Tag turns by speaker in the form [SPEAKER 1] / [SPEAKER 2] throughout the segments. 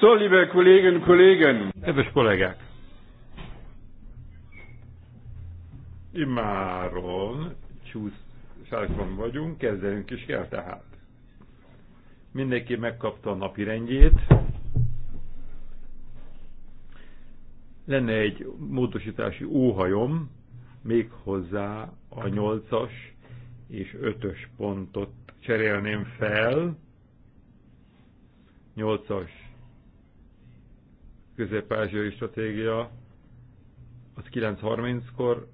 [SPEAKER 1] So, liebe Kolleginnen und Kollegen. Kedves kollégák! Imáron csúszásban vagyunk, kezdenünk is kell tehát. Mindenki megkapta a napi rendjét. Lenne egy módosítási óhajom, hozzá a 8-as és 5-ös pontot cserélném fel. 8-as közép-ázsiai stratégia az 9.30-kor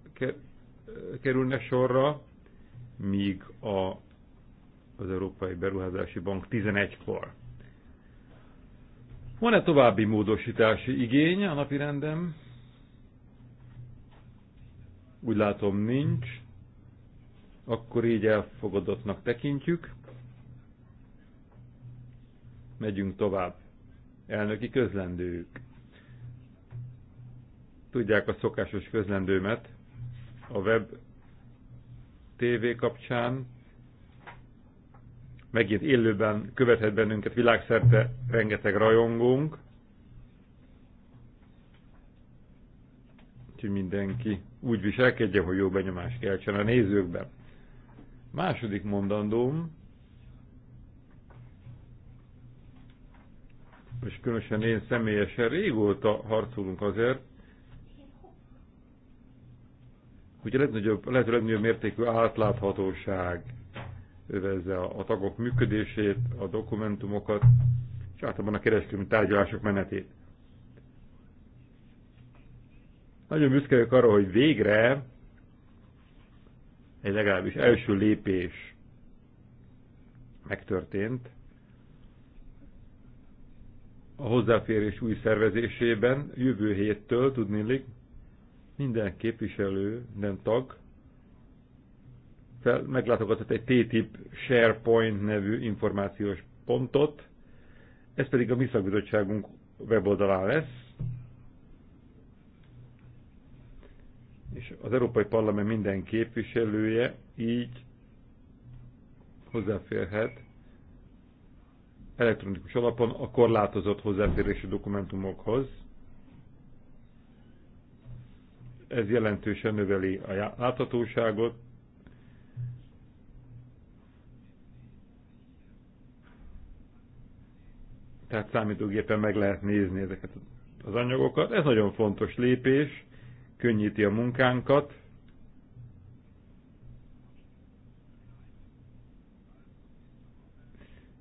[SPEAKER 1] kerülne sorra, míg a, az Európai Beruházási Bank 11-kor. Van-e további módosítási igény a napi rendem? Úgy látom nincs. Akkor így elfogadottnak tekintjük. Megyünk tovább. Elnöki közlendők. Tudják a szokásos közlendőmet a web TV kapcsán. Megint élőben követhet bennünket világszerte rengeteg rajongónk. Úgyhogy mindenki úgy viselkedje, hogy jó benyomást keltsen a nézőkben. Második mondandóm, és különösen én személyesen régóta harcolunk azért, hogy a legnagyobb, lehető legnagyobb mértékű átláthatóság övezze a tagok működését, a dokumentumokat, és általában a kereskedelmi tárgyalások menetét. Nagyon büszke vagyok arra, hogy végre egy legalábbis első lépés megtörtént a hozzáférés új szervezésében jövő héttől, tudnélik, minden képviselő, minden tag fel, meglátogatott egy TTIP SharePoint nevű információs pontot, ez pedig a mi szakbizottságunk weboldalán lesz, és az Európai Parlament minden képviselője így hozzáférhet elektronikus alapon a korlátozott hozzáférési dokumentumokhoz, ez jelentősen növeli a láthatóságot, tehát számítógépen meg lehet nézni ezeket az anyagokat. Ez nagyon fontos lépés, könnyíti a munkánkat,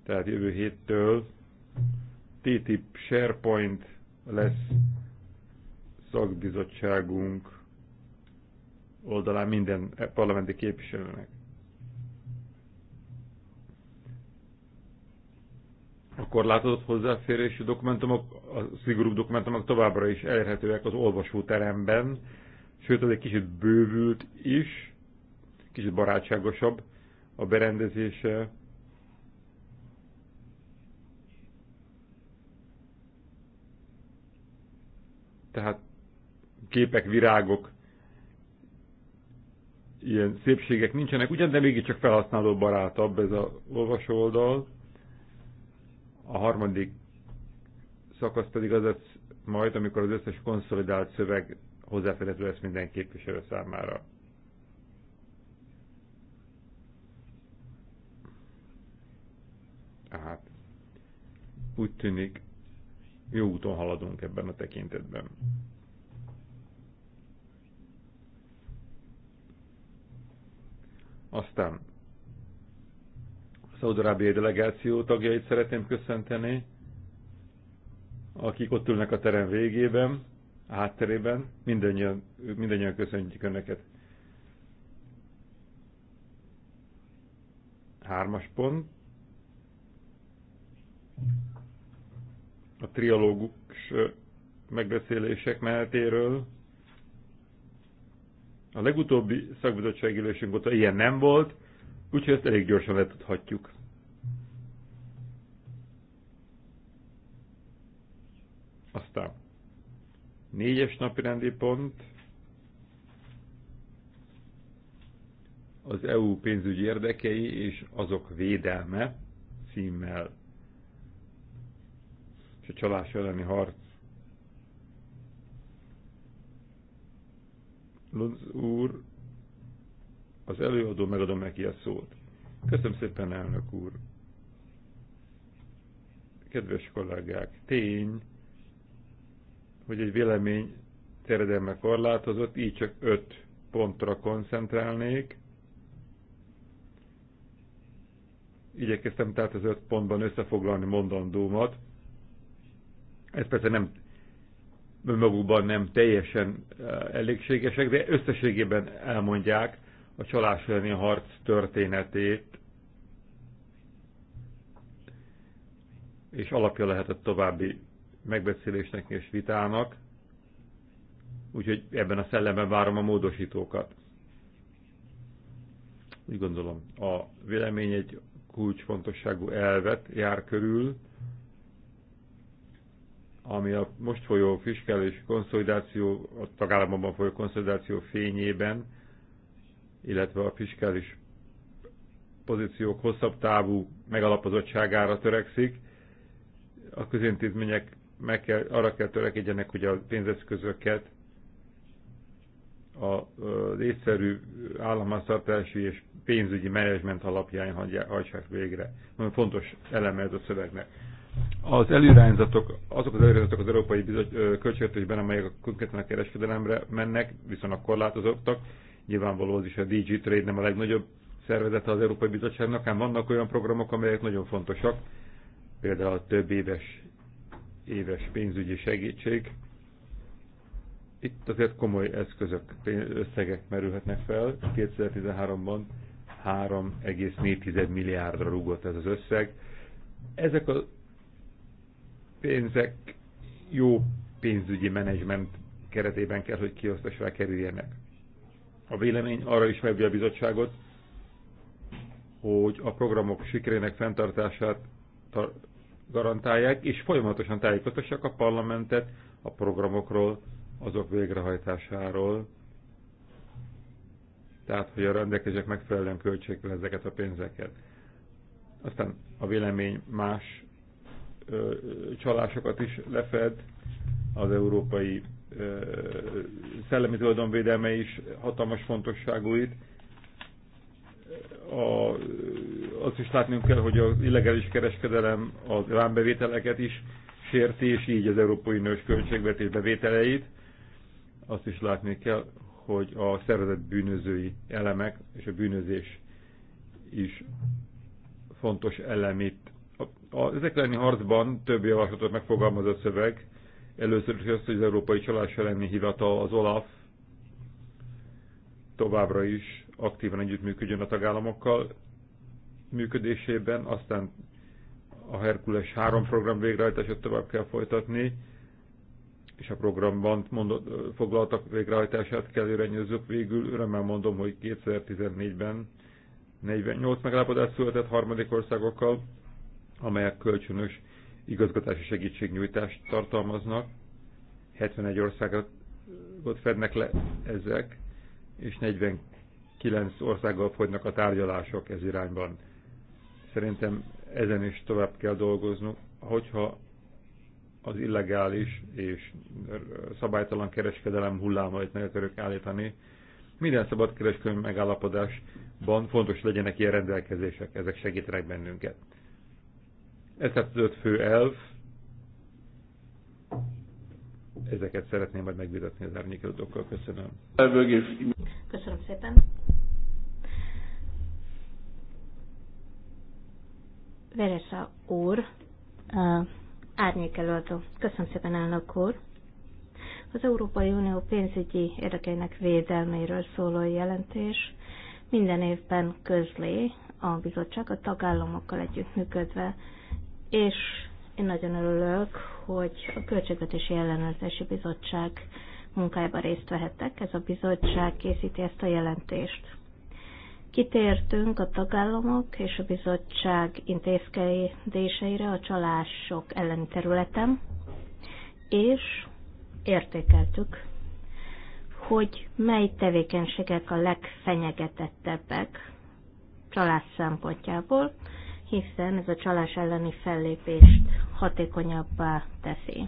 [SPEAKER 1] tehát jövő héttől TTIP SharePoint lesz szakbizottságunk oldalán minden parlamenti képviselőnek. A korlátozott hozzáférésű dokumentumok, a szigorú dokumentumok továbbra is elérhetőek az olvasóteremben, sőt az egy kicsit bővült is, kicsit barátságosabb a berendezése. Tehát képek, virágok ilyen szépségek nincsenek, ugyan, de mégiscsak felhasználó barátabb ez a olvasó oldal. A harmadik szakasz pedig az lesz majd, amikor az összes konszolidált szöveg hozzáférhető lesz minden képviselő számára. Hát, úgy tűnik, jó úton haladunk ebben a tekintetben. Aztán a Szaudarábiai delegáció tagjait szeretném köszönteni, akik ott ülnek a terem végében, a hátterében. Mindennyian, mindennyian köszöntjük Önöket. Hármas pont. A trialógus megbeszélések mehetéről. A legutóbbi szakbizottsági ülésünk óta ilyen nem volt, úgyhogy ezt elég gyorsan letudhatjuk. Aztán négyes napi rendi pont, az EU pénzügyi érdekei és azok védelme címmel és a csalás elleni harc Lunz úr, az előadó, megadom neki a szót. Köszönöm szépen, elnök úr. Kedves kollégák, tény, hogy egy vélemény terjedelme korlátozott, így csak öt pontra koncentrálnék. Igyekeztem tehát az öt pontban összefoglalni mondandómat. Ez persze nem önmagukban nem teljesen elégségesek, de összességében elmondják a csalás elleni harc történetét, és alapja lehetett további megbeszélésnek és vitának, úgyhogy ebben a szellemben várom a módosítókat. Úgy gondolom, a vélemény egy kulcsfontosságú elvet jár körül, ami a most folyó fiskális konszolidáció, a tagállamokban folyó konszolidáció fényében, illetve a fiskális pozíciók hosszabb távú megalapozottságára törekszik. A közintézmények meg kell, arra kell törekedjenek, hogy a pénzeszközöket a észszerű államháztartási és pénzügyi menedzsment alapján hagyják, végre. Nagyon fontos eleme ez a szövegnek. Az előirányzatok, azok az előirányzatok az Európai Költségvetésben, amelyek konkrétan a kereskedelemre mennek, viszonylag korlátozottak. Nyilvánvaló az is a DG Trade nem a legnagyobb szervezete az Európai Bizottságnak, ám vannak olyan programok, amelyek nagyon fontosak, például a több éves, éves pénzügyi segítség. Itt azért komoly eszközök, összegek merülhetnek fel. 2013-ban 3,4 milliárdra rúgott ez az összeg. Ezek az pénzek jó pénzügyi menedzsment keretében kell, hogy kiosztásra kerüljenek. A vélemény arra is felvívja a bizottságot, hogy a programok sikerének fenntartását garantálják, és folyamatosan tájékoztassák a parlamentet a programokról, azok végrehajtásáról, tehát hogy a rendelkezések megfelelően költsék ezeket a pénzeket. Aztán a vélemény más csalásokat is lefed, az európai szellemi tulajdonvédelme is hatalmas fontosságú itt. A, azt is látnunk kell, hogy az illegális kereskedelem az vámbevételeket is sérti, és így az Európai Nős költségvetés bevételeit. Azt is látni kell, hogy a szervezet bűnözői elemek és a bűnözés is fontos elemét az ezek harcban több javaslatot megfogalmaz a szöveg. Először is azt, hogy az Európai Csalás elleni hivatal, az OLAF továbbra is aktívan együttműködjön a tagállamokkal működésében, aztán a Herkules 3 program végrehajtását tovább kell folytatni, és a programban mondott, foglaltak végrehajtását kell irányozzuk. Végül örömmel mondom, hogy 2014-ben 48 megállapodás született harmadik országokkal, amelyek kölcsönös igazgatási segítségnyújtást tartalmaznak. 71 országot fednek le ezek, és 49 országgal fogynak a tárgyalások ez irányban. Szerintem ezen is tovább kell dolgoznunk, hogyha az illegális és szabálytalan kereskedelem hullámait meg akarjuk állítani, minden szabadkereskedelmi megállapodásban fontos legyenek ilyen rendelkezések, ezek segítenek bennünket. Ezek az öt fő elv, ezeket szeretném majd megvitatni az árnyékelődokkal. Köszönöm.
[SPEAKER 2] Köszönöm szépen. Veresa úr, árnyékelőadó. Köszönöm szépen, elnök úr. Az Európai Unió pénzügyi érdekeinek védelméről szóló jelentés minden évben közli a bizottság a tagállamokkal együttműködve és én nagyon örülök, hogy a Költségvetési Ellenőrzési Bizottság munkájában részt vehettek. Ez a bizottság készíti ezt a jelentést. Kitértünk a tagállamok és a bizottság intézkedéseire a csalások elleni területen, és értékeltük, hogy mely tevékenységek a legfenyegetettebbek csalás szempontjából, hiszen ez a csalás elleni fellépést hatékonyabbá teszi.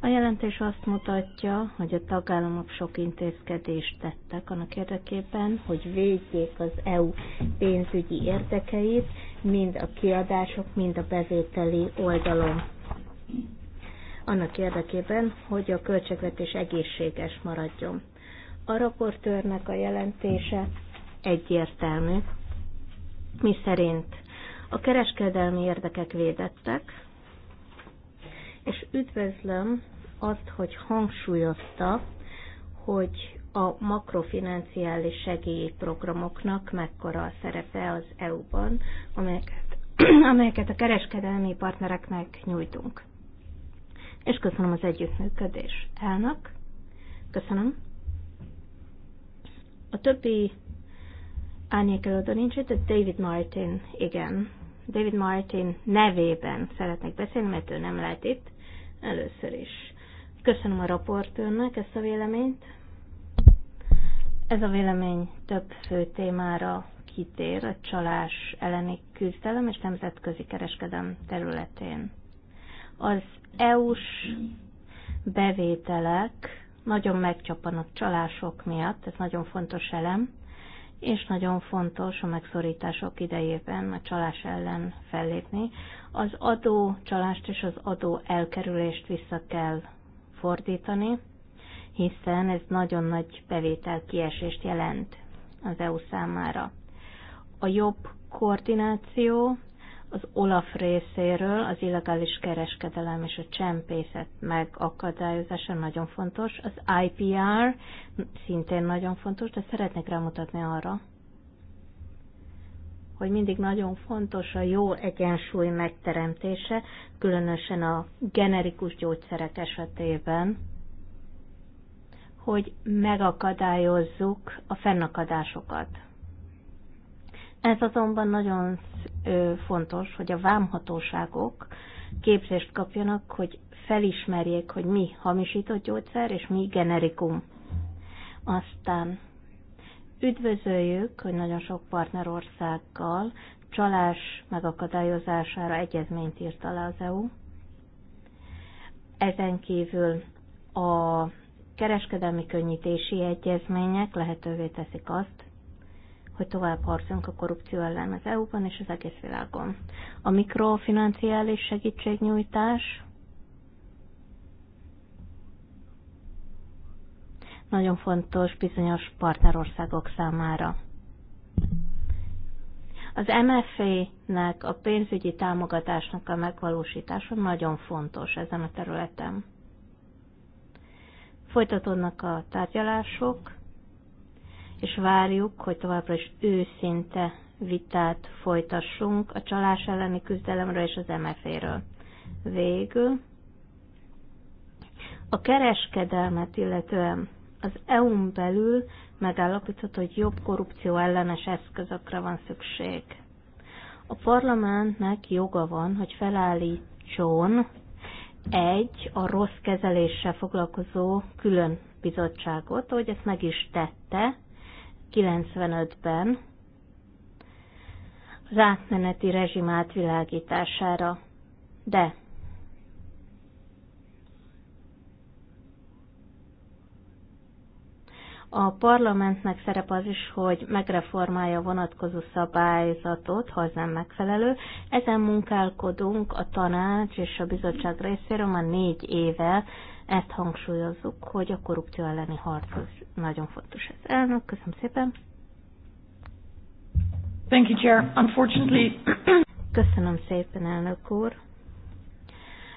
[SPEAKER 2] A jelentés azt mutatja, hogy a tagállamok sok intézkedést tettek annak érdekében, hogy védjék az EU pénzügyi érdekeit, mind a kiadások, mind a bevételi oldalon. Annak érdekében, hogy a költségvetés egészséges maradjon. A raportőrnek a jelentése egyértelmű, mi szerint a kereskedelmi érdekek védettek, és üdvözlöm azt, hogy hangsúlyozta, hogy a makrofinanciális segélyprogramoknak mekkora a szerepe az EU-ban, amelyeket, amelyeket a kereskedelmi partnereknek nyújtunk. És köszönöm az együttműködés elnök. Köszönöm. A többi árnyékelődő nincs itt, de David Martin, igen. David Martin nevében szeretnék beszélni, mert ő nem lehet itt először is. Köszönöm a raportőrnek ezt a véleményt. Ez a vélemény több fő témára kitér a csalás elleni küzdelem és nemzetközi kereskedem területén. Az EU-s bevételek nagyon megcsapanak csalások miatt, ez nagyon fontos elem, és nagyon fontos a megszorítások idejében a csalás ellen fellépni. Az adó csalást és az adó elkerülést vissza kell fordítani, hiszen ez nagyon nagy bevétel kiesést jelent az EU számára. A jobb koordináció az Olaf részéről az illegális kereskedelem és a csempészet megakadályozása nagyon fontos. Az IPR szintén nagyon fontos, de szeretnék rámutatni arra, hogy mindig nagyon fontos a jó egyensúly megteremtése, különösen a generikus gyógyszerek esetében, hogy megakadályozzuk a fennakadásokat. Ez azonban nagyon fontos, hogy a vámhatóságok képzést kapjanak, hogy felismerjék, hogy mi hamisított gyógyszer és mi generikum. Aztán üdvözöljük, hogy nagyon sok partnerországgal csalás megakadályozására egyezményt írt alá az EU. Ezen kívül a kereskedelmi könnyítési egyezmények lehetővé teszik azt, hogy tovább harcunk a korrupció ellen az EU-ban és az egész világon. A mikrofinanciális segítségnyújtás nagyon fontos bizonyos partnerországok számára. Az MFA-nek, a pénzügyi támogatásnak a megvalósítása nagyon fontos ezen a területen. Folytatódnak a tárgyalások, és várjuk, hogy továbbra is őszinte vitát folytassunk a csalás elleni küzdelemről és az MFA-ről. Végül a kereskedelmet, illetően az EU-n belül megállapított, hogy jobb korrupció ellenes eszközökre van szükség. A parlamentnek joga van, hogy felállítson egy a rossz kezeléssel foglalkozó külön bizottságot, ahogy ezt meg is tette, 95-ben az átmeneti rezsim átvilágítására. De A parlamentnek szerep az is, hogy megreformálja a vonatkozó szabályzatot, ha az nem megfelelő. Ezen munkálkodunk a tanács és a bizottság részéről már négy éve, ezt hangsúlyozzuk, hogy a korrupció elleni harc az nagyon fontos ez. Elnök, köszönöm szépen. Thank you, Chair. Unfortunately... Köszönöm szépen, elnök úr.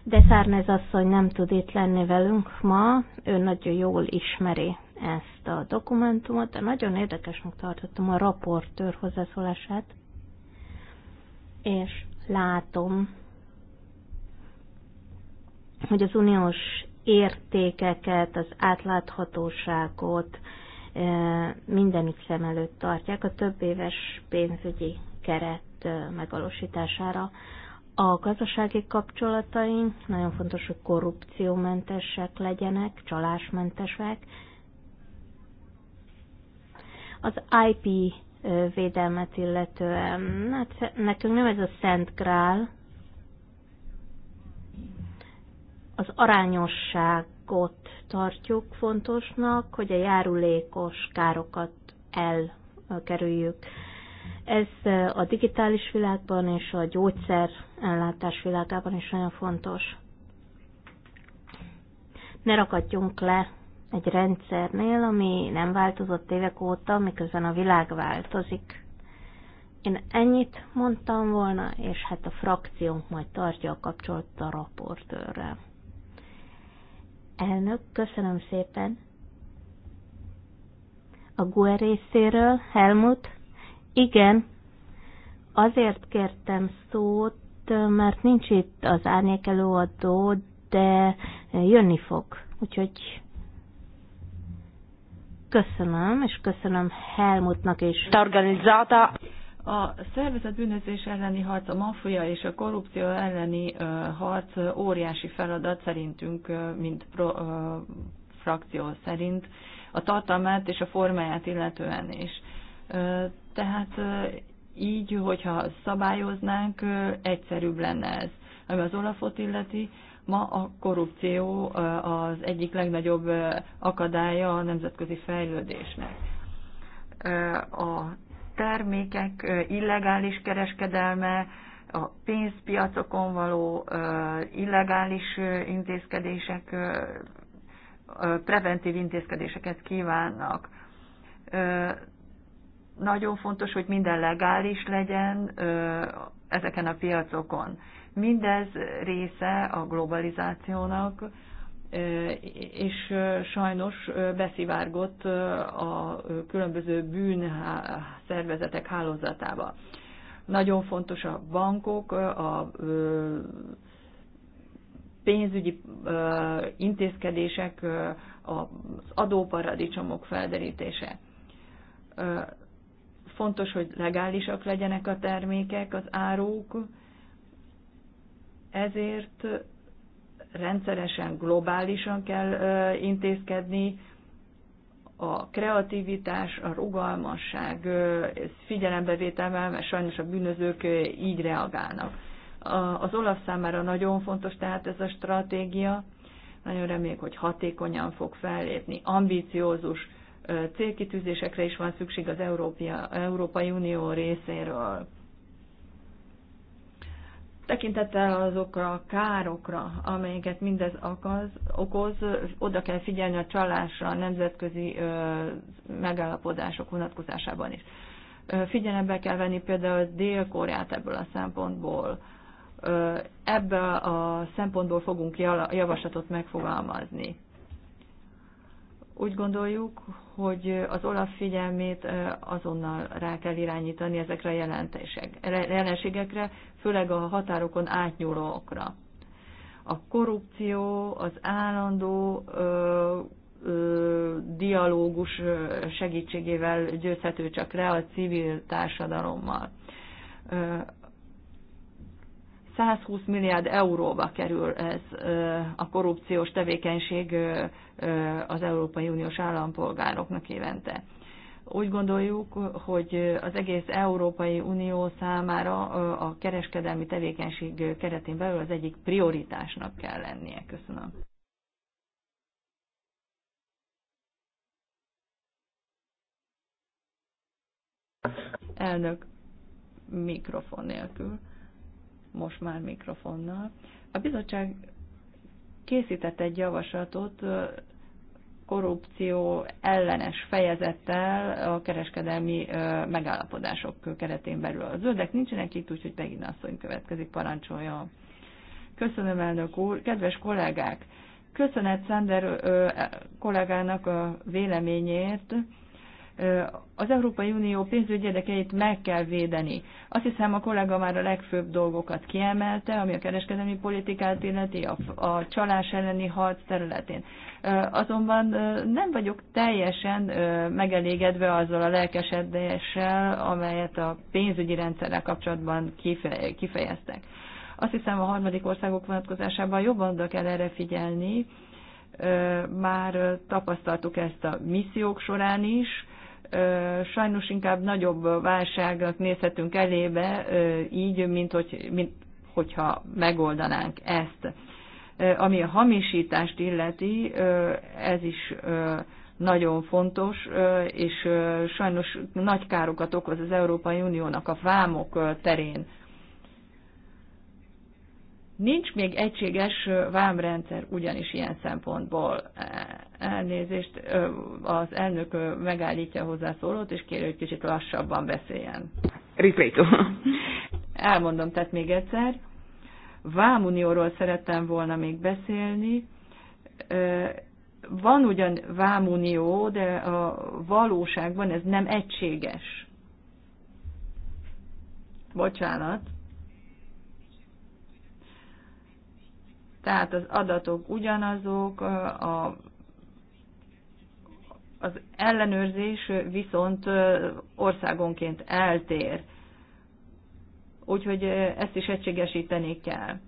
[SPEAKER 2] De Szárnez asszony nem tud itt lenni velünk ma, ő nagyon jól ismeri ezt a dokumentumot, de nagyon érdekesnek tartottam a raportőr hozzászólását, és látom, hogy az uniós értékeket, az átláthatóságot mindenütt szem előtt tartják a több éves pénzügyi keret megvalósítására. A gazdasági kapcsolataink nagyon fontos, hogy korrupciómentesek legyenek, csalásmentesek. Az IP védelmet illetően, hát nekünk nem ez a szent grál, az arányosságot tartjuk fontosnak, hogy a járulékos károkat elkerüljük. Ez a digitális világban és a gyógyszer ellátás világában is nagyon fontos. Ne rakadjunk le egy rendszernél, ami nem változott évek óta, miközben a világ változik. Én ennyit mondtam volna, és hát a frakciónk majd tartja a kapcsolatot a raportőrrel. Elnök, köszönöm szépen. A GUE részéről, Helmut? Igen, azért kértem szót, mert nincs itt az árnyék előadó, de jönni fog. Úgyhogy köszönöm, és köszönöm Helmutnak is.
[SPEAKER 3] Organizálta. A szervezet bűnözés elleni harc, a mafia és a korrupció elleni harc óriási feladat szerintünk, mint pro, ö, frakció szerint, a tartalmát és a formáját illetően is. Ö, tehát ö, így, hogyha szabályoznánk, ö, egyszerűbb lenne ez. Ami az Olafot illeti, ma a korrupció ö, az egyik legnagyobb ö, akadálya a nemzetközi fejlődésnek. a termékek illegális kereskedelme, a pénzpiacokon való illegális intézkedések, preventív intézkedéseket kívánnak. Nagyon fontos, hogy minden legális legyen ezeken a piacokon. Mindez része a globalizációnak, és sajnos beszivárgott a különböző bűn szervezetek hálózatába. Nagyon fontos a bankok, a pénzügyi intézkedések, az adóparadicsomok felderítése. Fontos, hogy legálisak legyenek a termékek, az áruk, ezért rendszeresen, globálisan kell intézkedni, a kreativitás, a rugalmasság figyelembevételvel, mert sajnos a bűnözők így reagálnak. Az olasz számára nagyon fontos tehát ez a stratégia, nagyon reméljük, hogy hatékonyan fog fellépni, ambíciózus célkitűzésekre is van szükség az Európia, Európai Unió részéről. Tekintettel azokra a károkra, amelyeket mindez akaz, okoz, oda kell figyelni a csalásra a nemzetközi ö, megállapodások vonatkozásában is. Ö, figyelembe kell venni például Dél-Koreát ebből a szempontból. Ö, ebből a szempontból fogunk javaslatot megfogalmazni. Úgy gondoljuk, hogy az olaf figyelmét azonnal rá kell irányítani ezekre a jelenségekre, főleg a határokon átnyúlókra. A korrupció, az állandó ö, ö, dialógus segítségével győzhető csak le a civil társadalommal. 120 milliárd euróba kerül ez a korrupciós tevékenység az Európai Uniós állampolgároknak évente. Úgy gondoljuk, hogy az egész Európai Unió számára a kereskedelmi tevékenység keretén belül az egyik prioritásnak kell lennie. Köszönöm. Elnök mikrofon nélkül most már mikrofonnal. A bizottság készített egy javaslatot korrupció ellenes fejezettel a kereskedelmi megállapodások keretén belül. A zöldek nincsenek itt, úgyhogy Begin asszony következik, parancsolja. Köszönöm, elnök úr. Kedves kollégák! Köszönet Szender kollégának a véleményért az Európai Unió pénzügyi érdekeit meg kell védeni. Azt hiszem a kollega már a legfőbb dolgokat kiemelte, ami a kereskedelmi politikát illeti, a, a csalás elleni harc területén. Azonban nem vagyok teljesen megelégedve azzal a lelkesedéssel, amelyet a pénzügyi rendszerrel kapcsolatban kifejeztek. Azt hiszem a harmadik országok vonatkozásában jobban oda kell erre figyelni, már tapasztaltuk ezt a missziók során is, sajnos inkább nagyobb válságnak nézhetünk elébe így, mint, hogy, mint hogyha megoldanánk ezt. Ami a hamisítást illeti, ez is nagyon fontos, és sajnos nagy károkat okoz az Európai Uniónak a vámok terén. Nincs még egységes vámrendszer ugyanis ilyen szempontból. E, elnézést, az elnök megállítja a hozzászólót, és kéri, hogy kicsit lassabban beszéljen. Ripétó. Elmondom tehát még egyszer. Vámunióról szerettem volna még beszélni. Van ugyan vámunió, de a valóságban ez nem egységes. Bocsánat Tehát az adatok ugyanazok, a, az ellenőrzés viszont országonként eltér. Úgyhogy ezt is egységesíteni kell.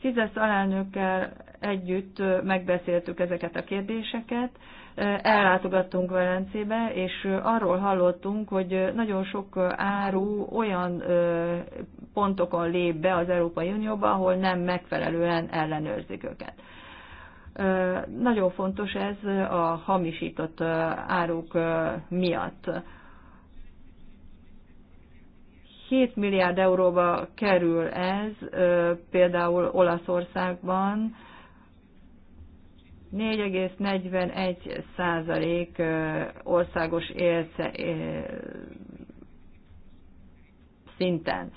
[SPEAKER 3] Fizesz alelnökkel együtt megbeszéltük ezeket a kérdéseket, ellátogattunk Velencébe, és arról hallottunk, hogy nagyon sok áru olyan pontokon lép be az Európai Unióba, ahol nem megfelelően ellenőrzik őket. Nagyon fontos ez a hamisított áruk miatt. 7 milliárd euróba kerül ez például Olaszországban, 4,41 százalék országos élce, szinten.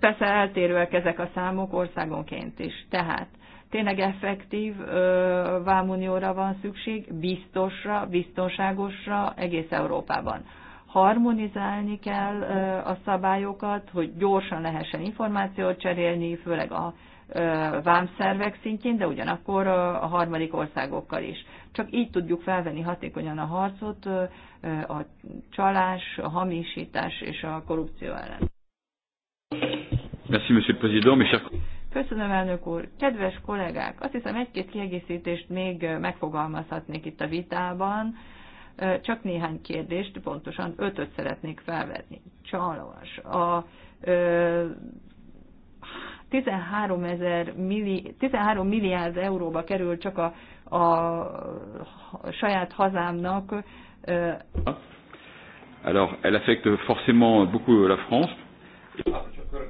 [SPEAKER 3] Persze eltérőek ezek a számok országonként is. Tehát tényleg effektív vámunióra van szükség, biztosra, biztonságosra egész Európában. Harmonizálni kell a szabályokat, hogy gyorsan lehessen információt cserélni, főleg a vámszervek szintjén, de ugyanakkor a harmadik országokkal is. Csak így tudjuk felvenni hatékonyan a harcot a csalás, a hamisítás és a korrupció ellen.
[SPEAKER 1] Merci, Monsieur le Président. Mes chers...
[SPEAKER 3] Köszönöm, elnök úr. Kedves kollégák, azt hiszem egy-két kiegészítést még megfogalmazhatnék itt a vitában. Csak néhány kérdést, pontosan ötöt szeretnék felvetni. Csalás. A, 13, ezer milli, 13 milliárd euróba kerül csak a, a saját hazámnak.
[SPEAKER 1] Alors, elle affecte forcément beaucoup la France.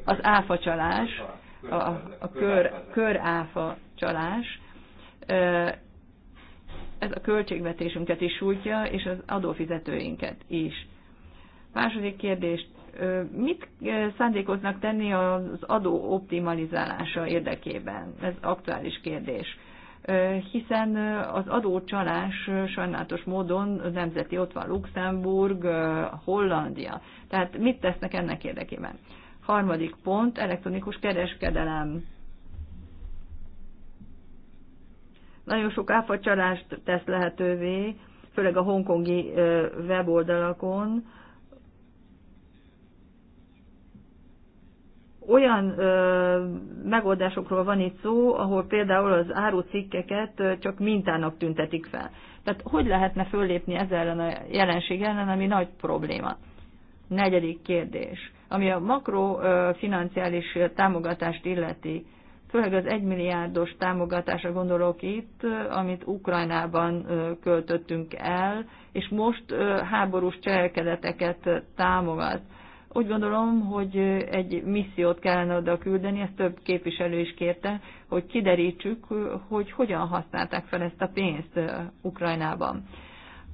[SPEAKER 3] Az áfa csalás, a, a kör, kör áfa csalás, ez a költségvetésünket is sújtja, és az adófizetőinket is. Második kérdést Mit szándékoznak tenni az adó optimalizálása érdekében? Ez aktuális kérdés. Hiszen az adócsalás sajnálatos módon nemzeti ott van Luxemburg, Hollandia. Tehát mit tesznek ennek érdekében? Harmadik pont, elektronikus kereskedelem. Nagyon sok áfacsalást tesz lehetővé, főleg a hongkongi weboldalakon, olyan ö, megoldásokról van itt szó, ahol például az árucikkeket csak mintának tüntetik fel. Tehát hogy lehetne föllépni ezzel ellen a jelenség ellen, ami nagy probléma? Negyedik kérdés, ami a makrofinanciális támogatást illeti, főleg az egymilliárdos támogatásra gondolok itt, amit Ukrajnában költöttünk el, és most háborús cselekedeteket támogat úgy gondolom, hogy egy missziót kellene oda küldeni, ezt több képviselő is kérte, hogy kiderítsük, hogy hogyan használták fel ezt a pénzt eh, Ukrajnában.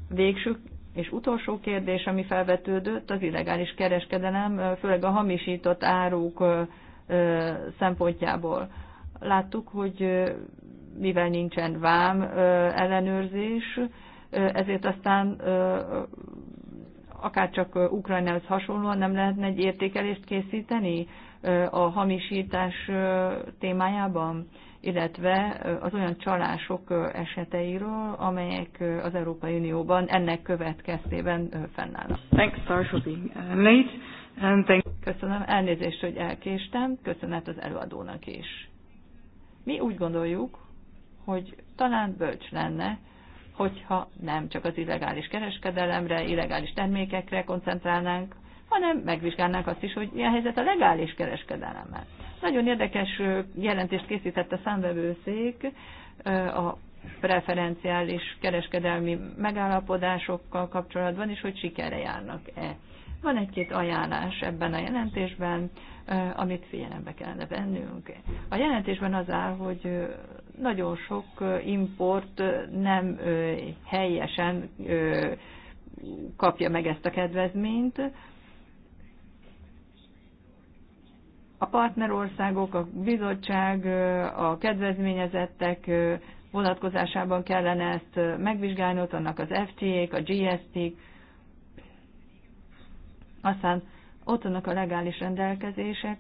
[SPEAKER 3] Végsük és utolsó kérdés, ami felvetődött, az illegális kereskedelem, eh, főleg a hamisított áruk eh, szempontjából. Láttuk, hogy mivel nincsen vám ellenőrzés, ezért aztán akárcsak Ukrajnához hasonlóan nem lehetne egy értékelést készíteni a hamisítás témájában, illetve az olyan csalások eseteiről, amelyek az Európai Unióban ennek következtében fennállnak. Thanks, for late. Uh, Köszönöm, elnézést, hogy elkéstem, köszönet az előadónak is. Mi úgy gondoljuk, hogy talán bölcs lenne, hogyha nem csak az illegális kereskedelemre, illegális termékekre koncentrálnánk, hanem megvizsgálnánk azt is, hogy milyen helyzet a legális kereskedelemmel. Nagyon érdekes jelentést készített a számvevőszék a preferenciális kereskedelmi megállapodásokkal kapcsolatban, és hogy sikere járnak-e. Van egy-két ajánlás ebben a jelentésben, amit figyelembe kellene vennünk. A jelentésben az áll, hogy nagyon sok import nem helyesen kapja meg ezt a kedvezményt. A partnerországok, a bizottság, a kedvezményezettek vonatkozásában kellene ezt megvizsgálni, ott annak az FTA-k, a GST-k, aztán ott annak a legális rendelkezések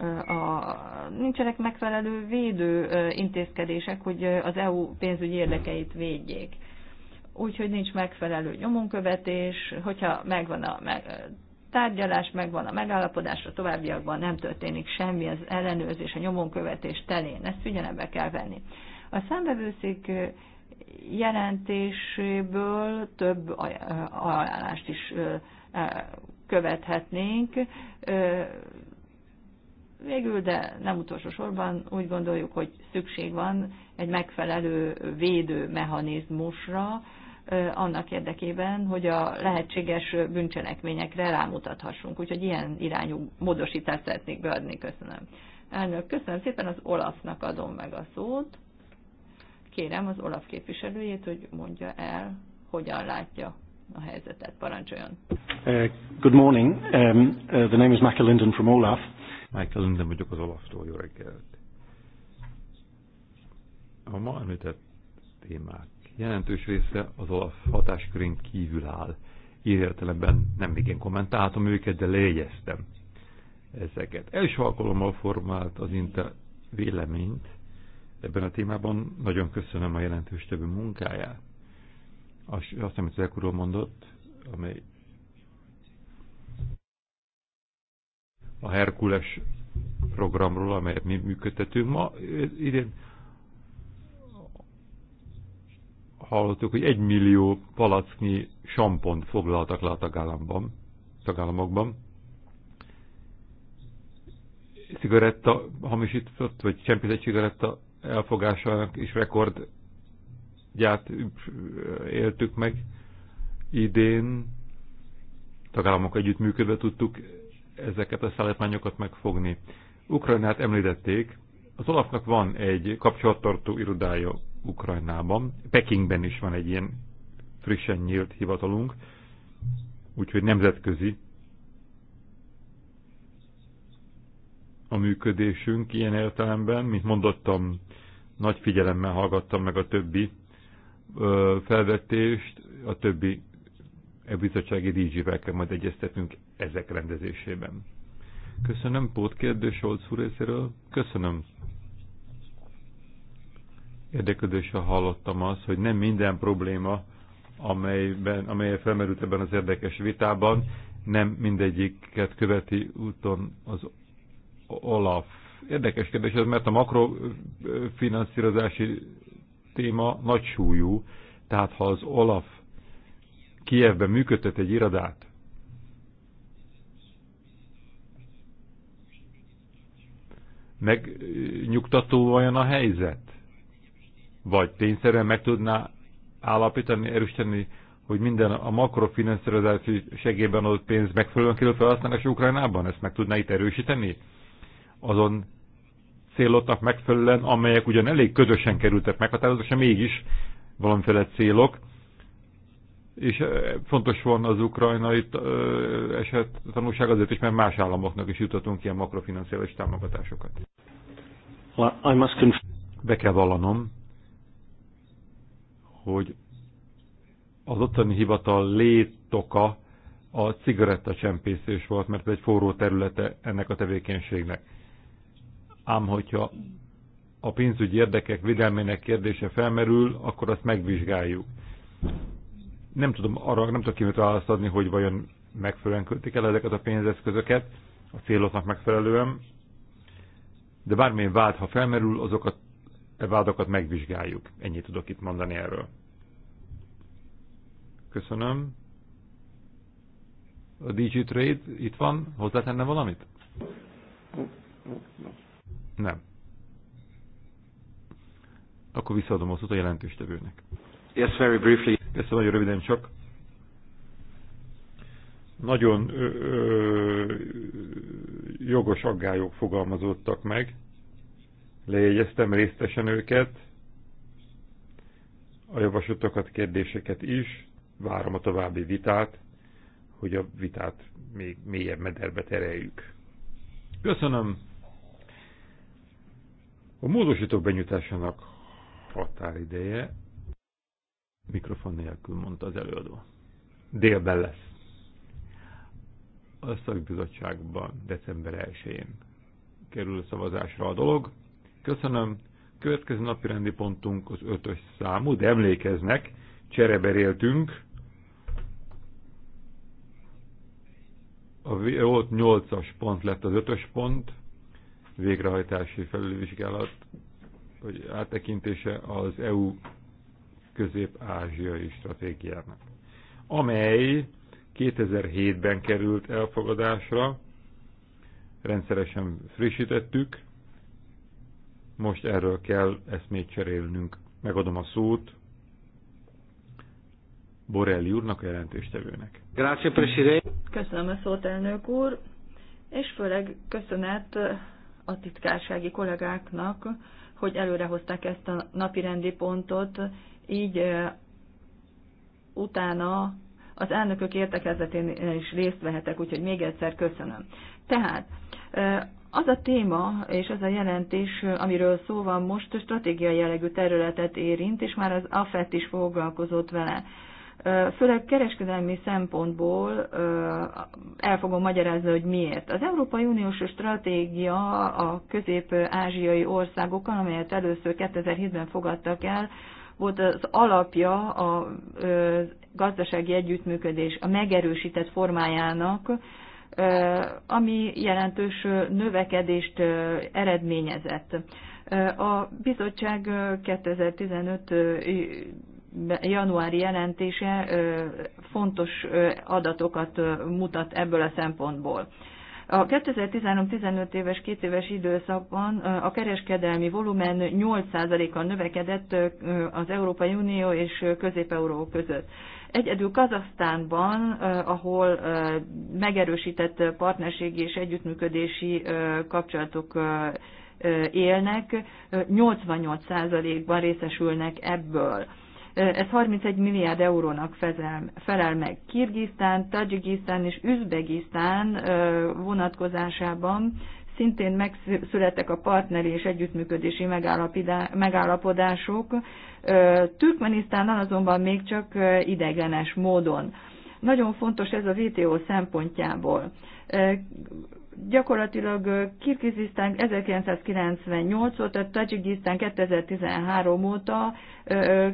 [SPEAKER 3] a, nincsenek megfelelő védő intézkedések, hogy az EU pénzügyi érdekeit védjék. Úgyhogy nincs megfelelő nyomonkövetés, hogyha megvan a meg, tárgyalás, megvan a megállapodás, a továbbiakban nem történik semmi az ellenőrzés, a nyomonkövetés telén. Ezt figyelembe kell venni. A számbevőszék jelentéséből több ajánlást is követhetnénk. Végül, de nem utolsó sorban úgy gondoljuk, hogy szükség van egy megfelelő védő mechanizmusra, annak érdekében, hogy a lehetséges bűncselekményekre rámutathassunk. Úgyhogy ilyen irányú módosítást szeretnék beadni. Köszönöm. Elnök, köszönöm szépen, az Olafnak adom meg a szót. Kérem az Olaf képviselőjét, hogy mondja el, hogyan látja a helyzetet. Parancsoljon.
[SPEAKER 1] Uh, good morning. Um, uh, the name is Michael Linden from Olaf. Michael Linden vagyok az Olaftól, jó reggelt. A ma említett témák jelentős része az Olaf hatáskörén kívül áll. Értelemben nem igen kommentáltam őket, de lejegyeztem ezeket. Első alkalommal formált az Inter véleményt ebben a témában. Nagyon köszönöm a jelentős többi munkáját. Azt, amit az mondott, amely a Herkules programról, amelyet mi működtetünk. Ma idén hallottuk, hogy egy millió palacnyi sampont foglaltak le a tagállamban, tagállamokban. Cigaretta hamisított, vagy csempészett cigaretta elfogásának is rekord gyárt éltük meg idén. Tagállamok együttműködve tudtuk ezeket a szállítmányokat megfogni. Ukrajnát említették, az Olafnak van egy kapcsolattartó irodája Ukrajnában, Pekingben is van egy ilyen frissen nyílt hivatalunk, úgyhogy nemzetközi a működésünk ilyen értelemben, mint mondottam, nagy figyelemmel hallgattam meg a többi felvetést, a többi bizottsági DG-vel kell majd egyeztetnünk ezek rendezésében. Köszönöm pótkérdés Olc úr részéről. Köszönöm. Érdeklődéssel hallottam azt, hogy nem minden probléma, amelyben, amely felmerült ebben az érdekes vitában, nem mindegyiket követi úton az Olaf. Érdekes kérdés ez, mert a makrofinanszírozási téma nagy súlyú, tehát ha az Olaf Kievben működtet egy irodát, megnyugtató olyan a helyzet? Vagy tényszerűen meg tudná állapítani, erősíteni, hogy minden a makrofinanszírozási segélyben adott pénz megfelelően kerül felhasználásra Ukrajnában? Ezt meg tudná itt erősíteni? Azon céloknak megfelelően, amelyek ugyan elég közösen kerültek meghatározásra, mégis valamiféle célok, és fontos volna az ukrajnai eset tanulság azért is, mert más államoknak is jutatunk ilyen makrofinanciális támogatásokat. I must Be kell vallanom, hogy az ottani hivatal létoka a cigarettacsempészés volt, mert ez egy forró területe ennek a tevékenységnek. Ám hogyha a pénzügyi érdekek védelmének kérdése felmerül, akkor azt megvizsgáljuk nem tudom arra, nem tudok kívül választ adni, hogy vajon megfelelően költik el ezeket a pénzeszközöket, a céloknak megfelelően, de bármilyen vád, ha felmerül, azokat e vádakat megvizsgáljuk. Ennyit tudok itt mondani erről. Köszönöm. A DG Trade itt van, hozzátenne valamit? Nem. Akkor visszaadom a szót a jelentőstevőnek. Yes, very briefly. Ezt nagyon röviden csak. Nagyon ö, ö, jogos aggályok fogalmazódtak meg. Lejegyeztem résztesen őket, a javaslatokat, kérdéseket is. Várom a további vitát, hogy a vitát még mélyebb mederbe tereljük. Köszönöm! A módosítók benyújtásának határideje Mikrofon nélkül, mondta az előadó. Délben lesz. A szakbizottságban december 1-én kerül szavazásra a dolog. Köszönöm. Következő napi rendi pontunk az ötös számú, de emlékeznek, csereberéltünk. A volt 8-as pont lett az ötös pont, végrehajtási felülvizsgálat, vagy áttekintése az EU közép-ázsiai stratégiának, amely 2007-ben került elfogadásra, rendszeresen frissítettük, most erről kell eszmét cserélnünk. Megadom a szót Borelli úrnak, a jelentéstevőnek.
[SPEAKER 3] Köszönöm a szót, elnök úr, és főleg köszönet a titkársági kollégáknak, hogy előrehozták ezt a napi rendi pontot, így utána az elnökök értekezetén is részt vehetek, úgyhogy még egyszer köszönöm. Tehát az a téma és az a jelentés, amiről szó van most, stratégiai jellegű területet érint, és már az AFET is foglalkozott vele. Főleg kereskedelmi szempontból el fogom magyarázni, hogy miért. Az Európai Uniós stratégia a közép-ázsiai országokkal, amelyet először 2007-ben fogadtak el, volt az alapja a gazdasági együttműködés a megerősített formájának, ami jelentős növekedést eredményezett. A bizottság 2015 januári jelentése fontos adatokat mutat ebből a szempontból. A 2013-15 éves két éves időszakban a kereskedelmi volumen 8%-kal növekedett az Európai Unió és Közép-Euró között. Egyedül Kazasztánban, ahol megerősített partnerségi és együttműködési kapcsolatok élnek, 88%-ban részesülnek ebből. Ez 31 milliárd eurónak felel meg Kirgisztán, Tajikisztán és Üzbegisztán vonatkozásában szintén megszülettek a partneri és együttműködési megállapodások. Türkmenisztánnal azonban még csak idegenes módon. Nagyon fontos ez a VTO szempontjából. Gyakorlatilag Kirgizisztán 1998 óta, Tajikisztán 2013 óta,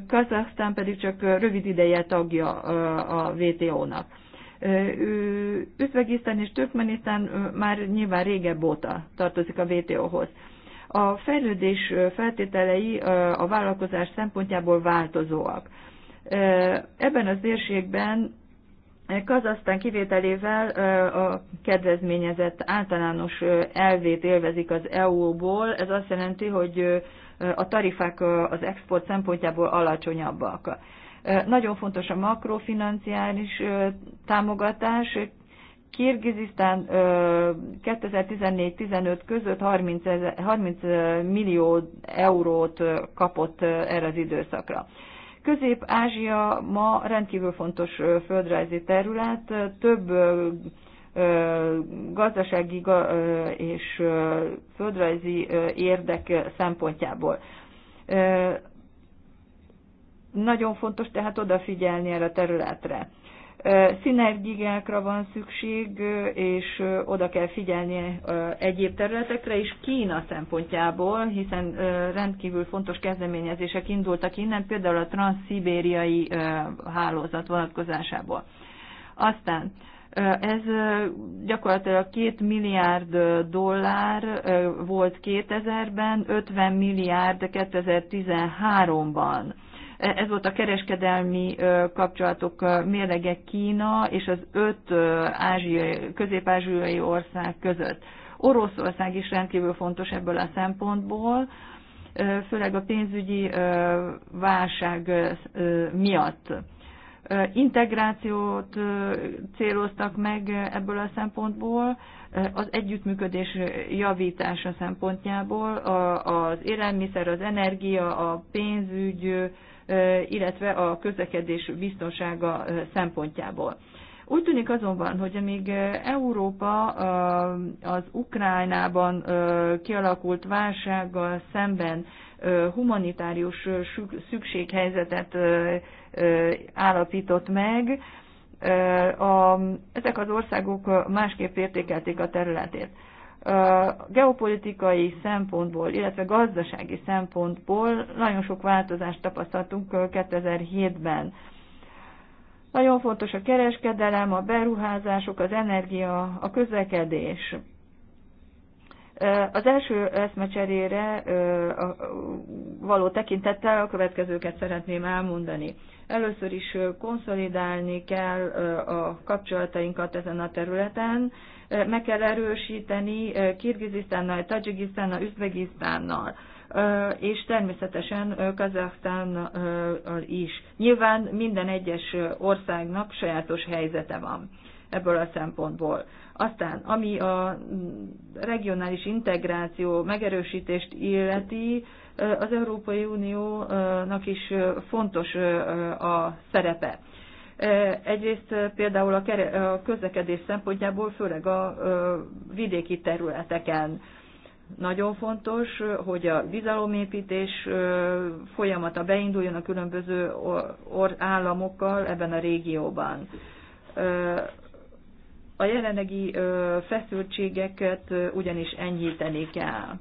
[SPEAKER 3] Kazaksztán pedig csak rövid ideje tagja a WTO-nak. Üzbegisztán és Türkmenisztán már nyilván régebb óta tartozik a WTO-hoz. A fejlődés feltételei a vállalkozás szempontjából változóak. Ebben az érségben Kazasztán kivételével a kedvezményezett általános elvét élvezik az EU-ból. Ez azt jelenti, hogy a tarifák az export szempontjából alacsonyabbak. Nagyon fontos a makrofinanciális támogatás. Kirgizisztán 2014-15 között 30, 30 millió eurót kapott erre az időszakra. Közép-Ázsia ma rendkívül fontos földrajzi terület, több gazdasági és földrajzi érdek szempontjából. Nagyon fontos tehát odafigyelni erre a területre. Szinergiákra van szükség, és oda kell figyelni egyéb területekre is Kína szempontjából, hiszen rendkívül fontos kezdeményezések indultak innen, például a transzszibériai hálózat vonatkozásából. Aztán ez gyakorlatilag 2 milliárd dollár volt 2000-ben, 50 milliárd 2013-ban. Ez volt a kereskedelmi kapcsolatok mérlege Kína és az öt ázsiai, közép-ázsiai ország között. Oroszország is rendkívül fontos ebből a szempontból, főleg a pénzügyi válság miatt integrációt céloztak meg ebből a szempontból, az együttműködés javítása szempontjából, az élelmiszer, az energia, a pénzügy, illetve a közlekedés biztonsága szempontjából. Úgy tűnik azonban, hogy amíg Európa az Ukrajnában kialakult válsággal szemben humanitárius szükséghelyzetet állapított meg, a, ezek az országok másképp értékelték a területét. Geopolitikai szempontból, illetve gazdasági szempontból nagyon sok változást tapasztaltunk 2007-ben. Nagyon fontos a kereskedelem, a beruházások, az energia, a közlekedés. Az első eszmecserére való tekintettel a következőket szeretném elmondani. Először is konszolidálni kell a kapcsolatainkat ezen a területen, meg kell erősíteni Kirgizisztánnal, Tajikisztánnal, Üzbegisztánnal és természetesen Kazaksztán is. Nyilván minden egyes országnak sajátos helyzete van ebből a szempontból. Aztán, ami a regionális integráció megerősítést illeti, az Európai Uniónak is fontos a szerepe. Egyrészt például a közlekedés szempontjából, főleg a vidéki területeken nagyon fontos, hogy a bizalomépítés folyamata beinduljon a különböző államokkal ebben a régióban. A jelenlegi feszültségeket ugyanis enyhíteni kell.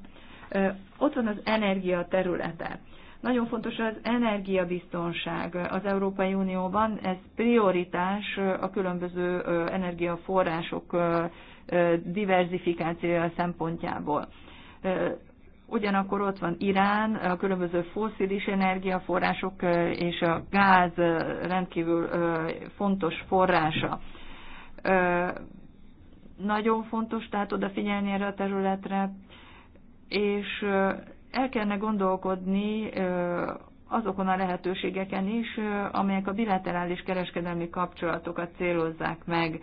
[SPEAKER 3] Ott van az energia területe. Nagyon fontos az energiabiztonság az Európai Unióban, ez prioritás a különböző energiaforrások diverzifikációja szempontjából. Ugyanakkor ott van Irán, a különböző foszilis energiaforrások és a gáz rendkívül fontos forrása. Nagyon fontos tehát odafigyelni erre a területre, és el kellene gondolkodni azokon a lehetőségeken is, amelyek a bilaterális kereskedelmi kapcsolatokat célozzák meg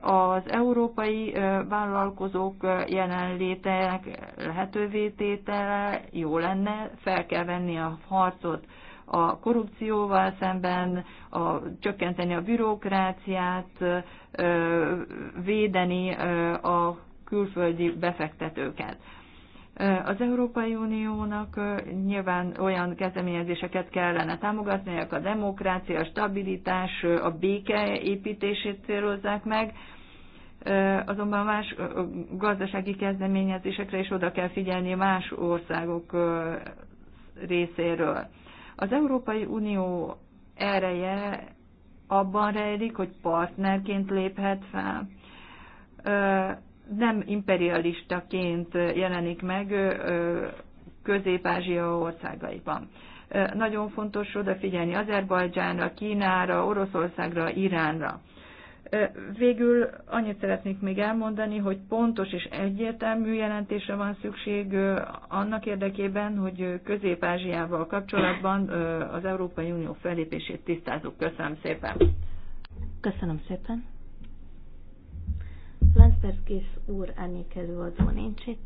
[SPEAKER 3] az európai vállalkozók jelenlétének lehetővé tétele jó lenne, fel kell venni a harcot a korrupcióval szemben, a, csökkenteni a bürokráciát, védeni a külföldi befektetőket. Az Európai Uniónak nyilván olyan kezdeményezéseket kellene támogatni, amelyek a demokrácia, a stabilitás, a béke építését célozzák meg, azonban más gazdasági kezdeményezésekre is oda kell figyelni más országok részéről. Az Európai Unió ereje abban rejlik, hogy partnerként léphet fel nem imperialistaként jelenik meg Közép-Ázsia országaiban. Nagyon fontos odafigyelni Azerbajdzsánra, Kínára, Oroszországra, Iránra. Végül annyit szeretnék még elmondani, hogy pontos és egyértelmű jelentésre van szükség annak érdekében, hogy Közép-Ázsiával kapcsolatban az Európai Unió felépését tisztázunk. Köszönöm szépen!
[SPEAKER 2] Köszönöm szépen! Lenzbergis úr adó nincs itt.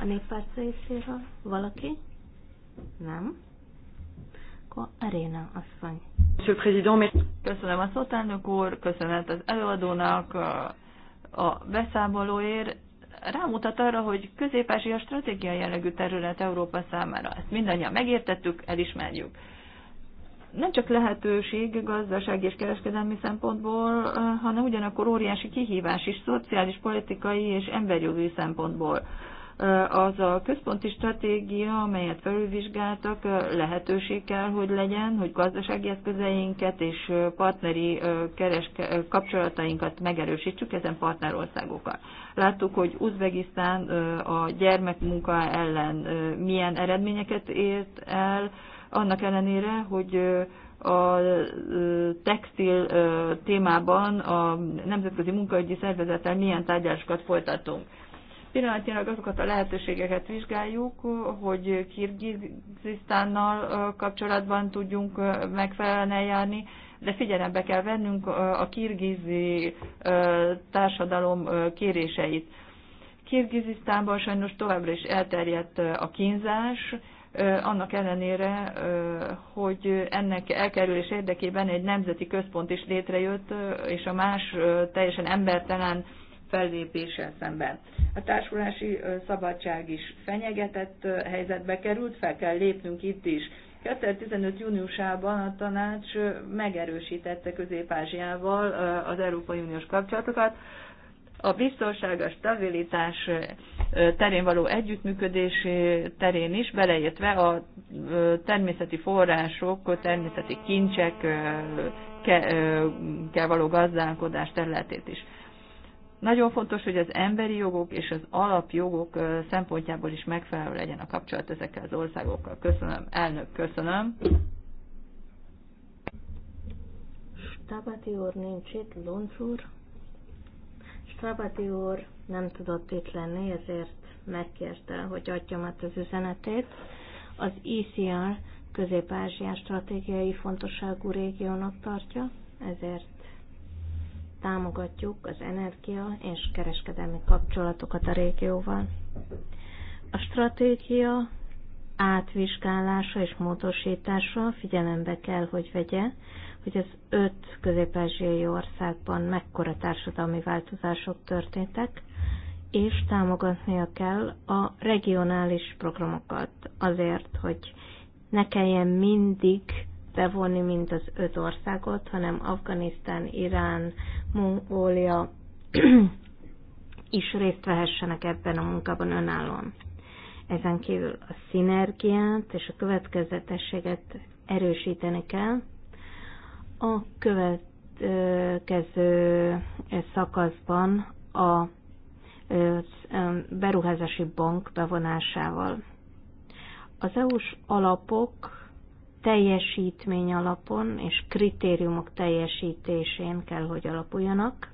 [SPEAKER 2] A néppárt részéről valaki? Nem? Akkor Aréna asszony.
[SPEAKER 3] Köszönöm a szót, elnök úr, köszönet az előadónak a beszámolóért. Rámutat arra, hogy közép-ázsia stratégiai jellegű terület Európa számára. Ezt mindannyian megértettük, elismerjük nem csak lehetőség gazdasági és kereskedelmi szempontból, hanem ugyanakkor óriási kihívás is szociális, politikai és emberjogi szempontból. Az a központi stratégia, amelyet felülvizsgáltak, lehetőség kell, hogy legyen, hogy gazdasági eszközeinket és partneri kereske, kapcsolatainkat megerősítsük ezen partnerországokkal. Láttuk, hogy Uzbekisztán a gyermekmunka ellen milyen eredményeket ért el, annak ellenére, hogy a textil témában a Nemzetközi Munkaügyi Szervezettel milyen tárgyalásokat folytatunk. Pillanatnyilag azokat a lehetőségeket vizsgáljuk, hogy Kirgizisztánnal kapcsolatban tudjunk megfelelően eljárni, de figyelembe kell vennünk a kirgizi társadalom kéréseit. Kirgizisztánban sajnos továbbra is elterjedt a kínzás, annak ellenére, hogy ennek elkerülés érdekében egy nemzeti központ is létrejött, és a más teljesen embertelen fellépéssel szemben. A társulási szabadság is fenyegetett helyzetbe került, fel kell lépnünk itt is. 2015. júniusában a tanács megerősítette Közép-Ázsiával az Európai Uniós kapcsolatokat, a biztonság, a stabilitás terén való együttműködés terén is, beleértve a természeti források, természeti kell való gazdálkodás területét is. Nagyon fontos, hogy az emberi jogok és az alapjogok szempontjából is megfelelő legyen a kapcsolat ezekkel az országokkal. Köszönöm, elnök, köszönöm.
[SPEAKER 2] Stabati úr nincs itt, Lunc úr. Szabadi úr nem tudott itt lenni, ezért megkérte, hogy adjam át az üzenetét. Az ICR e Közép-Ázsián stratégiai fontosságú régiónak tartja, ezért támogatjuk az energia és kereskedelmi kapcsolatokat a régióval. A stratégia átvizsgálása és módosítása figyelembe kell, hogy vegye, hogy az öt közép országban mekkora társadalmi változások történtek, és támogatnia kell a regionális programokat azért, hogy ne kelljen mindig bevonni mind az öt országot, hanem Afganisztán, Irán, Mongólia is részt vehessenek ebben a munkában önállóan. Ezen kívül a szinergiát és a következetességet erősíteni kell, a következő szakaszban a beruházási bank bevonásával. Az EU-s alapok teljesítmény alapon és kritériumok teljesítésén kell, hogy alapuljanak,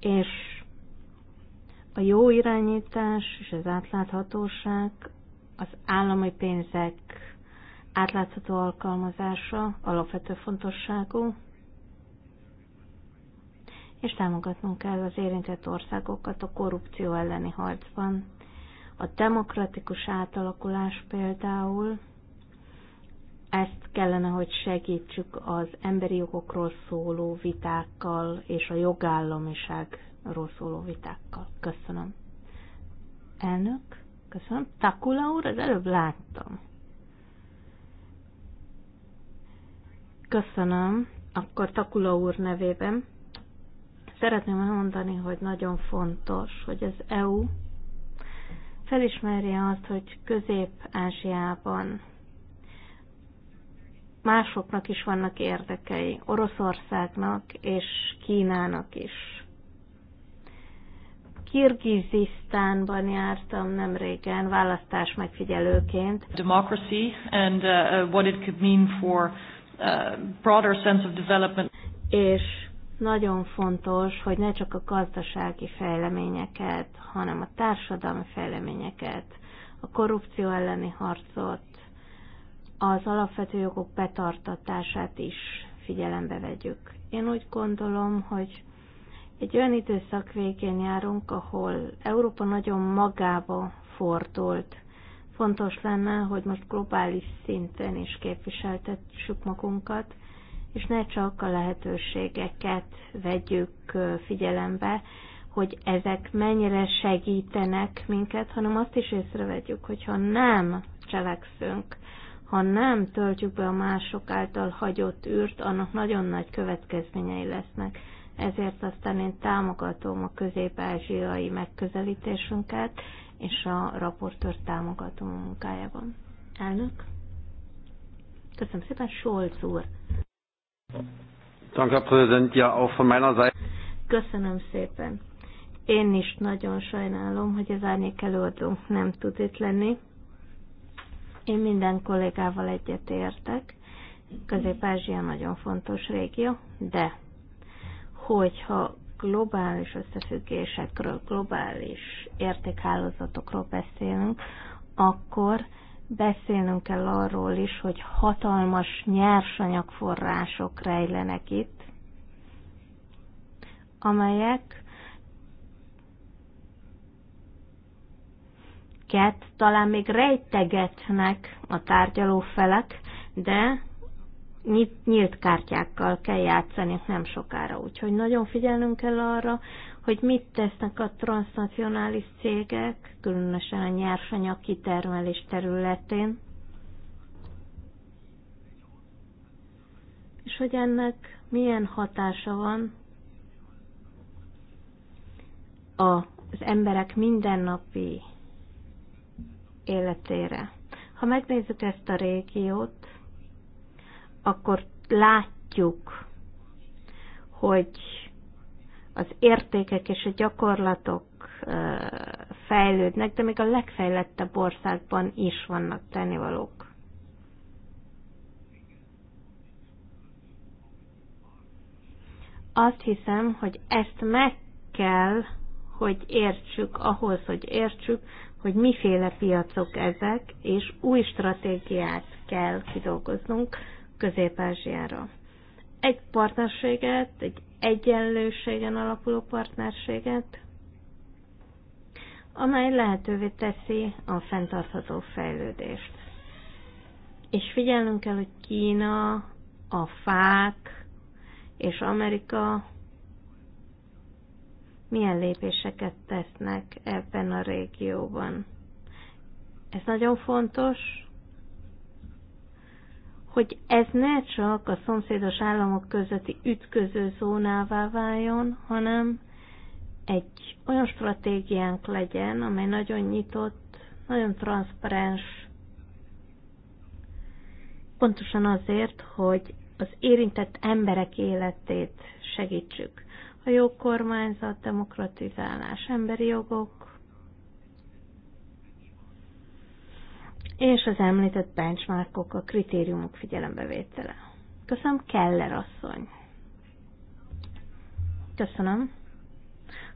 [SPEAKER 2] és a jó irányítás és az átláthatóság az állami pénzek átlátható alkalmazása alapvető fontosságú, és támogatnunk kell az érintett országokat a korrupció elleni harcban. A demokratikus átalakulás például, ezt kellene, hogy segítsük az emberi jogokról szóló vitákkal és a jogállamiságról szóló vitákkal. Köszönöm. Elnök, köszönöm. Takula úr, az előbb láttam. Köszönöm. Akkor Takula úr nevében szeretném mondani, hogy nagyon fontos, hogy az EU felismerje azt, hogy Közép-Ázsiában másoknak is vannak érdekei, Oroszországnak és Kínának is. Kirgizisztánban jártam nem régen választás megfigyelőként. Democracy and uh, uh what it could mean for Um, broader sense of development. És nagyon fontos, hogy ne csak a gazdasági fejleményeket, hanem a társadalmi fejleményeket, a korrupció elleni harcot, az alapvető jogok betartatását is figyelembe vegyük. Én úgy gondolom, hogy egy olyan időszak végén járunk, ahol Európa nagyon magába fordult. Fontos lenne, hogy most globális szinten is képviseltessük magunkat, és ne csak a lehetőségeket vegyük figyelembe, hogy ezek mennyire segítenek minket, hanem azt is észrevegyük, hogyha nem cselekszünk, ha nem töltjük be a mások által hagyott űrt, annak nagyon nagy következményei lesznek. Ezért aztán én támogatom a közép-ázsiai megközelítésünket, és a raportőr támogató munkájában. Elnök? Köszönöm szépen, Scholz úr! Köszönöm szépen! Én is nagyon sajnálom, hogy az árnyék előadónk nem tud itt lenni. Én minden kollégával értek. Közép-Ázsia nagyon fontos régió, de hogyha globális összefüggésekről, globális értékhálózatokról beszélünk, akkor beszélnünk kell arról is, hogy hatalmas nyersanyagforrások rejlenek itt, amelyek talán még rejtegetnek a tárgyaló felek, de nyílt kártyákkal kell játszani nem sokára, úgyhogy nagyon figyelnünk kell arra, hogy mit tesznek a transnacionális cégek, különösen a nyersanyag kitermelés területén, és hogy ennek milyen hatása van az emberek mindennapi életére. Ha megnézzük ezt a régiót, akkor látjuk, hogy az értékek és a gyakorlatok fejlődnek, de még a legfejlettebb országban is vannak tennivalók. Azt hiszem, hogy ezt meg kell, hogy értsük ahhoz, hogy értsük, hogy miféle piacok ezek, és új stratégiát kell kidolgoznunk, Közép-Ázsiára. Egy partnerséget, egy egyenlőségen alapuló partnerséget, amely lehetővé teszi a fenntartható fejlődést. És figyelnünk kell, hogy Kína, a fák és Amerika milyen lépéseket tesznek ebben a régióban. Ez nagyon fontos, hogy ez ne csak a szomszédos államok közötti ütköző zónává váljon, hanem egy olyan stratégiánk legyen, amely nagyon nyitott, nagyon transzparens, pontosan azért, hogy az érintett emberek életét segítsük. A jó kormányzat, demokratizálás, emberi jogok, és az említett benchmarkok, a kritériumok figyelembevétele. Köszönöm, Keller asszony. Köszönöm.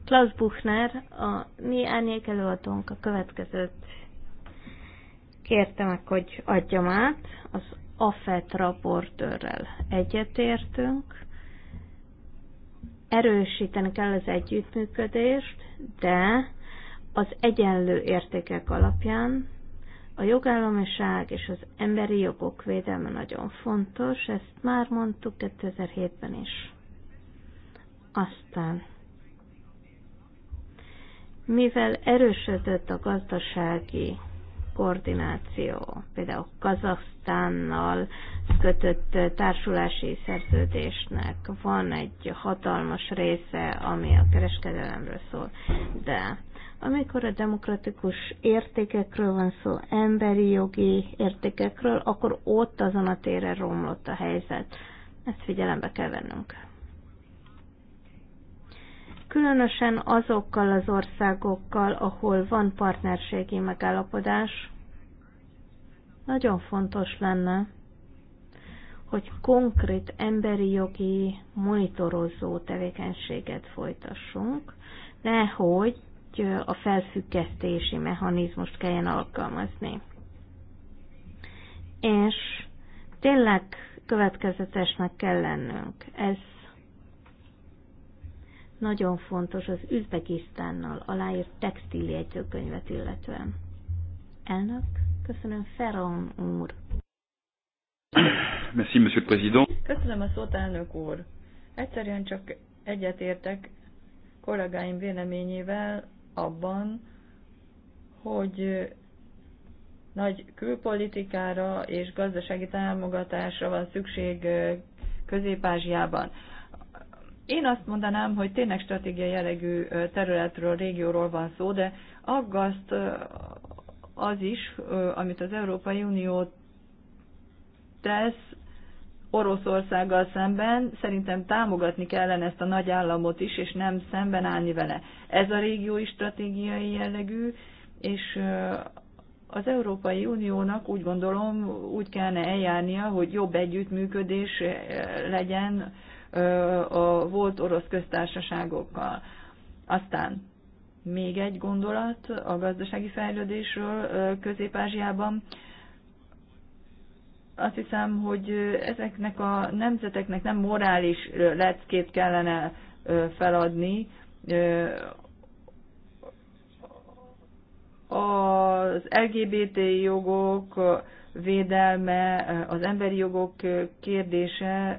[SPEAKER 2] Klaus Buchner, a mi árnyék előadónk a következőt kérte meg, hogy adjam át. Az AFET raportőrrel egyetértünk. Erősíteni kell az együttműködést, de az egyenlő értékek alapján a jogállamiság és az emberi jogok védelme nagyon fontos, ezt már mondtuk 2007-ben is. Aztán, mivel erősödött a gazdasági koordináció, például Kazasztánnal kötött társulási szerződésnek van egy hatalmas része, ami a kereskedelemről szól, de amikor a demokratikus értékekről van szó, emberi jogi értékekről, akkor ott azon a téren romlott a helyzet. Ezt figyelembe kell vennünk. Különösen azokkal az országokkal, ahol van partnerségi megállapodás, nagyon fontos lenne, hogy konkrét emberi jogi monitorozó tevékenységet folytassunk, nehogy a felfüggesztési mechanizmust kelljen alkalmazni. És tényleg következetesnek kell lennünk. Ez nagyon fontos az Üzbegisztánnal aláírt textiljegyzőkönyvet illetően. Elnök, köszönöm Ferron
[SPEAKER 1] úr. Merci, monsieur le président.
[SPEAKER 2] Köszönöm a szót,
[SPEAKER 3] elnök úr. Egyszerűen csak egyetértek kollégáim véleményével, abban, hogy nagy külpolitikára és gazdasági támogatásra van szükség Közép-Ázsiában. Én azt mondanám, hogy tényleg stratégiai jellegű területről, régióról van szó, de aggaszt az is, amit az Európai Unió tesz Oroszországgal szemben szerintem támogatni kellene ezt a nagy államot is, és nem szemben állni vele. Ez a régió is stratégiai jellegű, és az Európai Uniónak úgy gondolom úgy kellene eljárnia, hogy jobb együttműködés legyen a volt orosz köztársaságokkal. Aztán még egy gondolat a gazdasági fejlődésről Közép-Ázsiában azt hiszem, hogy ezeknek a nemzeteknek nem morális leckét kellene feladni. Az LGBT jogok védelme, az emberi jogok kérdése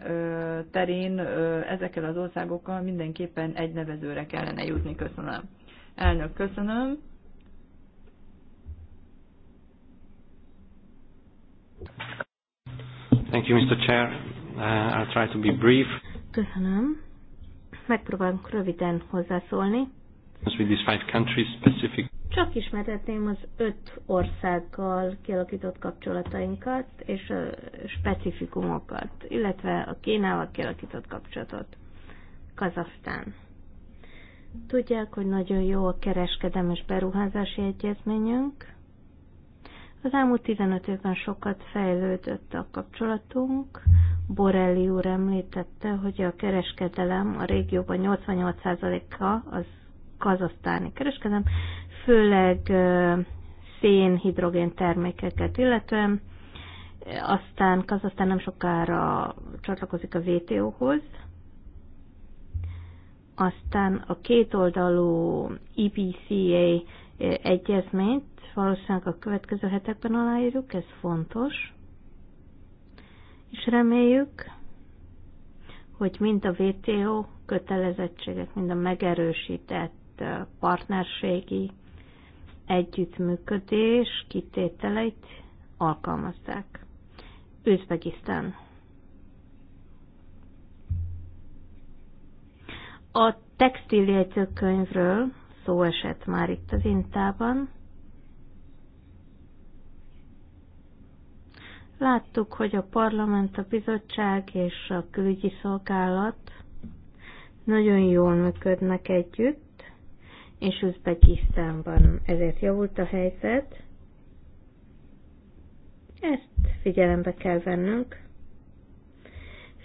[SPEAKER 3] terén ezekkel az országokkal mindenképpen egy nevezőre kellene jutni. Köszönöm. Elnök, köszönöm.
[SPEAKER 1] Thank you, Mr. Chair. Uh, I'll try to be brief.
[SPEAKER 2] Köszönöm. Megpróbálunk röviden hozzászólni.
[SPEAKER 1] With these five countries specific.
[SPEAKER 2] Csak ismertetném az öt országgal kialakított kapcsolatainkat és a specifikumokat, illetve a Kínával kialakított kapcsolatot. Kazasztán. Tudják, hogy nagyon jó a kereskedelmes beruházási egyezményünk, az elmúlt 15 évben sokat fejlődött a kapcsolatunk. Borelli úr említette, hogy a kereskedelem a régióban 88%-a az kazasztáni kereskedelem, főleg szén, hidrogén termékeket illetően. Aztán Kazasztán nem sokára csatlakozik a WTO-hoz, aztán a kétoldalú EPCA egyezményt, valószínűleg a következő hetekben aláírjuk, ez fontos, és reméljük, hogy mind a WTO kötelezettségek, mind a megerősített partnerségi együttműködés kitételeit alkalmazzák. Üzbegisztán. A textiljegyzőkönyvről szó esett már itt az intában. Láttuk, hogy a parlament, a bizottság és a külügyi szolgálat nagyon jól működnek együtt, és Uzbekisztánban ezért javult a helyzet. Ezt figyelembe kell vennünk.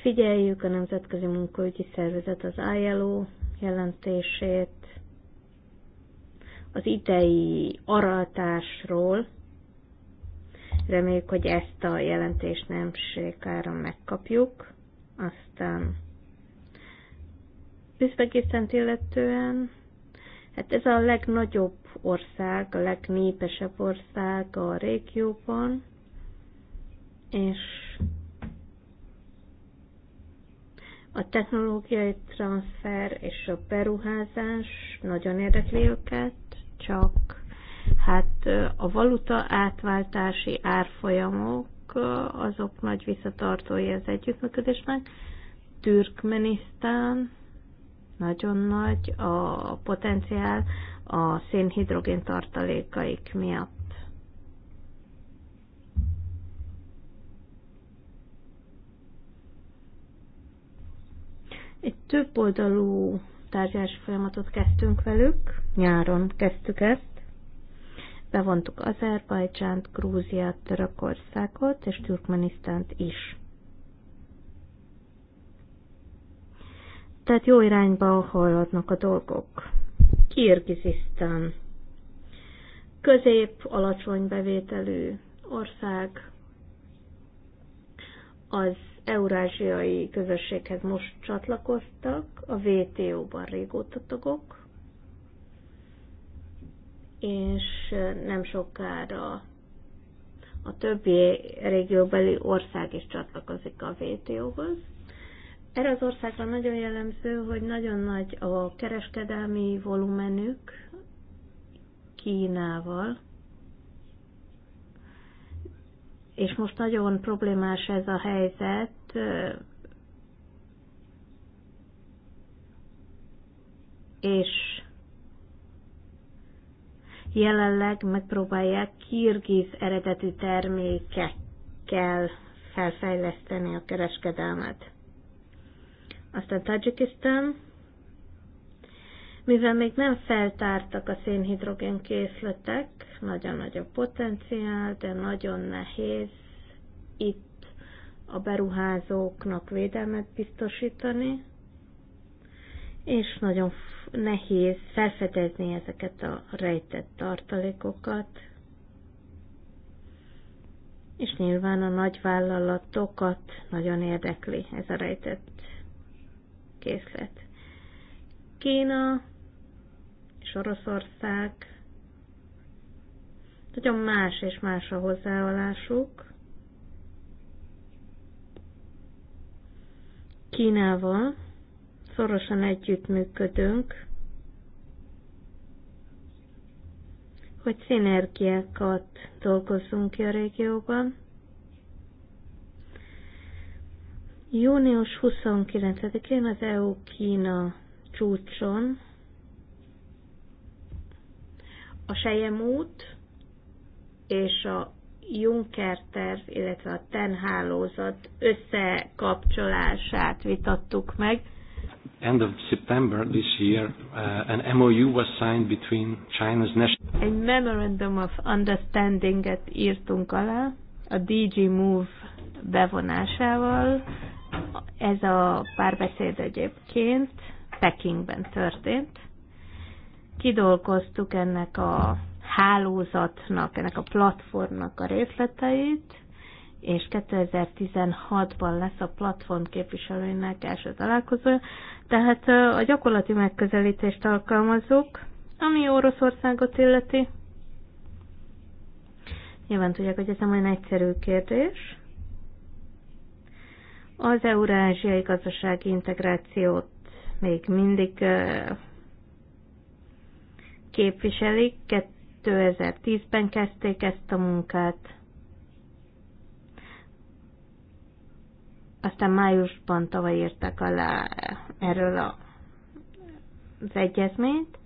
[SPEAKER 2] Figyeljük a Nemzetközi Munkaügyi Szervezet, az ILO jelentését, az idei aratásról. Reméljük, hogy ezt a jelentést nem sékára megkapjuk. Aztán Üzbegisztánt illetően, hát ez a legnagyobb ország, a legnépesebb ország a régióban, és a technológiai transfer és a beruházás nagyon érdekli őket csak hát a valuta átváltási árfolyamok azok nagy visszatartói az együttműködésnek. Türkmenisztán nagyon nagy a potenciál a szénhidrogén tartalékaik miatt. Egy több oldalú tárgyalási folyamatot kezdtünk velük nyáron kezdtük ezt. Bevontuk Azerbajdzsánt, Grúziát, Törökországot és Türkmenisztánt is. Tehát jó irányba haladnak a dolgok. Kirgizisztán. Közép, alacsony bevételű ország. Az Eurázsiai közösséghez most csatlakoztak, a WTO-ban régóta tagok és nem sokára a többi régióbeli ország is csatlakozik a WTO-hoz. Erre az országra nagyon jellemző, hogy nagyon nagy a kereskedelmi volumenük Kínával, és most nagyon problémás ez a helyzet, és Jelenleg megpróbálják kirgiz eredetű termékekkel felfejleszteni a kereskedelmet. Aztán Tajikisztán, mivel még nem feltártak a szénhidrogén készletek, nagyon nagy a potenciál, de nagyon nehéz itt a beruházóknak védelmet biztosítani, és nagyon nehéz felfedezni ezeket a rejtett tartalékokat, és nyilván a nagyvállalatokat nagyon érdekli ez a rejtett készlet. Kína és Oroszország nagyon más és más a hozzáállásuk. Kínával szorosan együttműködünk, hogy szinergiákat dolgozzunk ki a régióban. Június 29-én az EU-Kína csúcson a Sejem út és a Juncker terv, illetve a TEN hálózat összekapcsolását vitattuk meg
[SPEAKER 1] end of September this year, uh, an MOU was signed between China's national...
[SPEAKER 2] Egy Memorandum of Understanding-et írtunk alá a DG Move bevonásával. Ez a párbeszéd egyébként Pekingben történt. Kidolgoztuk ennek a hálózatnak, ennek a platformnak a részleteit, és 2016-ban lesz a platform képviselőinek első találkozó, tehát a gyakorlati megközelítést alkalmazzuk, ami Oroszországot illeti. Nyilván tudják, hogy ez nem olyan egyszerű kérdés. Az eurázsiai gazdasági integrációt még mindig képviselik. 2010-ben kezdték ezt a munkát. Aztán májusban tavaly írtak alá erről a, az egyezményt.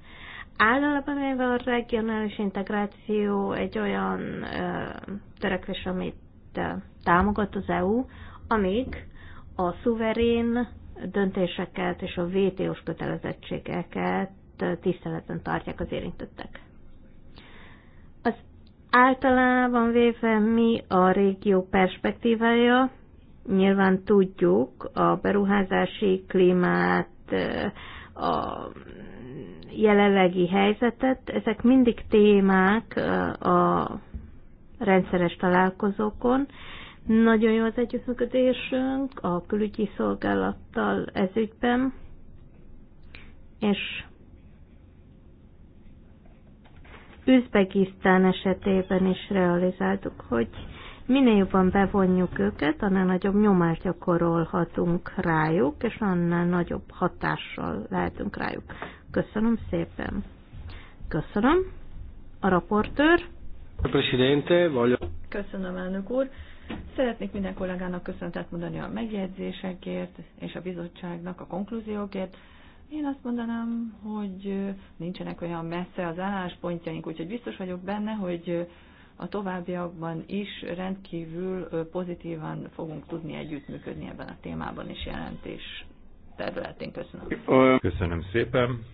[SPEAKER 2] Általában a regionális integráció egy olyan ö, törekvés, amit ö, támogat az EU, amíg a szuverén döntéseket és a VTO-s kötelezettségeket tiszteletben tartják az érintettek. Az általában véve mi a régió perspektívája, Nyilván tudjuk a beruházási klímát, a jelenlegi helyzetet, ezek mindig témák a rendszeres találkozókon. Nagyon jó az együttműködésünk a külügyi szolgálattal ezügyben, és Üzbegisztán esetében is realizáltuk, hogy Minél jobban bevonjuk őket, annál nagyobb nyomást gyakorolhatunk rájuk, és annál nagyobb hatással lehetünk rájuk. Köszönöm szépen. Köszönöm. A raportőr. Köszönöm,
[SPEAKER 3] elnök úr. Szeretnék minden kollégának köszöntet mondani a megjegyzésekért és a bizottságnak a konklúziókért. Én azt mondanám, hogy nincsenek olyan messze az álláspontjaink, úgyhogy biztos vagyok benne, hogy a továbbiakban is rendkívül pozitívan fogunk tudni együttműködni ebben a témában és jelentés területén. Köszönöm.
[SPEAKER 1] Köszönöm szépen.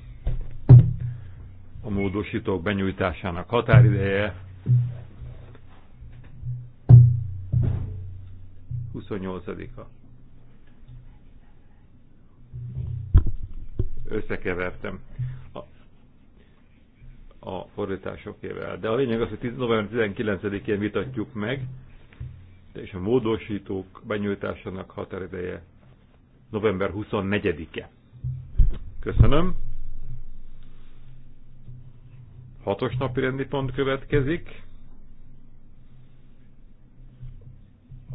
[SPEAKER 1] A módosítók benyújtásának határideje 28-a. Összekevertem a fordításokével. De a lényeg az, hogy november 19-én vitatjuk meg, és a módosítók benyújtásának határideje november 24-e. Köszönöm. Hatos napi rendi pont következik.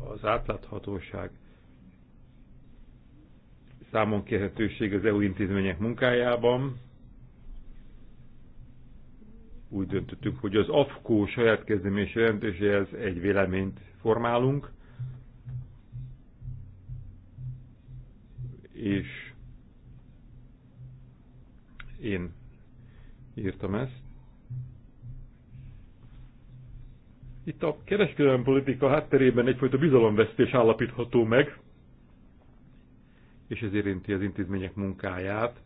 [SPEAKER 1] Az átláthatóság számon kérhetőség az EU intézmények munkájában úgy döntöttük, hogy az AFKO saját kezdeményes jelentéséhez egy véleményt formálunk, és én írtam ezt. Itt a kereskedelmi politika hátterében egyfajta bizalomvesztés állapítható meg, és ez érinti az intézmények munkáját,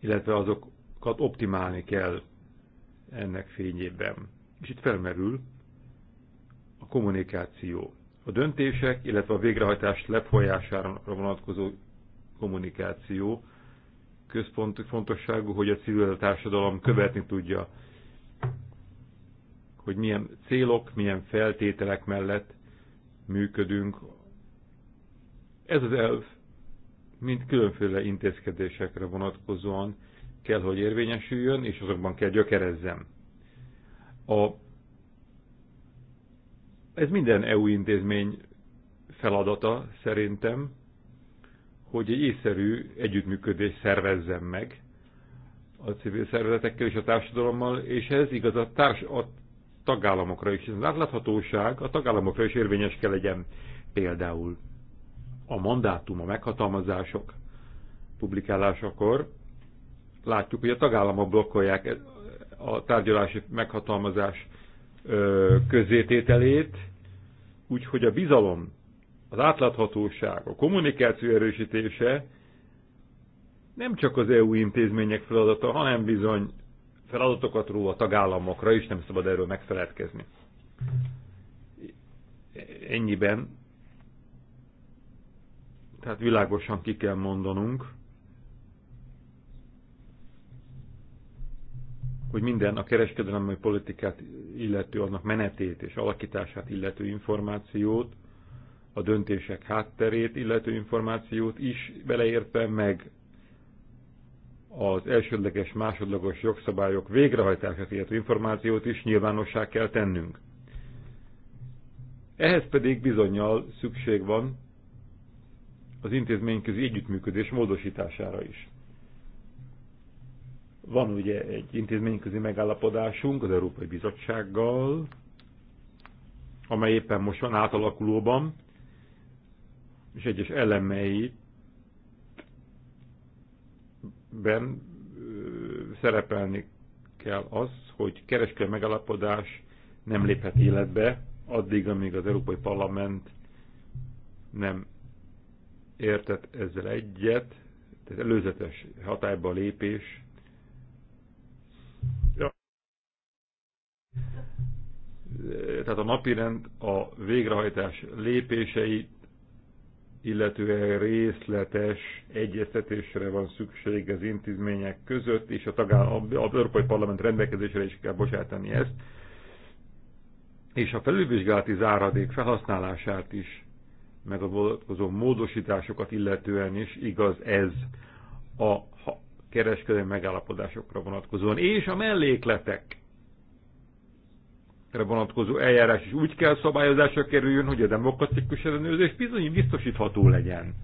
[SPEAKER 1] illetve azokat optimálni kell ennek fényében. És itt felmerül a kommunikáció. A döntések, illetve a végrehajtás lefolyására vonatkozó kommunikáció központi fontosságú, hogy a civil társadalom követni tudja, hogy milyen célok, milyen feltételek mellett működünk. Ez az elv mind különféle intézkedésekre vonatkozóan kell, hogy érvényesüljön, és azokban kell gyökerezzem. A, ez minden EU intézmény feladata szerintem, hogy egy észszerű együttműködést szervezzem meg a civil szervezetekkel és a társadalommal, és ez igaz a, társ, a tagállamokra is. Az átláthatóság a tagállamokra is érvényes kell legyen. Például a mandátum, a meghatalmazások publikálásakor látjuk, hogy a tagállamok blokkolják a tárgyalási meghatalmazás közzétételét, úgyhogy a bizalom, az átláthatóság, a kommunikáció erősítése nem csak az EU intézmények feladata, hanem bizony feladatokat ró a tagállamokra is, nem szabad erről megfeledkezni. Ennyiben, tehát világosan ki kell mondanunk, hogy minden a kereskedelmi politikát illető, annak menetét és alakítását illető információt, a döntések hátterét illető információt is beleértve meg az elsődleges, másodlagos jogszabályok végrehajtását illető információt is nyilvánossá kell tennünk. Ehhez pedig bizonyal szükség van az intézményközi együttműködés módosítására is. Van ugye egy intézményközi megállapodásunk az Európai Bizottsággal, amely éppen most van átalakulóban, és egyes elemei ben szerepelni kell az, hogy kereskedelmi megalapodás nem léphet életbe addig, amíg az Európai Parlament nem értett ezzel egyet, tehát előzetes hatályba lépés tehát a napirend a végrehajtás lépései illetően részletes egyeztetésre van szükség az intézmények között, és a tagáll- az Európai Parlament rendelkezésre is kell bocsátani ezt, és a felülvizsgálati záradék felhasználását is, meg a vonatkozó módosításokat illetően is igaz ez a kereskedelmi megállapodásokra vonatkozóan, és a mellékletek vonatkozó eljárás is úgy kell szabályozásra kerüljön, hogy a demokratikus ellenőrzés bizony biztosítható legyen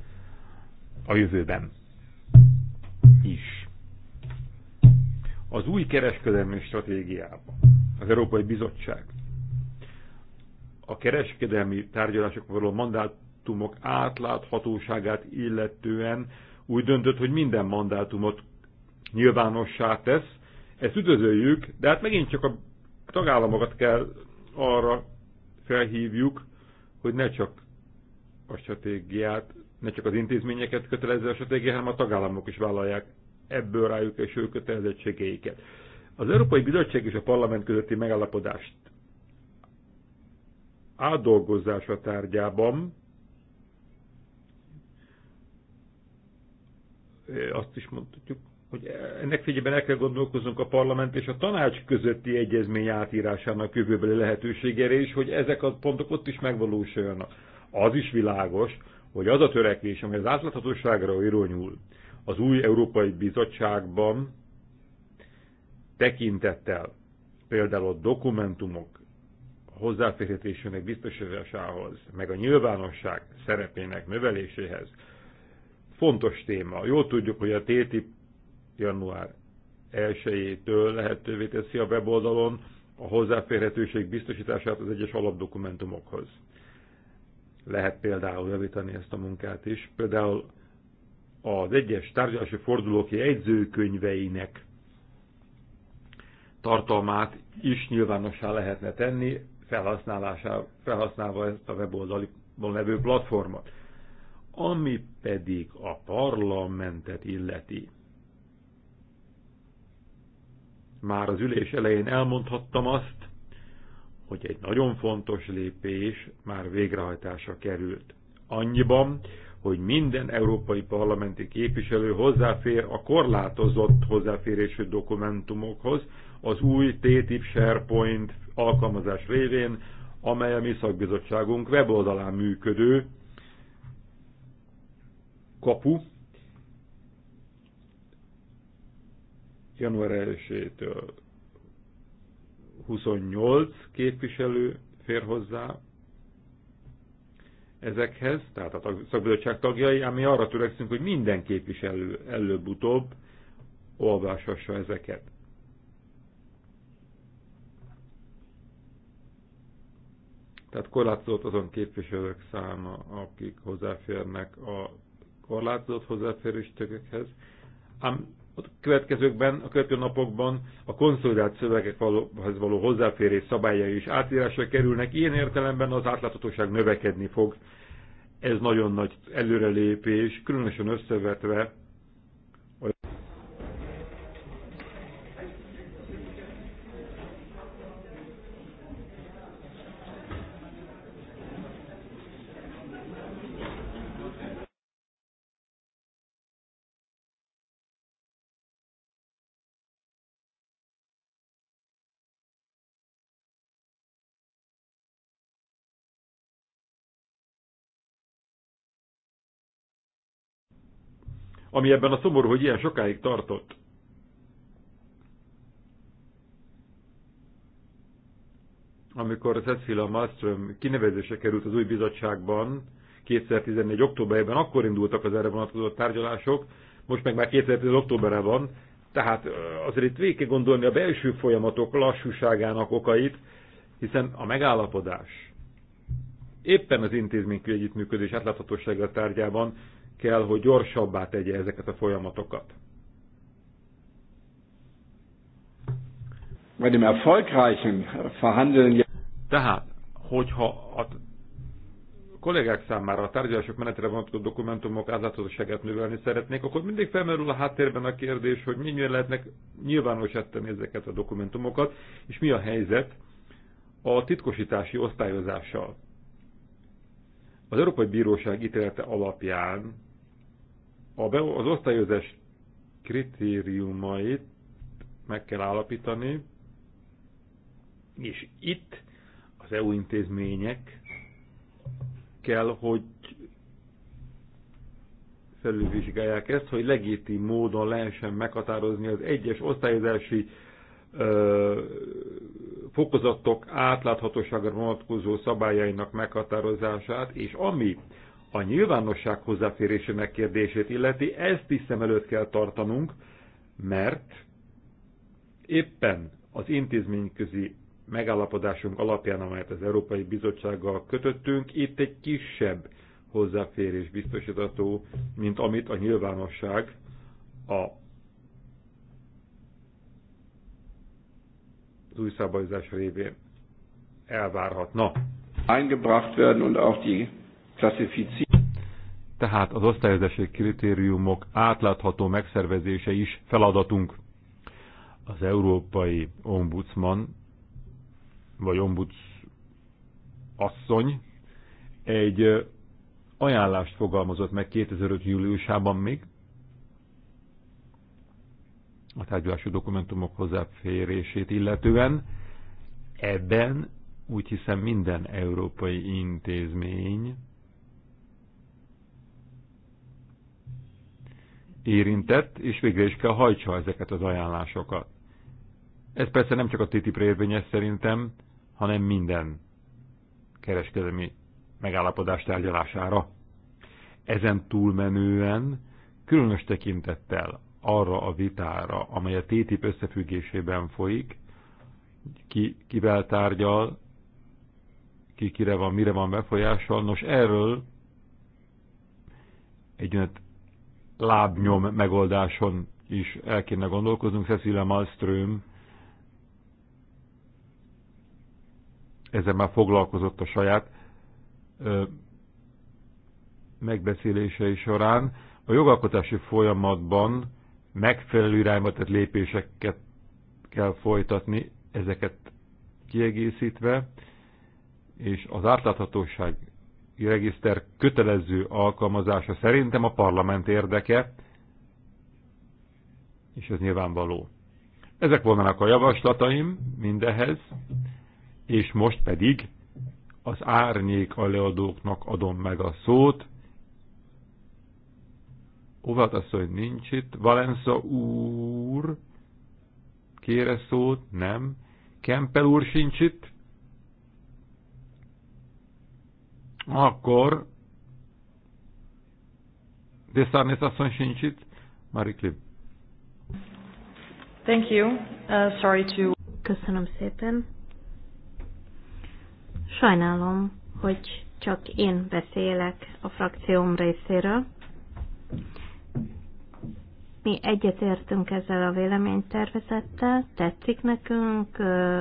[SPEAKER 1] a jövőben is. Az új kereskedelmi stratégiában az Európai Bizottság a kereskedelmi tárgyalások való mandátumok átláthatóságát illetően úgy döntött, hogy minden mandátumot nyilvánossá tesz. Ezt üdvözöljük, de hát megint csak a tagállamokat kell arra felhívjuk, hogy ne csak a stratégiát, ne csak az intézményeket kötelezze a stratégia, hanem a tagállamok is vállalják ebből rájuk és ő kötelezettségeiket. Az Európai Bizottság és a Parlament közötti megállapodást átdolgozása tárgyában azt is mondhatjuk, hogy ennek fényében el kell gondolkoznunk a parlament és a tanács közötti egyezmény átírásának jövőbeli lehetőségére is, hogy ezek a pontok ott is megvalósuljanak. Az is világos, hogy az a törekvés, amely az átláthatóságra irányul, az új Európai Bizottságban tekintettel például a dokumentumok hozzáférhetésének biztosításához, meg a nyilvánosság szerepének növeléséhez fontos téma. Jól tudjuk, hogy a TTIP január 1-től lehetővé teszi a weboldalon a hozzáférhetőség biztosítását az egyes alapdokumentumokhoz. Lehet például javítani ezt a munkát is. Például az egyes tárgyalási fordulók jegyzőkönyveinek tartalmát is nyilvánossá lehetne tenni, felhasználva ezt a weboldalon levő platformot. Ami pedig a parlamentet illeti, Már az ülés elején elmondhattam azt, hogy egy nagyon fontos lépés már végrehajtásra került. Annyiban, hogy minden európai parlamenti képviselő hozzáfér a korlátozott hozzáférésű dokumentumokhoz az új TTIP SharePoint alkalmazás révén, amely a mi szakbizottságunk weboldalán működő kapu, január 1-től 28 képviselő fér hozzá ezekhez, tehát a szakbizottság tagjai, ami arra törekszünk, hogy minden képviselő előbb-utóbb olvashassa ezeket. Tehát korlátozott azon képviselők száma, akik hozzáférnek a korlátozott hozzáférés tökökhez, ám a következőkben, a következő napokban a konszolidált szövegekhez való hozzáférés szabályai is átírásra kerülnek. Ilyen értelemben az átláthatóság növekedni fog. Ez nagyon nagy előrelépés, különösen összevetve ami ebben a szomorú, hogy ilyen sokáig tartott. Amikor Cecilia Malmström kinevezése került az új bizottságban, 2014. októberben akkor indultak az erre vonatkozó tárgyalások, most meg már 2010. októberre van, tehát azért itt végig gondolni a belső folyamatok lassúságának okait, hiszen a megállapodás éppen az intézményközi együttműködés átláthatósága tárgyában kell, hogy gyorsabbá tegye ezeket a folyamatokat. Tehát, hogyha a kollégák számára a tárgyalások menetre vonatkozó dokumentumok átláthatóságát növelni szeretnék, akkor mindig felmerül a háttérben a kérdés, hogy mennyire lehetnek nyilvánosát tenni ezeket a dokumentumokat, és mi a helyzet a titkosítási osztályozással. Az Európai Bíróság ítélete alapján az osztályozás kritériumait meg kell állapítani, és itt az EU intézmények kell, hogy felülvizsgálják ezt, hogy legitim módon lehessen meghatározni az egyes osztályozási ö, fokozatok átláthatóságra vonatkozó szabályainak meghatározását, és ami a nyilvánosság hozzáférése megkérdését illeti, ezt is szem előtt kell tartanunk, mert éppen az intézményközi megállapodásunk alapján, amelyet az Európai Bizottsággal kötöttünk, itt egy kisebb hozzáférés biztosítató, mint amit a nyilvánosság a az új szabályozás révén elvárhatna. Eingebracht werden und auch die tehát az osztályozási kritériumok átlátható megszervezése is feladatunk. Az Európai Ombudsman, vagy Ombuds asszony egy ajánlást fogalmazott meg 2005. júliusában még, a tárgyalási dokumentumok hozzáférését illetően. Ebben úgy hiszem minden európai intézmény érintett, és végre is kell hajtsa ezeket az ajánlásokat. Ez persze nem csak a TTIP-re érvényes szerintem, hanem minden kereskedelmi megállapodás tárgyalására. Ezen túlmenően különös tekintettel arra a vitára, amely a TTIP összefüggésében folyik, ki, kivel tárgyal, ki kire van, mire van befolyással. Nos, erről egy olyan lábnyom megoldáson is el kéne gondolkoznunk. Cecilia Malmström ezzel már foglalkozott a saját ö, megbeszélései során. A jogalkotási folyamatban megfelelő irányba tett lépéseket kell folytatni, ezeket kiegészítve, és az átláthatóság regiszter kötelező alkalmazása szerintem a parlament érdeke, és ez nyilvánvaló. Ezek volnának a javaslataim mindehez, és most pedig az árnyék aleadóknak adom meg a szót. Óvat hogy nincs itt. Valenza úr kére szót? Nem. Kempel úr sincs itt. Akkor Deszánész asszony a itt. Marie Klib.
[SPEAKER 2] Thank you. Uh, sorry to... Köszönöm szépen. Sajnálom, hogy csak én beszélek a frakcióm részéről. Mi egyetértünk ezzel a véleménytervezettel, tetszik nekünk,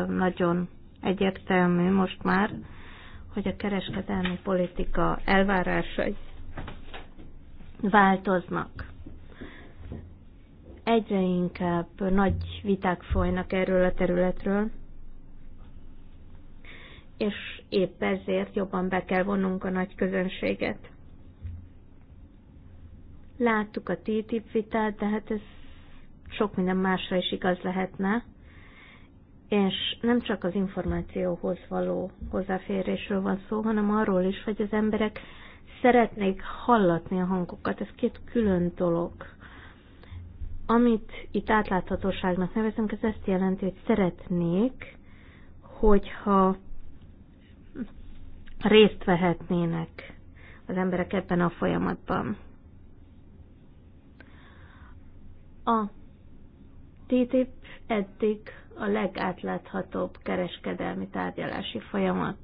[SPEAKER 2] nagyon egyértelmű most már, hogy a kereskedelmi politika elvárásai változnak. Egyre inkább nagy viták folynak erről a területről, és épp ezért jobban be kell vonnunk a nagy közönséget. Láttuk a TTIP vitát, de hát ez sok minden másra is igaz lehetne és nem csak az információhoz való hozzáférésről van szó, hanem arról is, hogy az emberek szeretnék hallatni a hangokat. Ez két külön dolog. Amit itt átláthatóságnak nevezünk, ez azt jelenti, hogy szeretnék, hogyha részt vehetnének az emberek ebben a folyamatban. A TTIP eddig a legátláthatóbb kereskedelmi tárgyalási folyamat.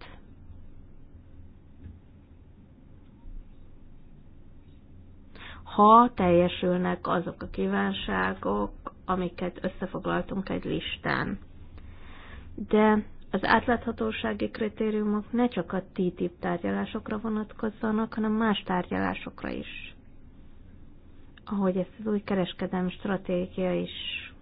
[SPEAKER 2] Ha teljesülnek azok a kívánságok, amiket összefoglaltunk egy listán. De az átláthatósági kritériumok ne csak a TTIP tárgyalásokra vonatkozzanak, hanem más tárgyalásokra is. Ahogy ezt az új kereskedelmi stratégia is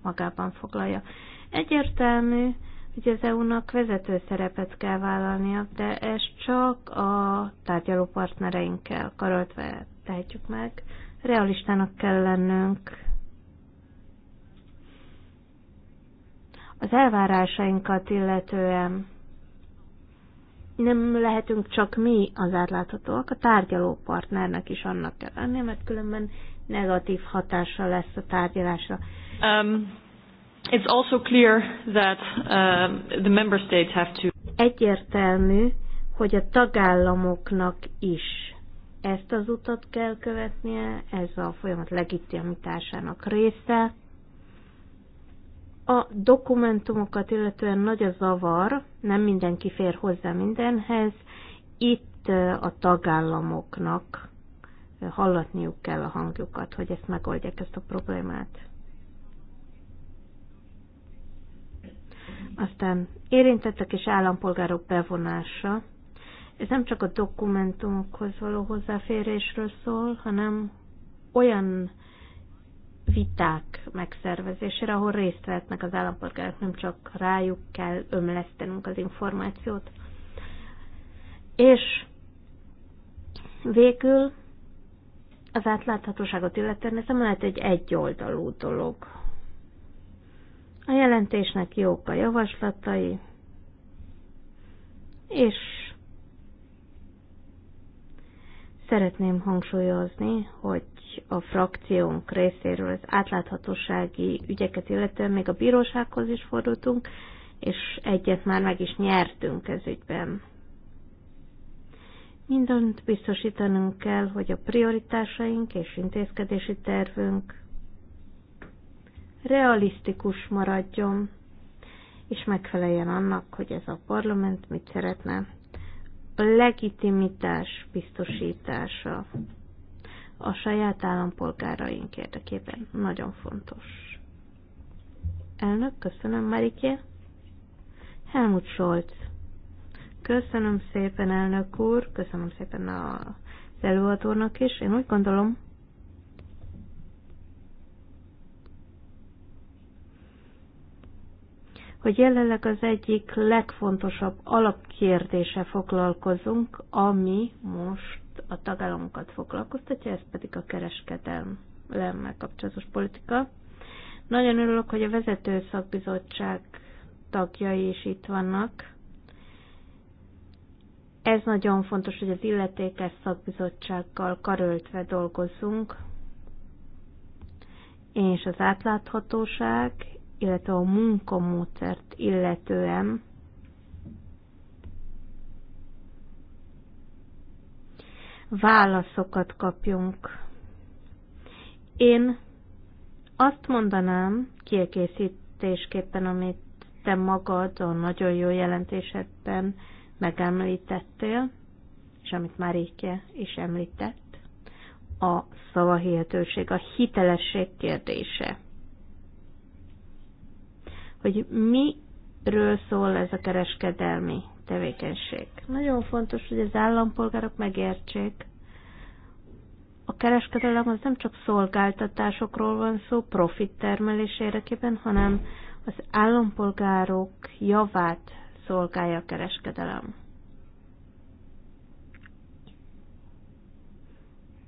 [SPEAKER 2] magában foglalja. Egyértelmű, hogy az EU-nak vezető szerepet kell vállalnia, de ez csak a tárgyaló partnereinkkel karoltva tehetjük meg. Realistának kell lennünk. Az elvárásainkat illetően nem lehetünk csak mi az átláthatóak, a tárgyaló partnernek is annak kell lennie, mert különben negatív hatása lesz a tárgyalásra. Um, It's also clear that uh, the member states have to Egyértelmű, hogy a tagállamoknak is ezt az utat kell követnie, ez a folyamat legitimitásának része. A dokumentumokat illetően nagy a zavar, nem mindenki fér hozzá mindenhez, itt a tagállamoknak hallatniuk kell a hangjukat, hogy ezt megoldják ezt a problémát. Aztán érintettek és állampolgárok bevonása. Ez nem csak a dokumentumokhoz való hozzáférésről szól, hanem olyan viták megszervezésére, ahol részt vehetnek az állampolgárok, nem csak rájuk kell ömlesztenünk az információt. És végül az átláthatóságot illetően ez nem lehet egy egyoldalú dolog, a jelentésnek jók a javaslatai, és szeretném hangsúlyozni, hogy a frakciónk részéről az átláthatósági ügyeket illetően még a bírósághoz is fordultunk, és egyet már meg is nyertünk ez ügyben. Mindent biztosítanunk kell, hogy a prioritásaink és intézkedési tervünk realisztikus maradjon, és megfeleljen annak, hogy ez a parlament mit szeretne. A legitimitás biztosítása a saját állampolgáraink érdekében nagyon fontos. Elnök, köszönöm, Mariké. Helmut Scholz. Köszönöm szépen, elnök úr, köszönöm szépen az előadónak is. Én úgy gondolom, hogy jelenleg az egyik legfontosabb alapkérdése foglalkozunk, ami most a tagállamokat foglalkoztatja, ez pedig a kereskedelemmel kapcsolatos politika. Nagyon örülök, hogy a vezető szakbizottság tagjai is itt vannak. Ez nagyon fontos, hogy az illetékes szakbizottsággal karöltve dolgozzunk, és az átláthatóság illetve a munkamódszert illetően válaszokat kapjunk. Én azt mondanám kiegészítésképpen, amit te magad a nagyon jó jelentésedben megemlítettél, és amit már is említett, a szavahihetőség, a hitelesség kérdése hogy miről szól ez a kereskedelmi tevékenység. Nagyon fontos, hogy az állampolgárok megértsék. A kereskedelem az nem csak szolgáltatásokról van szó, profit termelés érdekében, hanem az állampolgárok javát szolgálja a kereskedelem.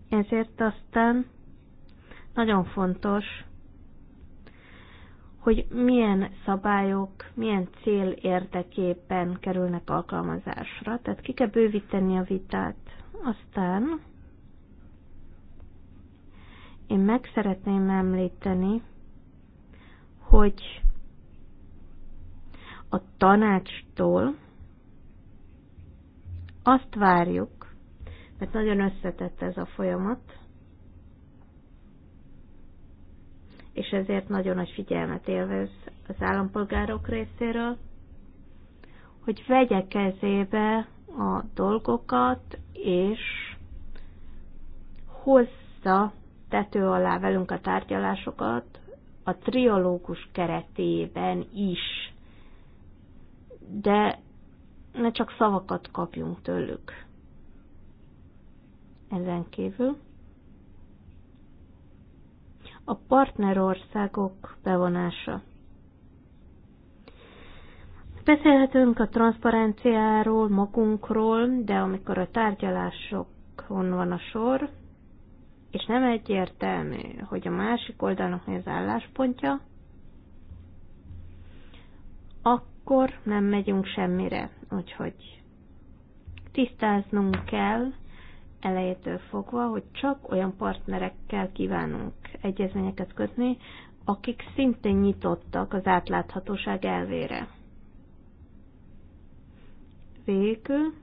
[SPEAKER 2] Ezért aztán nagyon fontos, hogy milyen szabályok, milyen cél érdekében kerülnek alkalmazásra. Tehát ki kell bővíteni a vitát. Aztán én meg szeretném említeni, hogy a tanácstól azt várjuk, mert nagyon összetett ez a folyamat, és ezért nagyon nagy figyelmet élvez az állampolgárok részéről, hogy vegye kezébe a dolgokat, és hozza tető alá velünk a tárgyalásokat a triológus keretében is. De ne csak szavakat kapjunk tőlük. Ezen kívül a partnerországok bevonása. Beszélhetünk a transzparenciáról, magunkról, de amikor a tárgyalásokon van a sor, és nem egyértelmű, hogy a másik oldalnak mi az álláspontja, akkor nem megyünk semmire. Úgyhogy tisztáznunk kell, elejétől fogva, hogy csak olyan partnerekkel kívánunk egyezményeket kötni, akik szintén nyitottak az átláthatóság elvére. Végül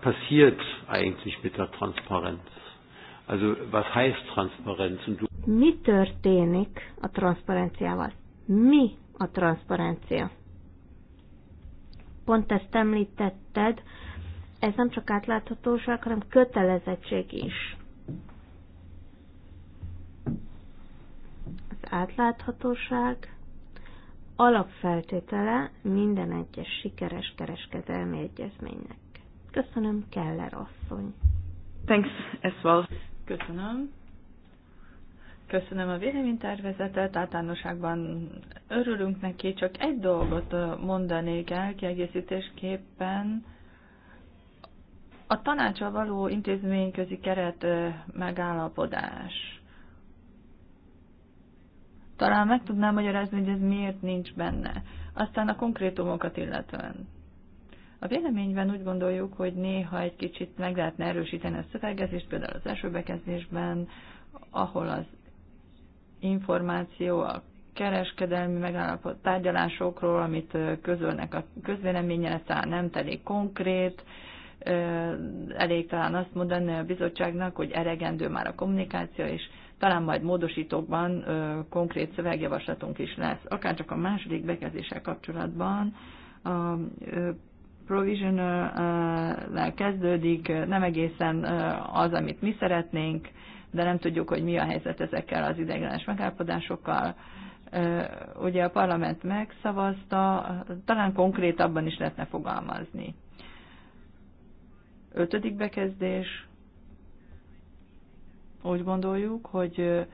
[SPEAKER 1] passiert eigentlich mit der Transparenz? Also was heißt Transparenz? Und
[SPEAKER 2] Mi történik a transzparenciával? Mi a transzparencia? pont ezt említetted, ez nem csak átláthatóság, hanem kötelezettség is. Az átláthatóság alapfeltétele minden egyes sikeres kereskedelmi egyezménynek. Köszönöm, Keller asszony. Thanks as well. Köszönöm.
[SPEAKER 3] Köszönöm a véleménytervezetet, általánosságban örülünk neki, csak egy dolgot mondanék el kiegészítésképpen. A tanácsa való intézményközi keret megállapodás. Talán meg tudnám magyarázni, hogy ez miért nincs benne. Aztán a konkrétumokat illetően. A véleményben úgy gondoljuk, hogy néha egy kicsit meg lehetne erősíteni a szövegezést, például az első bekezdésben, ahol az információ a kereskedelmi megállapot tárgyalásokról, amit közölnek a közvéleményen, ez talán nem elég konkrét, elég talán azt mondani a bizottságnak, hogy elegendő már a kommunikáció, és talán majd módosítókban konkrét szövegjavaslatunk is lesz. Akárcsak a második bekezdéssel kapcsolatban a provisional kezdődik, nem egészen az, amit mi szeretnénk, de nem tudjuk, hogy mi a helyzet ezekkel az ideiglenes megállapodásokkal. Ugye a parlament megszavazta, talán konkrétabban is lehetne fogalmazni. Ötödik bekezdés. Úgy gondoljuk, hogy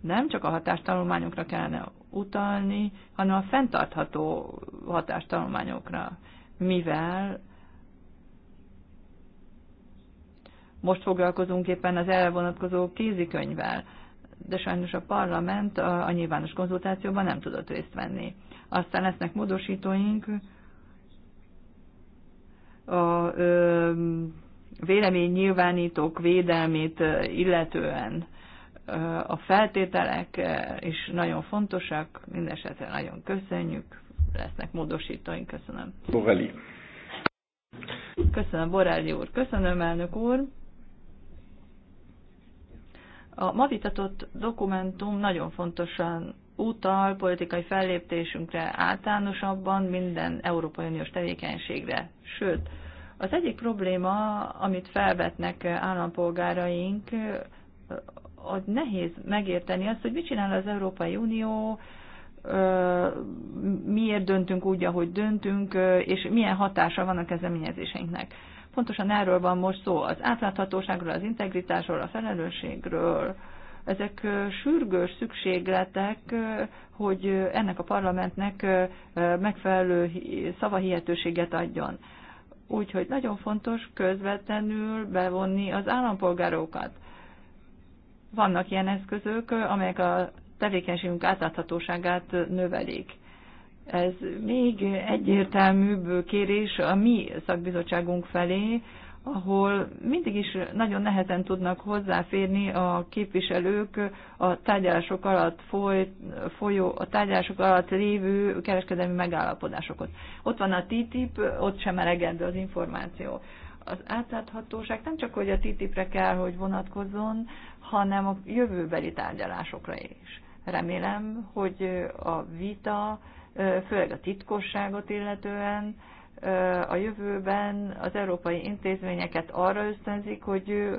[SPEAKER 3] nem csak a hatástanulmányokra kellene utalni, hanem a fenntartható hatástanulmányokra, mivel Most foglalkozunk éppen az erre vonatkozó kézikönyvvel, de sajnos a parlament a, a nyilvános konzultációban nem tudott részt venni. Aztán lesznek módosítóink a ö, vélemény nyilvánítók védelmét illetően a feltételek is nagyon fontosak, mindesetre nagyon köszönjük, lesznek módosítóink, köszönöm. Borelli. Köszönöm, Borelli úr, köszönöm, elnök úr. A ma vitatott dokumentum nagyon fontosan utal politikai felléptésünkre általánosabban minden Európai Uniós tevékenységre. Sőt, az egyik probléma, amit felvetnek állampolgáraink, az nehéz megérteni azt, hogy mit csinál az Európai Unió, miért döntünk úgy, ahogy döntünk, és milyen hatása van a kezdeményezéseinknek. Pontosan erről van most szó, az átláthatóságról, az integritásról, a felelősségről. Ezek sürgős szükségletek, hogy ennek a parlamentnek megfelelő szavahihetőséget adjon. Úgyhogy nagyon fontos közvetlenül bevonni az állampolgárokat. Vannak ilyen eszközök, amelyek a tevékenységünk átláthatóságát növelik. Ez még egyértelműbb kérés a mi szakbizottságunk felé, ahol mindig is nagyon nehezen tudnak hozzáférni a képviselők a tárgyalások alatt foly, folyó, a tárgyalások alatt lévő kereskedelmi megállapodásokat. Ott van a TTIP, ott sem elegendő az információ. Az átláthatóság nem csak, hogy a TTIP-re kell, hogy vonatkozzon, hanem a jövőbeli tárgyalásokra is. Remélem, hogy a vita főleg a titkosságot illetően, a jövőben az európai intézményeket arra ösztönzik, hogy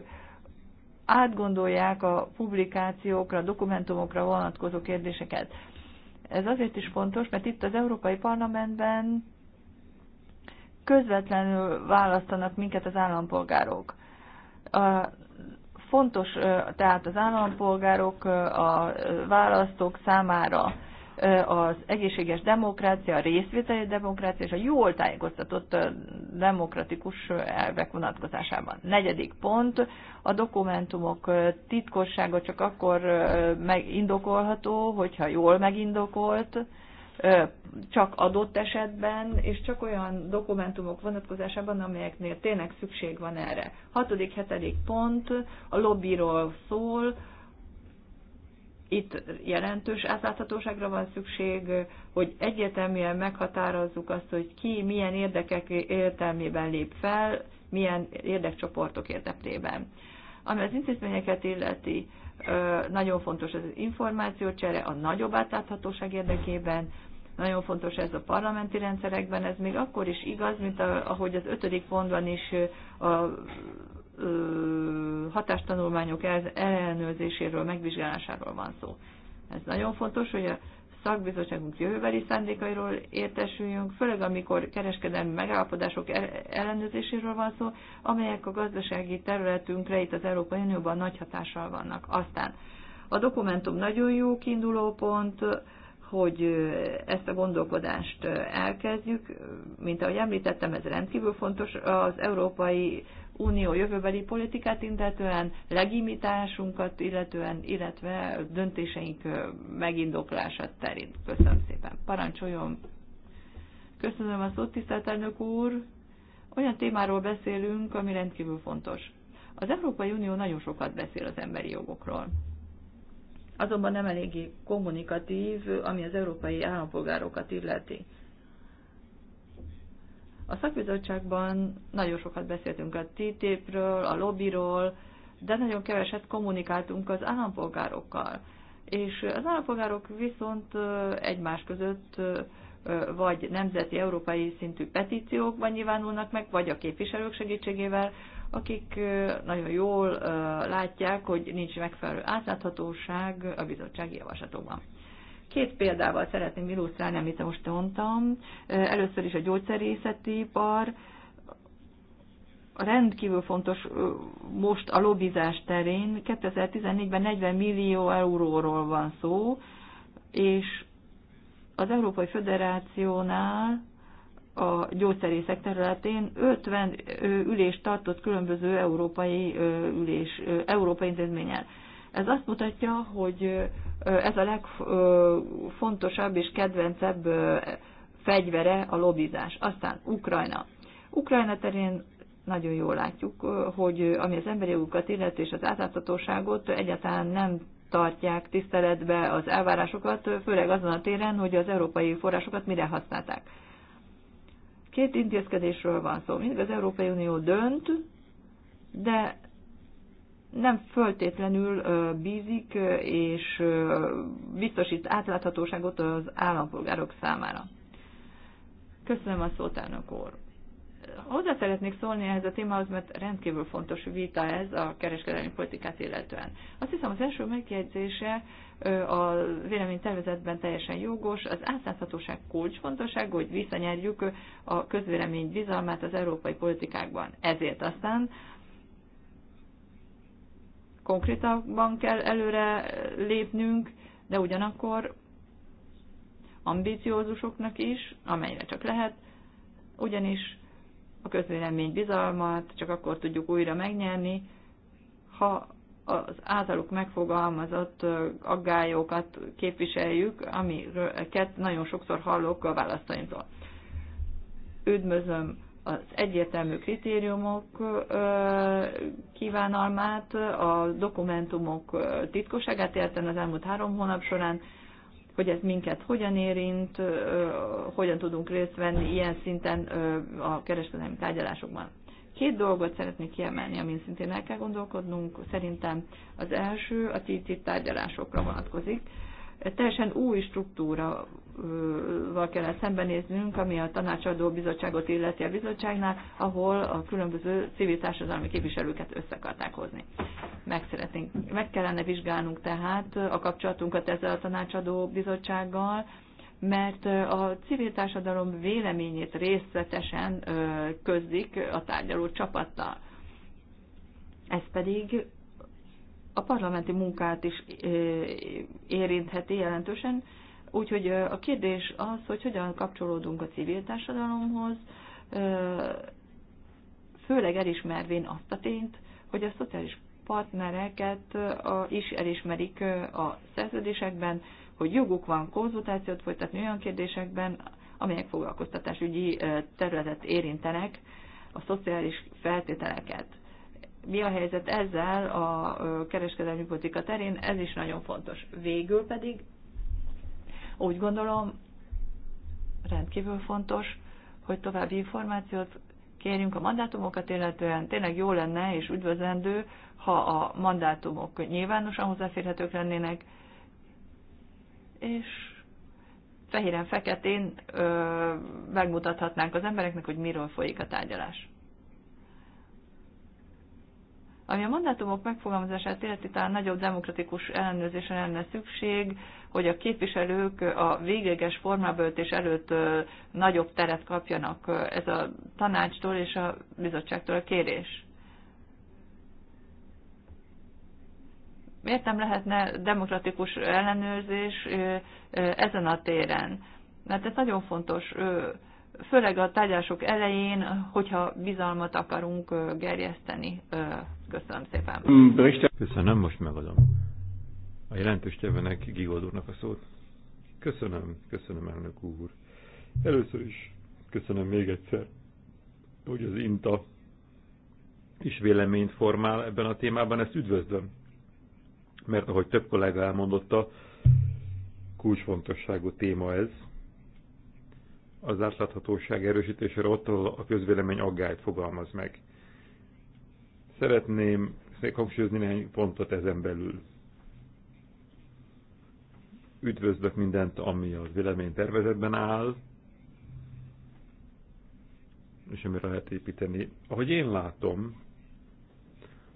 [SPEAKER 3] átgondolják a publikációkra, dokumentumokra vonatkozó kérdéseket. Ez azért is fontos, mert itt az Európai Parlamentben közvetlenül választanak minket az állampolgárok. A, fontos tehát az állampolgárok, a választók számára az egészséges demokrácia, a részvételi demokrácia és a jól tájékoztatott demokratikus elvek vonatkozásában. Negyedik pont, a dokumentumok titkossága csak akkor megindokolható, hogyha jól megindokolt, csak adott esetben, és csak olyan dokumentumok vonatkozásában, amelyeknél tényleg szükség van erre. Hatodik, hetedik pont a lobbyról szól, itt jelentős átláthatóságra van szükség, hogy egyértelműen meghatározzuk azt, hogy ki milyen érdekek értelmében lép fel, milyen érdekcsoportok érdeklében. Ami az intézményeket illeti, nagyon fontos az információcsere a nagyobb átláthatóság érdekében, nagyon fontos ez a parlamenti rendszerekben, ez még akkor is igaz, mint ahogy az ötödik pontban is a hatástanulmányok ellenőrzéséről, megvizsgálásáról van szó. Ez nagyon fontos, hogy a szakbizottságunk jövőbeli szándékairól értesüljünk, főleg amikor kereskedelmi megállapodások ellenőrzéséről van szó, amelyek a gazdasági területünkre itt az Európai Unióban nagy hatással vannak. Aztán a dokumentum nagyon jó kiinduló pont, hogy ezt a gondolkodást elkezdjük. Mint ahogy említettem, ez rendkívül fontos az európai Unió jövőbeli politikát illetően, legimitásunkat illetően, illetve döntéseink megindoklását terén. Köszönöm szépen. Parancsoljon! Köszönöm a szót, tisztelt elnök úr! Olyan témáról beszélünk, ami rendkívül fontos. Az Európai Unió nagyon sokat beszél az emberi jogokról. Azonban nem eléggé kommunikatív, ami az európai állampolgárokat illeti. A szakbizottságban nagyon sokat beszéltünk a TTIP-ről, a lobbyról, de nagyon keveset kommunikáltunk az állampolgárokkal. És az állampolgárok viszont egymás között vagy nemzeti, európai szintű petíciókban nyilvánulnak meg, vagy a képviselők segítségével, akik nagyon jól látják, hogy nincs megfelelő átláthatóság a bizottsági javaslatokban. Két példával szeretném illusztrálni, amit most mondtam. Először is a gyógyszerészeti ipar, rendkívül fontos most a lobbizás terén. 2014-ben 40 millió euróról van szó, és az Európai Föderációnál a gyógyszerészek területén 50 ülést tartott különböző európai ülés, európai intézménnyel. Ez azt mutatja, hogy ez a legfontosabb és kedvencebb fegyvere a lobbizás. Aztán Ukrajna. Ukrajna terén nagyon jól látjuk, hogy ami az emberi jogokat illeti és az átláthatóságot egyáltalán nem tartják tiszteletbe az elvárásokat, főleg azon a téren, hogy az európai forrásokat mire használták. Két intézkedésről van szó. Mindig az Európai Unió dönt, de nem föltétlenül bízik és biztosít átláthatóságot az állampolgárok számára. Köszönöm a szót, elnök úr. Hozzá szeretnék szólni ehhez a témához, mert rendkívül fontos vita ez a kereskedelmi politikát illetően. Azt hiszem az első megjegyzése a véleménytervezetben teljesen jogos, az átláthatóság kulcsfontosság, hogy visszanyerjük a közvélemény bizalmát az európai politikákban. Ezért aztán konkrétabban kell előre lépnünk, de ugyanakkor ambíciózusoknak is, amelyre csak lehet, ugyanis a közvélemény bizalmat csak akkor tudjuk újra megnyerni, ha az általuk megfogalmazott aggályokat képviseljük, amiket nagyon sokszor hallok a választaimtól. Üdvözlöm az egyértelmű kritériumok kívánalmát, a dokumentumok titkosságát érten az elmúlt három hónap során, hogy ez minket hogyan érint, hogyan tudunk részt venni ilyen szinten a kereskedelmi tárgyalásokban. Két dolgot szeretnék kiemelni, amin szintén el kell gondolkodnunk. Szerintem az első a TTIP tárgyalásokra vonatkozik teljesen új struktúra val kellett szembenéznünk, ami a tanácsadó bizottságot illeti a bizottságnál, ahol a különböző civil társadalmi képviselőket össze akarták hozni. Meg, szeretnénk, meg kellene vizsgálnunk tehát a kapcsolatunkat ezzel a tanácsadó bizottsággal, mert a civil társadalom véleményét részletesen közlik a tárgyaló csapattal. Ez pedig a parlamenti munkát is érintheti jelentősen, úgyhogy a kérdés az, hogy hogyan kapcsolódunk a civil társadalomhoz, főleg elismervén azt a tényt, hogy a szociális partnereket is elismerik a szerződésekben, hogy joguk van konzultációt folytatni olyan kérdésekben, amelyek foglalkoztatásügyi területet érintenek, a szociális feltételeket mi a helyzet ezzel a kereskedelmi politika terén, ez is nagyon fontos. Végül pedig úgy gondolom, rendkívül fontos, hogy további információt kérjünk a mandátumokat, illetően tényleg jó lenne és üdvözlendő, ha a mandátumok nyilvánosan hozzáférhetők lennének, és fehéren-feketén megmutathatnánk az embereknek, hogy miről folyik a tárgyalás. Ami a mandátumok megfogalmazását illeti, talán nagyobb demokratikus ellenőrzésre lenne szükség, hogy a képviselők a végleges formáböltés előtt nagyobb teret kapjanak ez a tanácstól és a bizottságtól a kérés. Miért nem lehetne demokratikus ellenőrzés ezen a téren? Mert ez nagyon fontos főleg a tárgyalások elején, hogyha bizalmat akarunk gerjeszteni. Köszönöm szépen.
[SPEAKER 1] Köszönöm, most megadom. A jelentős tevenek Gigold úrnak a szót. Köszönöm, köszönöm elnök úr. Először is köszönöm még egyszer, hogy az INTA is véleményt formál ebben a témában, ezt üdvözlöm. Mert ahogy több kollega elmondotta, kulcsfontosságú téma ez, az átláthatóság erősítésére ott, ahol a közvélemény aggályt fogalmaz meg. Szeretném hangsúlyozni néhány pontot ezen belül. Üdvözlök mindent, ami a tervezetben áll, és amire lehet építeni. Ahogy én látom,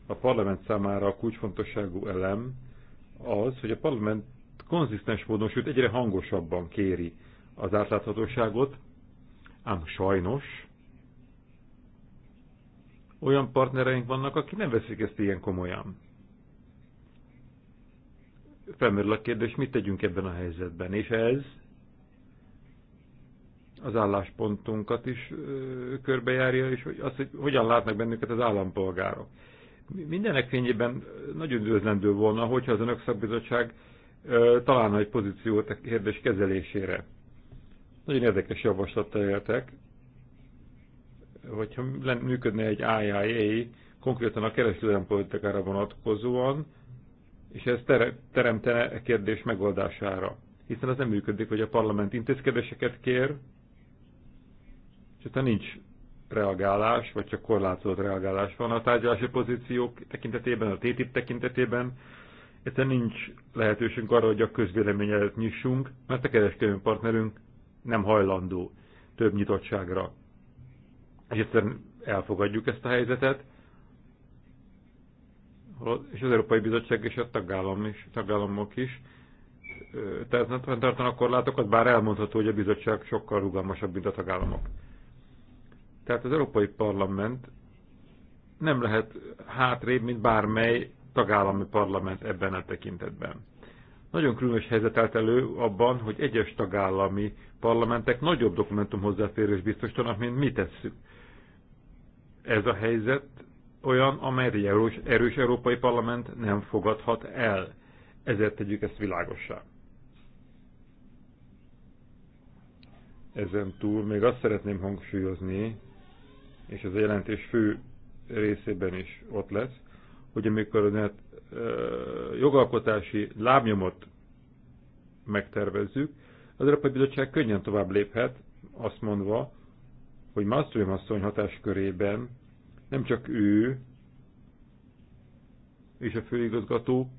[SPEAKER 1] a parlament számára a kulcsfontosságú elem az, hogy a parlament konzisztens módon, sőt egyre hangosabban kéri az átláthatóságot, ám sajnos olyan partnereink vannak, akik nem veszik ezt ilyen komolyan. Felmerül a kérdés, mit tegyünk ebben a helyzetben, és ez az álláspontunkat is ö, körbejárja, és hogy az, hogy hogyan látnak bennünket az állampolgárok. Mindenek fényében nagyon üdvözlendő volna, hogyha az Önök Szakbizottság találna egy pozíciót a kérdés kezelésére. Nagyon érdekes javaslattal éltek, hogyha működne egy IIA, konkrétan a kereskedelmi politikára vonatkozóan, és ez teremtene a e kérdés megoldására. Hiszen az nem működik, hogy a parlament intézkedéseket kér, és ha nincs reagálás, vagy csak korlátozott reagálás van a tárgyalási pozíciók tekintetében, a TTIP tekintetében. Egyszerűen nincs lehetőségünk arra, hogy a közvélemény előtt nyissunk, mert a kereskedelmi partnerünk nem hajlandó több nyitottságra. És egyszerűen elfogadjuk ezt a helyzetet, és az Európai Bizottság és a tagállam is, tagállamok is tehát tartanak korlátokat, bár elmondható, hogy a bizottság sokkal rugalmasabb, mint a tagállamok. Tehát az Európai Parlament nem lehet hátrébb, mint bármely tagállami parlament ebben a tekintetben. Nagyon különös helyzet állt elő abban, hogy egyes tagállami parlamentek nagyobb dokumentum hozzáférés biztosítanak, mint mi tesszük. Ez a helyzet olyan, amelyet egy erős, erős európai parlament nem fogadhat el. Ezért tegyük ezt világossá. Ezen túl még azt szeretném hangsúlyozni, és az a jelentés fő részében is ott lesz, hogy amikor a jogalkotási lábnyomot megtervezzük, az Európai Bizottság könnyen tovább léphet, azt mondva, hogy Malmström asszony hatáskörében nem csak ő és a főigazgató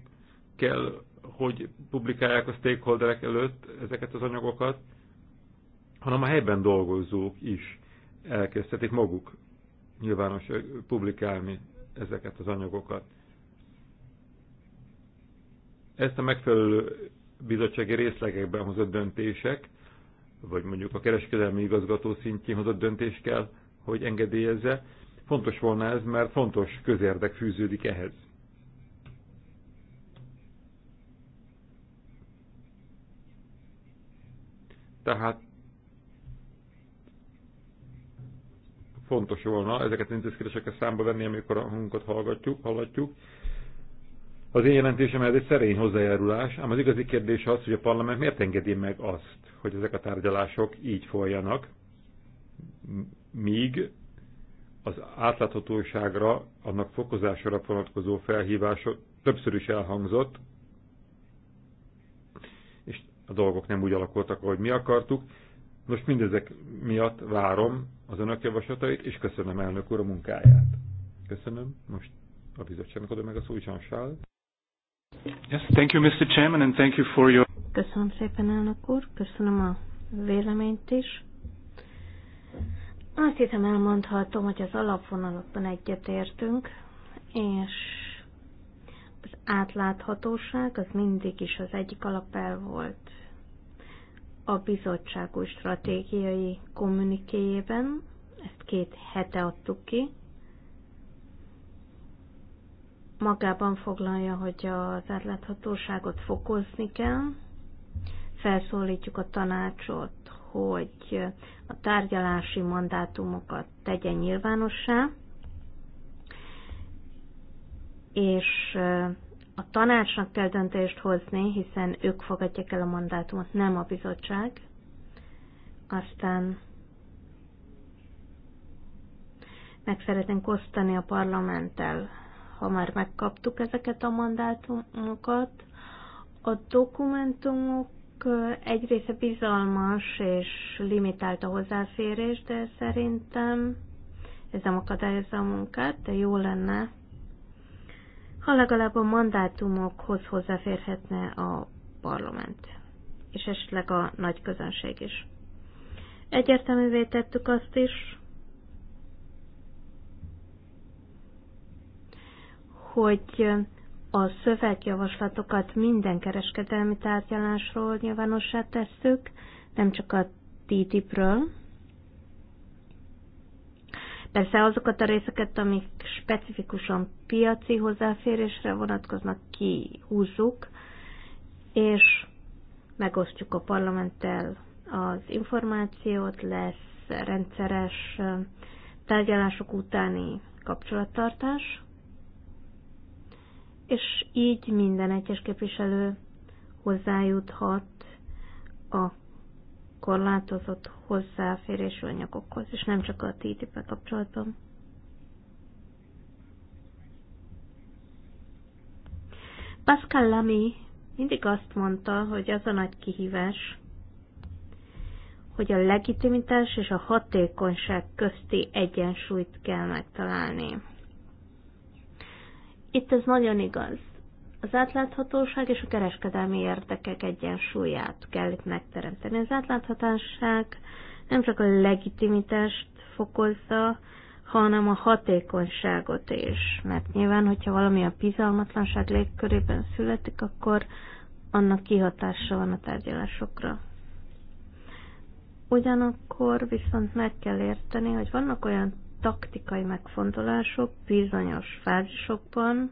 [SPEAKER 1] kell, hogy publikálják a stakeholderek előtt ezeket az anyagokat, hanem a helyben dolgozók is elkezdhetik maguk nyilvános publikálni ezeket az anyagokat. Ezt a megfelelő bizottsági részlegekben hozott döntések, vagy mondjuk a kereskedelmi igazgató szintjén hozott döntés kell, hogy engedélyezze. Fontos volna ez, mert fontos közérdek fűződik ehhez. Tehát fontos volna ezeket az intézkedéseket számba venni, amikor a hangunkat hallgatjuk, hallatjuk, az én jelentésem ez egy szerény hozzájárulás, ám az igazi kérdés az, hogy a parlament miért engedi meg azt, hogy ezek a tárgyalások így folyjanak, míg az átláthatóságra, annak fokozására vonatkozó felhívás többször is elhangzott, és a dolgok nem úgy alakultak, ahogy mi akartuk. Most mindezek miatt várom az önök javaslatait, és köszönöm elnök úr a munkáját. Köszönöm. Most a bizottságnak adom meg a szó, Yes, thank you, Mr. Chairman, and thank you for your...
[SPEAKER 2] Köszönöm szépen, elnök úr, köszönöm a véleményt is. Azt hiszem elmondhatom, hogy az alapvonalakban egyetértünk, és az átláthatóság az mindig is az egyik alapel volt a bizottságú stratégiai kommunikéjében, ezt két hete adtuk ki, magában foglalja, hogy az átláthatóságot fokozni kell, felszólítjuk a tanácsot, hogy a tárgyalási mandátumokat tegye nyilvánossá, és a tanácsnak kell döntést hozni, hiszen ők fogadják el a mandátumot, nem a bizottság. Aztán meg szeretnénk osztani a parlamenttel ha már megkaptuk ezeket a mandátumokat, a dokumentumok egy része bizalmas és limitált a hozzáférés, de szerintem ez nem akadályozza a munkát, de jó lenne, ha legalább a mandátumokhoz hozzáférhetne a parlament, és esetleg a nagy közönség is. Egyértelművé tettük azt is, hogy a szövegjavaslatokat minden kereskedelmi tárgyalásról nyilvánossá tesszük, nem csak a TTIP-ről. Persze azokat a részeket, amik specifikusan piaci hozzáférésre vonatkoznak, kihúzzuk, és megosztjuk a parlamenttel az információt, lesz rendszeres tárgyalások utáni kapcsolattartás és így minden egyes képviselő hozzájuthat a korlátozott hozzáférésű anyagokhoz, és nem csak a ttip kapcsolatban. Pascal Lamy mindig azt mondta, hogy az a nagy kihívás, hogy a legitimitás és a hatékonyság közti egyensúlyt kell megtalálni. Itt ez nagyon igaz. Az átláthatóság és a kereskedelmi érdekek egyensúlyát kell itt megteremteni. Az átláthatóság nem csak a legitimitást fokozza, hanem a hatékonyságot is. Mert nyilván, hogyha valami a bizalmatlanság légkörében születik, akkor annak kihatása van a tárgyalásokra. Ugyanakkor viszont meg kell érteni, hogy vannak olyan taktikai megfontolások bizonyos fázisokban,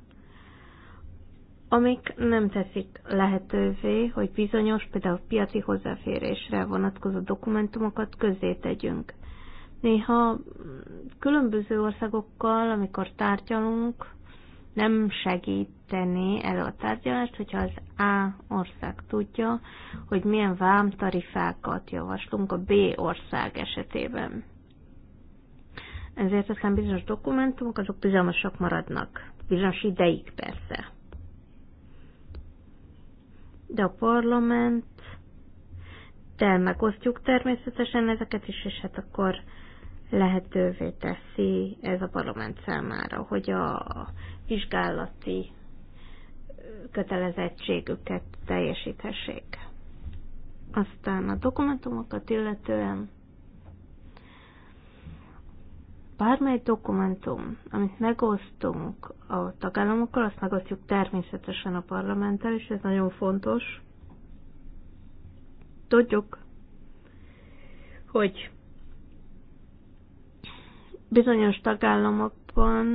[SPEAKER 2] amik nem teszik lehetővé, hogy bizonyos, például piaci hozzáférésre vonatkozó dokumentumokat közzé tegyünk. Néha különböző országokkal, amikor tárgyalunk, nem segíteni elő a tárgyalást, hogyha az A ország tudja, hogy milyen vámtarifákat javaslunk a B ország esetében ezért aztán bizonyos dokumentumok azok bizalmasak maradnak. Bizonyos ideig persze. De a parlament de megosztjuk természetesen ezeket is, és hát akkor lehetővé teszi ez a parlament számára, hogy a vizsgálati kötelezettségüket teljesíthessék. Aztán a dokumentumokat illetően Bármely dokumentum, amit megosztunk a tagállamokkal, azt megosztjuk természetesen a parlamenttel, és ez nagyon fontos. Tudjuk, hogy bizonyos tagállamokban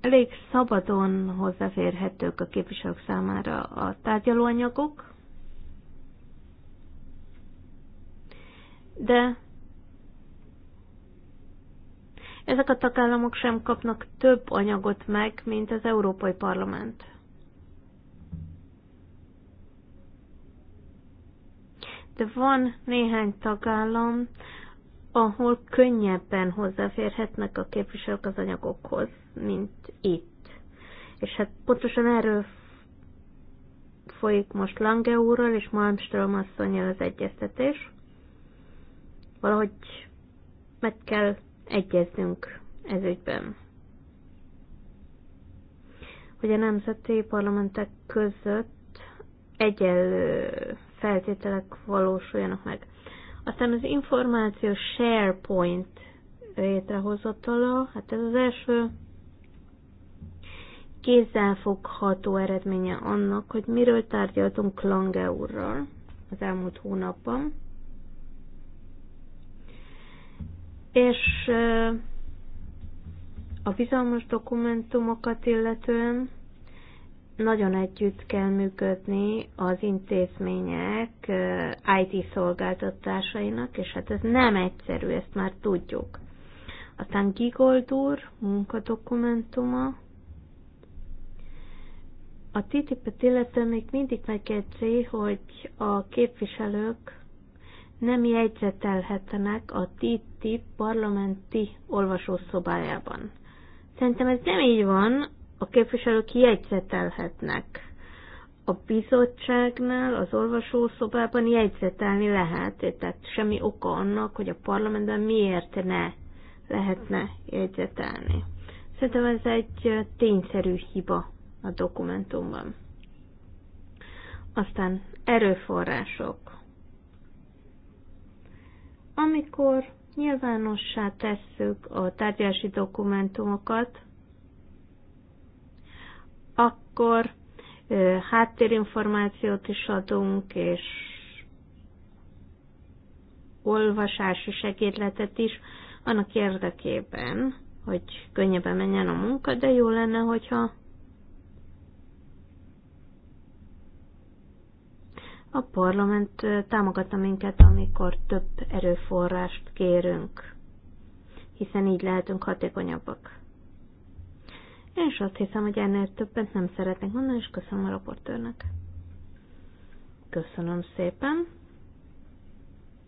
[SPEAKER 2] elég szabadon hozzáférhetők a képviselők számára a tárgyalóanyagok, de ezek a tagállamok sem kapnak több anyagot meg, mint az Európai Parlament. De van néhány tagállam, ahol könnyebben hozzáférhetnek a képviselők az anyagokhoz, mint itt. És hát pontosan erről folyik most Lange úrral és Malmström asszonyjal az egyeztetés. Valahogy meg kell egyeznünk ez ügyben. Hogy a nemzeti parlamentek között egyenlő feltételek valósuljanak meg. Aztán az információ SharePoint létrehozatala, hát ez az első kézzelfogható eredménye annak, hogy miről tárgyaltunk Lange úrral az elmúlt hónapban. És a bizalmas dokumentumokat illetően nagyon együtt kell működni az intézmények IT szolgáltatásainak, és hát ez nem egyszerű, ezt már tudjuk. Aztán Gigoldur munkadokumentuma. A TTIP-et illetve még mindig megjegyzi, hogy a képviselők nem jegyzetelhetenek a TTIP parlamenti olvasószobájában. Szerintem ez nem így van, a képviselők jegyzetelhetnek. A bizottságnál, az olvasószobában jegyzetelni lehet, tehát semmi oka annak, hogy a parlamentben miért ne lehetne jegyzetelni. Szerintem ez egy tényszerű hiba a dokumentumban. Aztán erőforrások amikor nyilvánossá tesszük a tárgyási dokumentumokat, akkor háttérinformációt is adunk, és olvasási segédletet is, annak érdekében, hogy könnyebben menjen a munka, de jó lenne, hogyha A parlament támogatta minket, amikor több erőforrást kérünk, hiszen így lehetünk hatékonyabbak. Én is azt hiszem, hogy ennél többet nem szeretnék mondani, és köszönöm a raportőrnek. Köszönöm szépen,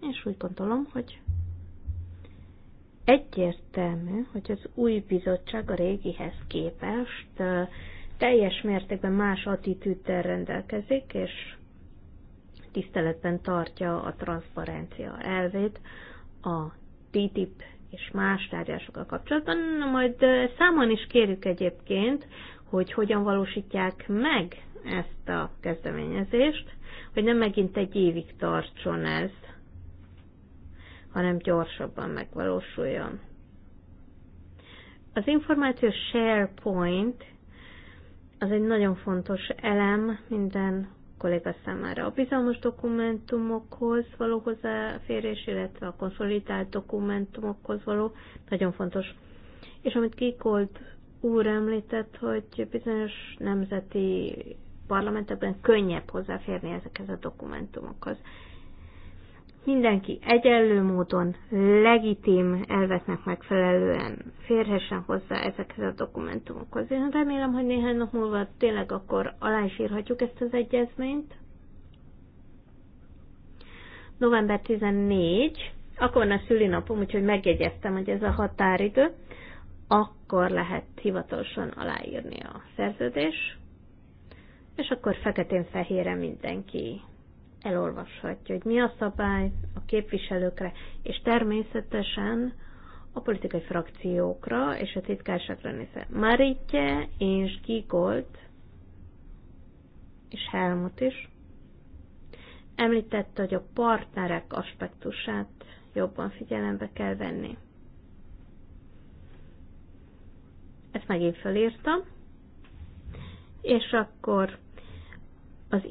[SPEAKER 2] és úgy gondolom, hogy egyértelmű, hogy az új bizottság a régihez képest teljes mértékben más attitűddel rendelkezik, és tiszteletben tartja a transzparencia elvét, a TTIP és más tárgyásokkal kapcsolatban. Majd számon is kérjük egyébként, hogy hogyan valósítják meg ezt a kezdeményezést, hogy nem megint egy évig tartson ez, hanem gyorsabban megvalósuljon. Az információ SharePoint az egy nagyon fontos elem minden kolléga számára. A bizalmas dokumentumokhoz való hozzáférés, illetve a konszolidált dokumentumokhoz való nagyon fontos. És amit Kikolt úr említett, hogy bizonyos nemzeti parlamentekben könnyebb hozzáférni ezekhez a dokumentumokhoz mindenki egyenlő módon, legitim elvetnek megfelelően férhessen hozzá ezekhez a dokumentumokhoz. Én remélem, hogy néhány nap múlva tényleg akkor alá is írhatjuk ezt az egyezményt. November 14, akkor van a szülinapom, úgyhogy megjegyeztem, hogy ez a határidő, akkor lehet hivatalosan aláírni a szerződés, és akkor feketén-fehére mindenki elolvashatja, hogy mi a szabály a képviselőkre, és természetesen a politikai frakciókra és a titkárságra nézve. Maritje és Gigolt és Helmut is említette, hogy a partnerek aspektusát jobban figyelembe kell venni. Ezt megint felírtam, és akkor az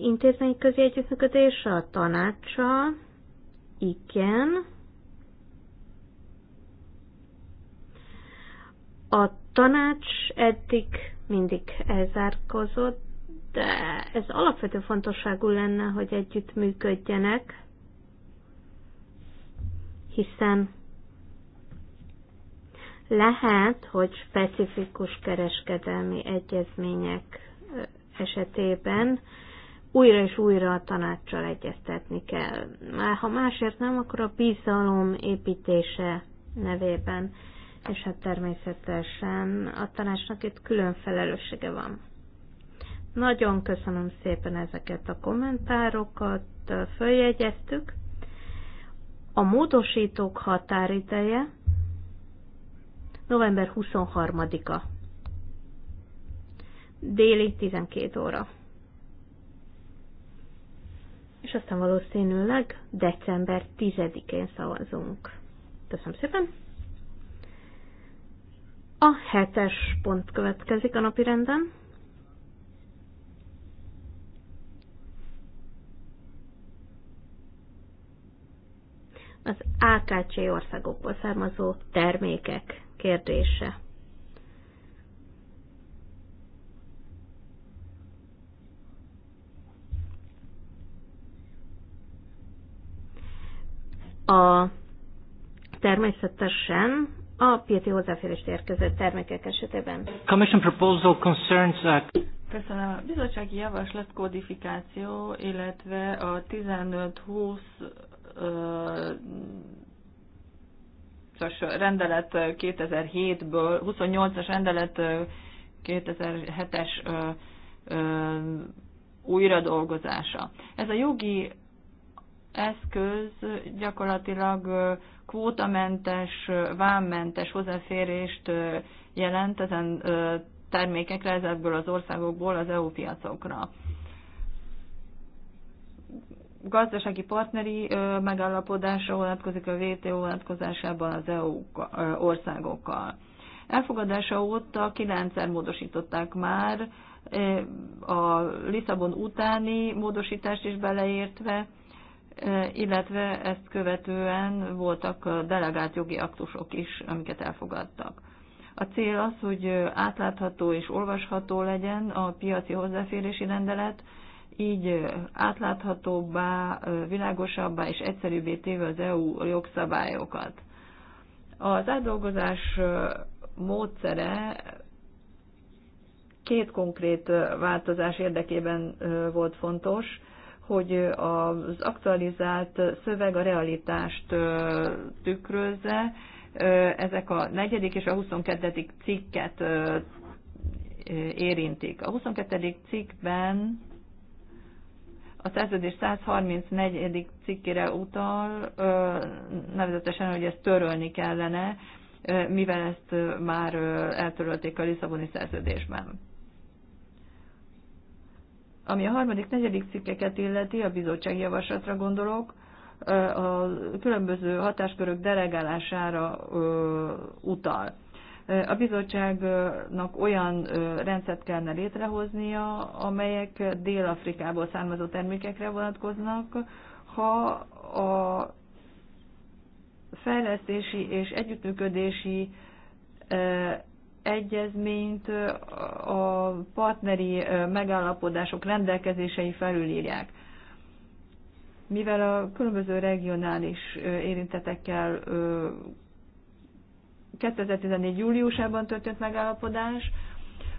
[SPEAKER 2] közé együttműködés a tanácsa, igen. A tanács eddig mindig elzárkozott, de ez alapvető fontosságú lenne, hogy együttműködjenek, hiszen lehet, hogy specifikus kereskedelmi egyezmények esetében újra és újra a tanácssal egyeztetni kell. Már ha másért nem, akkor a bizalom építése nevében, és hát természetesen a tanácsnak itt külön felelőssége van. Nagyon köszönöm szépen ezeket a kommentárokat, följegyeztük. A módosítók határideje november 23-a, déli 12 óra és aztán valószínűleg december 10-én szavazunk. Köszönöm szépen! A hetes pont következik a napi renden. Az AKC országokból származó termékek kérdése. A természetesen a piaci hozzáférést érkező termékek esetében. Commission proposal
[SPEAKER 3] concerns a...
[SPEAKER 2] Köszönöm. A bizottsági javaslat kodifikáció, illetve
[SPEAKER 3] a 15-20 szóval rendelet 2007-ből, 28-as rendelet 2007-es újra dolgozása. Ez a jogi eszköz gyakorlatilag kvótamentes, vámmentes hozzáférést jelent ezen termékekre, ezekből az országokból az EU piacokra. Gazdasági partneri megállapodásra vonatkozik a WTO vonatkozásában az EU országokkal. Elfogadása óta kilencszer módosították már, a Lisszabon utáni módosítást is beleértve, illetve ezt követően voltak delegált jogi aktusok is, amiket elfogadtak. A cél az, hogy átlátható és olvasható legyen a piaci hozzáférési rendelet, így átláthatóbbá, világosabbá és egyszerűbbé téve az EU jogszabályokat. Az átdolgozás módszere két konkrét változás érdekében volt fontos – hogy az aktualizált szöveg a realitást tükrözze, ezek a negyedik és a 22. cikket érintik. A 22. cikkben a szerződés 134. cikkére utal, nevezetesen, hogy ezt törölni kellene, mivel ezt már eltörölték a Lisszaboni szerződésben. Ami a harmadik, negyedik cikkeket illeti, a bizottság javaslatra gondolok, a különböző hatáskörök delegálására utal. A bizottságnak olyan rendszert kellene létrehoznia, amelyek Dél-Afrikából származó termékekre vonatkoznak, ha a fejlesztési és együttműködési egyezményt a partneri megállapodások rendelkezései felülírják. Mivel a különböző regionális érintetekkel 2014. júliusában történt megállapodás,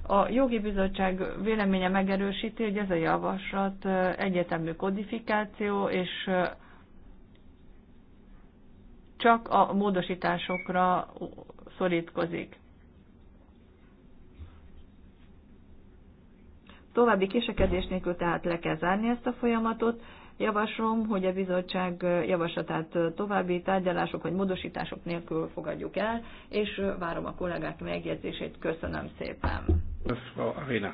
[SPEAKER 3] a jogi bizottság véleménye megerősíti, hogy ez a javaslat egyetemű kodifikáció, és csak a módosításokra szorítkozik. További késekedés nélkül tehát le kell zárni ezt a folyamatot. Javaslom, hogy a bizottság javaslatát további tárgyalások vagy módosítások nélkül fogadjuk el, és várom a kollégák megjegyzését. Köszönöm szépen.
[SPEAKER 1] Köszönöm,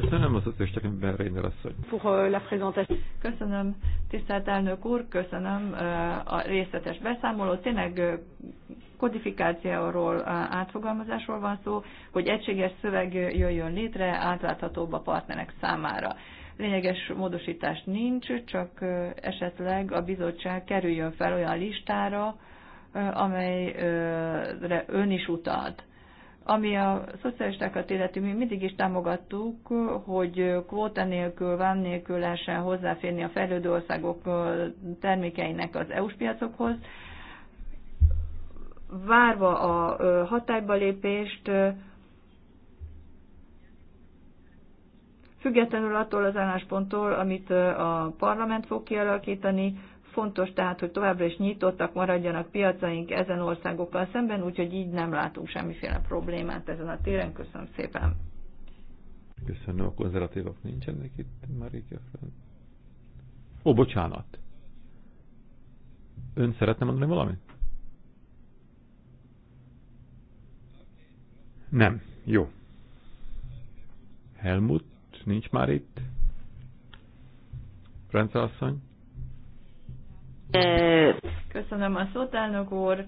[SPEAKER 1] Köszönöm az ötöstek ember Reiner asszony.
[SPEAKER 3] Euh, köszönöm, tisztelt elnök úr, köszönöm euh, a részletes beszámolót. Tényleg euh, kodifikációról, átfogalmazásról van szó, hogy egységes szöveg jöjjön létre, átláthatóbb a partnerek számára. Lényeges módosítás nincs, csak esetleg a bizottság kerüljön fel olyan listára, amelyre ön is utalt ami a szocialistákat illeti, mi mindig is támogattuk, hogy kvóta nélkül, vám nélkül lehessen hozzáférni a fejlődő országok termékeinek az EU-s piacokhoz. Várva a hatályba lépést, függetlenül attól az állásponttól, amit a parlament fog kialakítani, Fontos tehát, hogy továbbra is nyitottak maradjanak piacaink ezen országokkal szemben, úgyhogy így nem látunk semmiféle problémát ezen a téren. Köszönöm szépen.
[SPEAKER 1] Köszönöm, a konzervatívok nincsenek itt, Marika Frant. Ó, bocsánat. Ön szeretne mondani valamit? Nem. Jó. Helmut nincs már itt. Rendszer asszony.
[SPEAKER 3] Köszönöm a szót, elnök úr.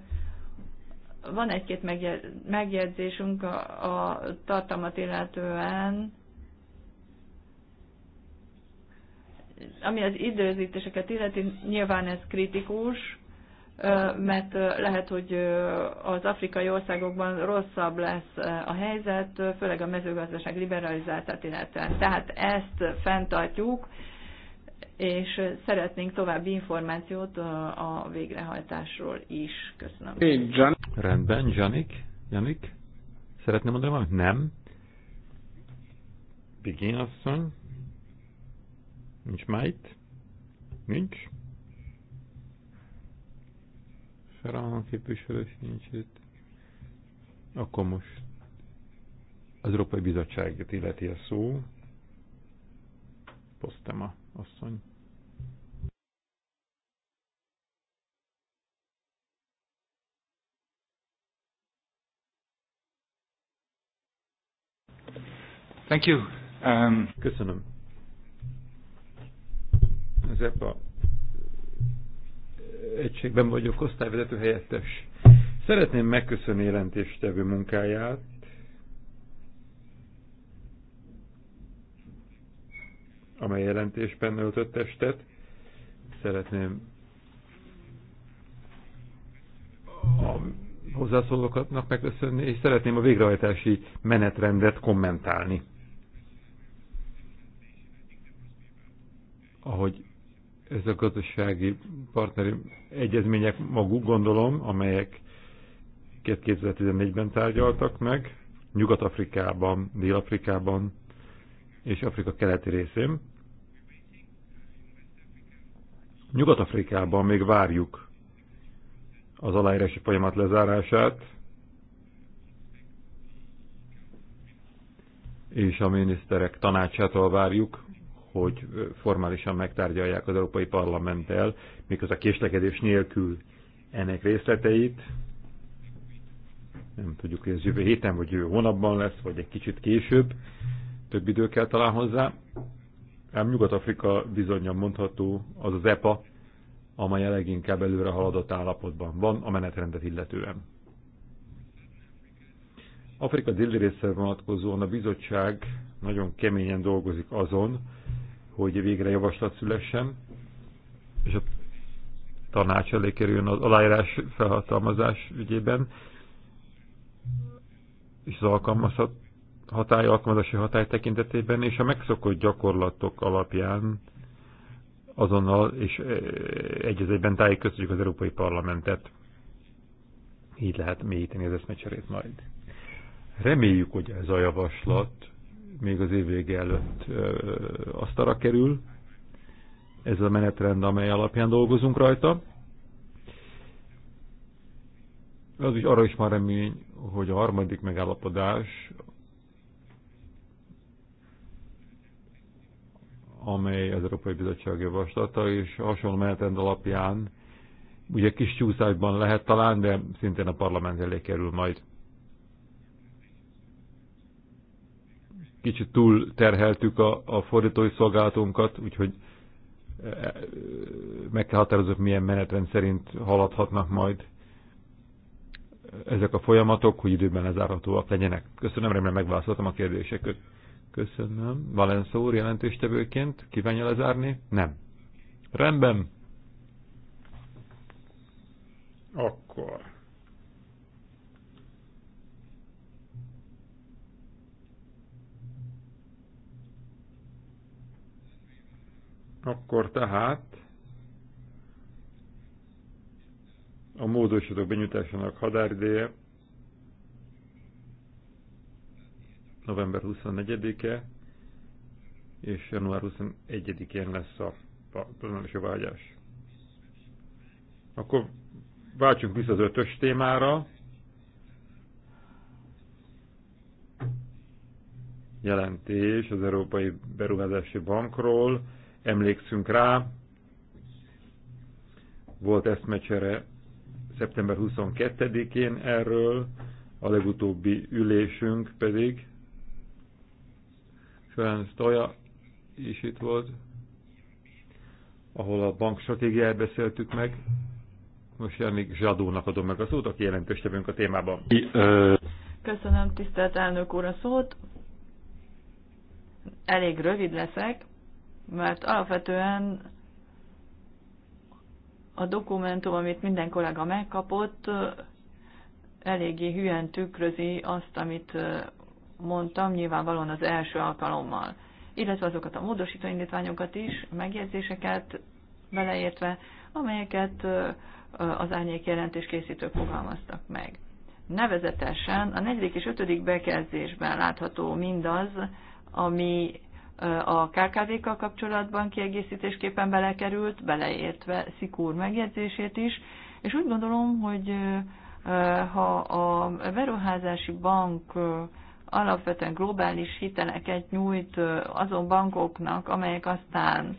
[SPEAKER 3] Van egy-két megjegyzésünk a, a tartalmat illetően. Ami az időzítéseket illeti, nyilván ez kritikus, mert lehet, hogy az afrikai országokban rosszabb lesz a helyzet, főleg a mezőgazdaság liberalizáltát illetően. Tehát ezt fenntartjuk, és szeretnénk további információt a végrehajtásról is. Köszönöm.
[SPEAKER 1] Jan. Rendben, Janik. Janik, szeretném mondani valamit? Nem. Bigin asszony. Nincs már itt. Nincs. Ferran képviselő nincs itt. Akkor most az Európai Bizottságot illeti a szó. Posztema asszony. Thank you. Um, Köszönöm. Az EPA egységben vagyok osztályvezető helyettes. Szeretném megköszönni jelentéstevő munkáját, amely jelentésben öltött testet. Szeretném a hozzászólókatnak megköszönni, és szeretném a végrehajtási menetrendet kommentálni. Ahogy ez a gazdasági partneri egyezmények maguk, gondolom, amelyek 2014-ben tárgyaltak meg, Nyugat-Afrikában, Dél-Afrikában, és Afrika keleti részén. Nyugat-Afrikában még várjuk az aláírási folyamat lezárását, és a miniszterek tanácsától várjuk, hogy formálisan megtárgyalják az Európai Parlamenttel, miköz a késlekedés nélkül ennek részleteit. Nem tudjuk, hogy ez jövő héten, vagy jövő hónapban lesz, vagy egy kicsit később több idő kell talán hozzá. Ám Nyugat-Afrika bizonyan mondható az az EPA, amely a leginkább előre haladott állapotban van a menetrendet illetően. Afrika déli részre vonatkozóan a bizottság nagyon keményen dolgozik azon, hogy végre javaslat szülessen, és a tanács elé kerüljön az aláírás felhatalmazás ügyében, és az alkalmazhat hatály, alkalmazási hatály tekintetében, és a megszokott gyakorlatok alapján azonnal és egy az egyben tájékoztatjuk az Európai Parlamentet. Így lehet mélyíteni az eszmecserét majd. Reméljük, hogy ez a javaslat még az év vége előtt asztalra kerül. Ez a menetrend, amely alapján dolgozunk rajta. Az is arra is már remény, hogy a harmadik megállapodás amely az Európai Bizottság javaslata, és hasonló menetrend alapján ugye kis csúszásban lehet talán, de szintén a parlament elé kerül majd. Kicsit túl terheltük a, a fordítói szolgálatunkat, úgyhogy e, e, meg kell határozni, milyen menetrend szerint haladhatnak majd ezek a folyamatok, hogy időben lezárhatóak legyenek. Köszönöm, remélem megválaszoltam a kérdéseket. Köszönöm. Valenszó úr jelentéstevőként kívánja lezárni? Nem. Rendben. Akkor. Akkor tehát a módosítók benyújtásának határideje november 24-e és január 21-én lesz a plenáris vágyás. Akkor váltsunk vissza az ötös témára. Jelentés az Európai Beruházási Bankról. Emlékszünk rá, volt eszmecsere szeptember 22-én erről, a legutóbbi ülésünk pedig Ferenc Tolja is itt volt, ahol a bank stratégiáját beszéltük meg. Most még Zsadónak adom meg a szót, aki jelentős a témában.
[SPEAKER 3] Köszönöm, tisztelt elnök úr, a szót. Elég rövid leszek, mert alapvetően a dokumentum, amit minden kollega megkapott, eléggé hülyen tükrözi azt, amit mondtam, nyilvánvalóan az első alkalommal, illetve azokat a módosító indítványokat is, megjegyzéseket beleértve, amelyeket az árnyék jelentés készítők fogalmaztak meg. Nevezetesen a negyedik és ötödik bekezdésben látható mindaz, ami a KKV-kkal kapcsolatban kiegészítésképpen belekerült, beleértve Szikúr megjegyzését is, és úgy gondolom, hogy ha a beruházási bank alapvetően globális hiteleket nyújt azon bankoknak, amelyek aztán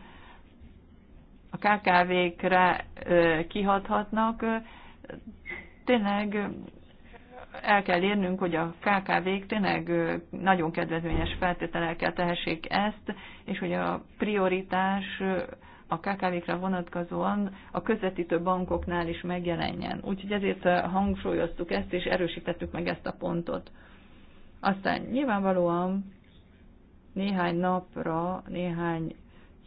[SPEAKER 3] a KKV-kre kihathatnak. Tényleg el kell érnünk, hogy a KKV-k tényleg nagyon kedvezményes feltételekkel tehessék ezt, és hogy a prioritás a kkv kre vonatkozóan a közvetítő bankoknál is megjelenjen. Úgyhogy ezért hangsúlyoztuk ezt, és erősítettük meg ezt a pontot. Aztán nyilvánvalóan néhány napra, néhány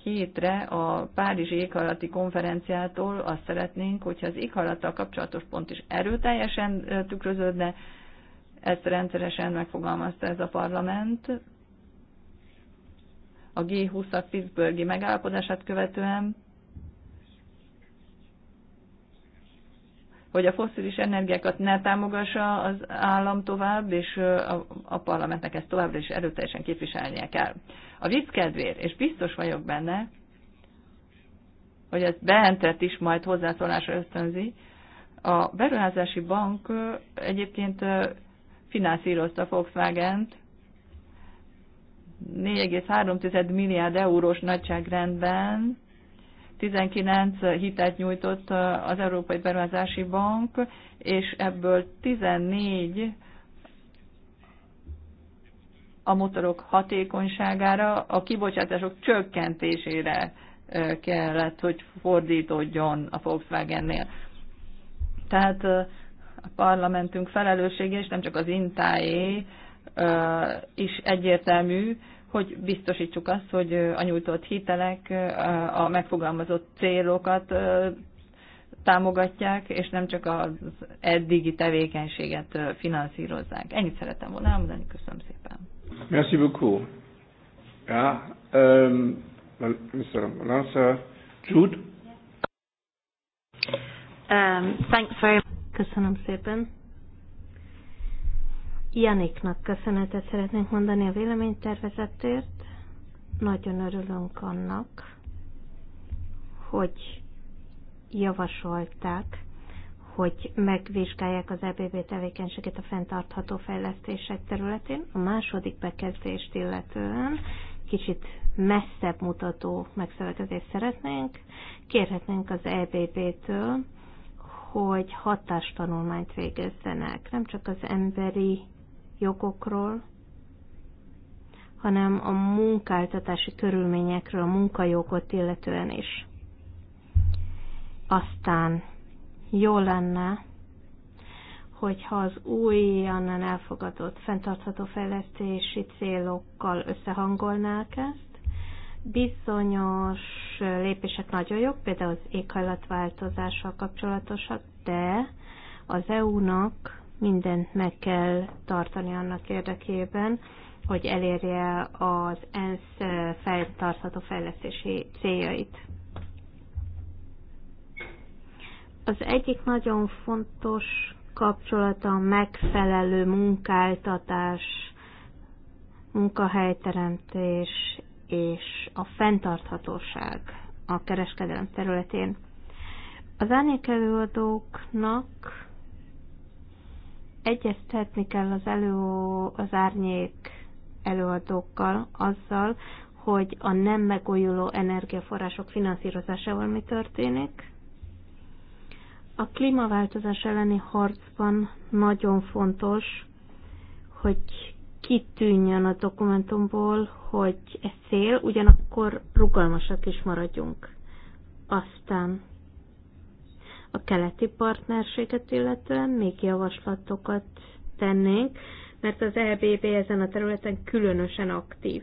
[SPEAKER 3] hétre a Párizsi éghajlati konferenciától azt szeretnénk, hogyha az éghajlattal kapcsolatos pont is erőteljesen tükröződne, ezt rendszeresen megfogalmazta ez a parlament, a G20-ak Pittsburghi megállapodását követően, hogy a foszilis energiákat ne támogassa az állam tovább, és a, a parlamentnek ezt továbbra is erőteljesen képviselnie kell. A vicc kedvér, és biztos vagyok benne, hogy ez beentett is majd hozzászólásra ösztönzi, a beruházási bank egyébként finanszírozta Volkswagen-t 4,3 milliárd eurós nagyságrendben, 19 hitelt nyújtott az Európai Beruházási Bank, és ebből 14 a motorok hatékonyságára, a kibocsátások csökkentésére kellett, hogy fordítódjon a Volkswagennél. Tehát a parlamentünk felelőssége, és nem csak az intáé is egyértelmű, hogy biztosítsuk azt, hogy a nyújtott hitelek a megfogalmazott célokat támogatják, és nem csak az eddigi tevékenységet finanszírozzák. Ennyit szeretem volna elmondani, köszönöm szépen.
[SPEAKER 1] Merci beaucoup. Ja, um, Mr. Lancer, Jude.
[SPEAKER 2] Um, thanks very much. Köszönöm szépen. Janiknak köszönetet szeretnénk mondani a véleménytervezetért. Nagyon örülünk annak, hogy javasolták, hogy megvizsgálják az EBB tevékenységet a fenntartható fejlesztések területén. A második bekezdést illetően kicsit messzebb mutató megszövegezést szeretnénk. Kérhetnénk az EBB-től, hogy hatástanulmányt végezzenek, nem csak az emberi jogokról, hanem a munkáltatási körülményekről, a munkajogot illetően is. Aztán jó lenne, hogyha az újonnan elfogadott fenntartható fejlesztési célokkal összehangolnák ezt. Bizonyos lépések nagyon jók, például az éghajlatváltozással kapcsolatosak, de az EU-nak mindent meg kell tartani annak érdekében, hogy elérje az ENSZ eh, fenntartható fejlesztési céljait. Az egyik nagyon fontos kapcsolata a megfelelő munkáltatás, munkahelyteremtés és a fenntarthatóság a kereskedelem területén. Az árnyékelőadóknak egyeztetni kell az, elő, az árnyék előadókkal azzal, hogy a nem megújuló energiaforrások finanszírozásával mi történik. A klímaváltozás elleni harcban nagyon fontos, hogy kitűnjön a dokumentumból, hogy ez cél, ugyanakkor rugalmasak is maradjunk. Aztán a keleti partnerséget illetően még javaslatokat tennénk, mert az EBB ezen a területen különösen aktív.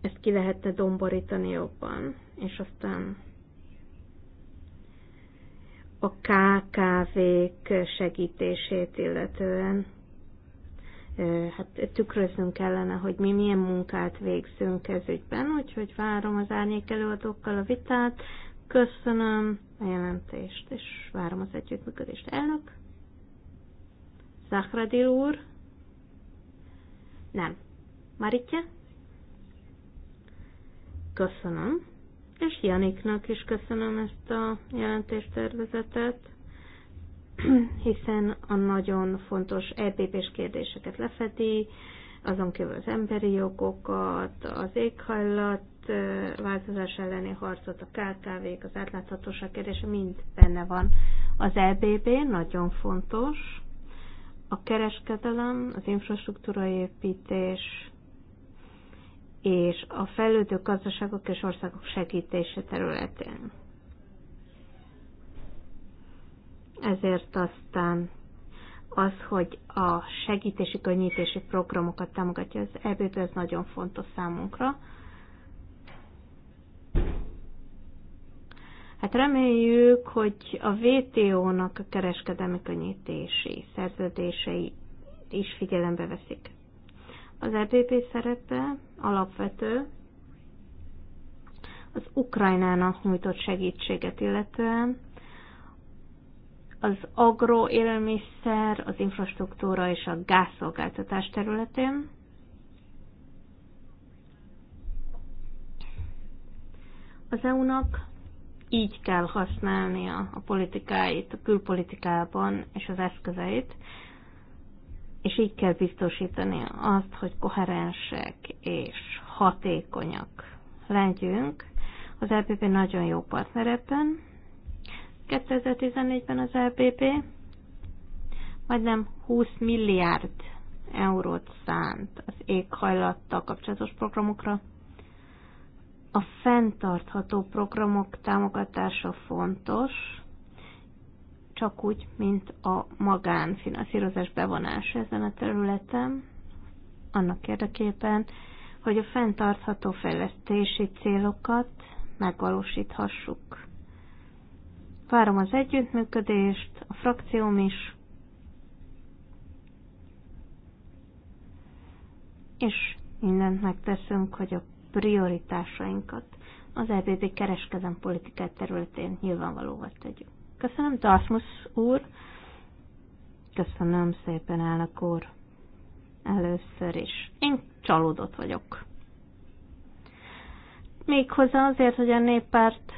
[SPEAKER 2] Ezt ki lehetne domborítani jobban, és aztán a KKV-k segítését illetően hát tükröznünk kellene, hogy mi milyen munkát végzünk ez ügyben, úgyhogy várom az árnyék előadókkal a vitát, Köszönöm a jelentést, és várom az együttműködést. Elnök? Zahradil úr? Nem. Maritja? Köszönöm. És Janiknak is köszönöm ezt a jelentéstervezetet, hiszen a nagyon fontos EPP-s kérdéseket lefedi, azon kívül az emberi jogokat, az éghajlat változás elleni harcot, a KKV-k, az átláthatóság kérdése mind benne van. Az EBB nagyon fontos, a kereskedelem, az infrastruktúra építés és a fejlődő gazdaságok és országok segítése területén. Ezért aztán az, hogy a segítési, könnyítési programokat támogatja az ebéd, ez nagyon fontos számunkra. Hát reméljük, hogy a vto nak a kereskedelmi könnyítési szerződései is figyelembe veszik. Az EPP szerepe alapvető az Ukrajnának nyújtott segítséget illetően, az agroélelmiszer, az infrastruktúra és a gázszolgáltatás területén. Az EU-nak így kell használnia a politikáit, a külpolitikában és az eszközeit, és így kell biztosítani azt, hogy koherensek és hatékonyak legyünk. Az LPP e nagyon jó partner ebben, 2014-ben az LPP majdnem 20 milliárd eurót szánt az éghajlattal kapcsolatos programokra. A fenntartható programok támogatása fontos, csak úgy, mint a magánfinanszírozás bevonása ezen a területen, annak érdekében, hogy a fenntartható fejlesztési célokat megvalósíthassuk. Várom az együttműködést, a frakcióm is. És mindent megteszünk, hogy a prioritásainkat az EBB kereskedelmi politikát területén nyilvánvalóvá tegyük. Köszönöm, Dartmus úr. Köszönöm szépen, elnök úr. Először is. Én csalódott vagyok. Méghozzá azért, hogy a néppárt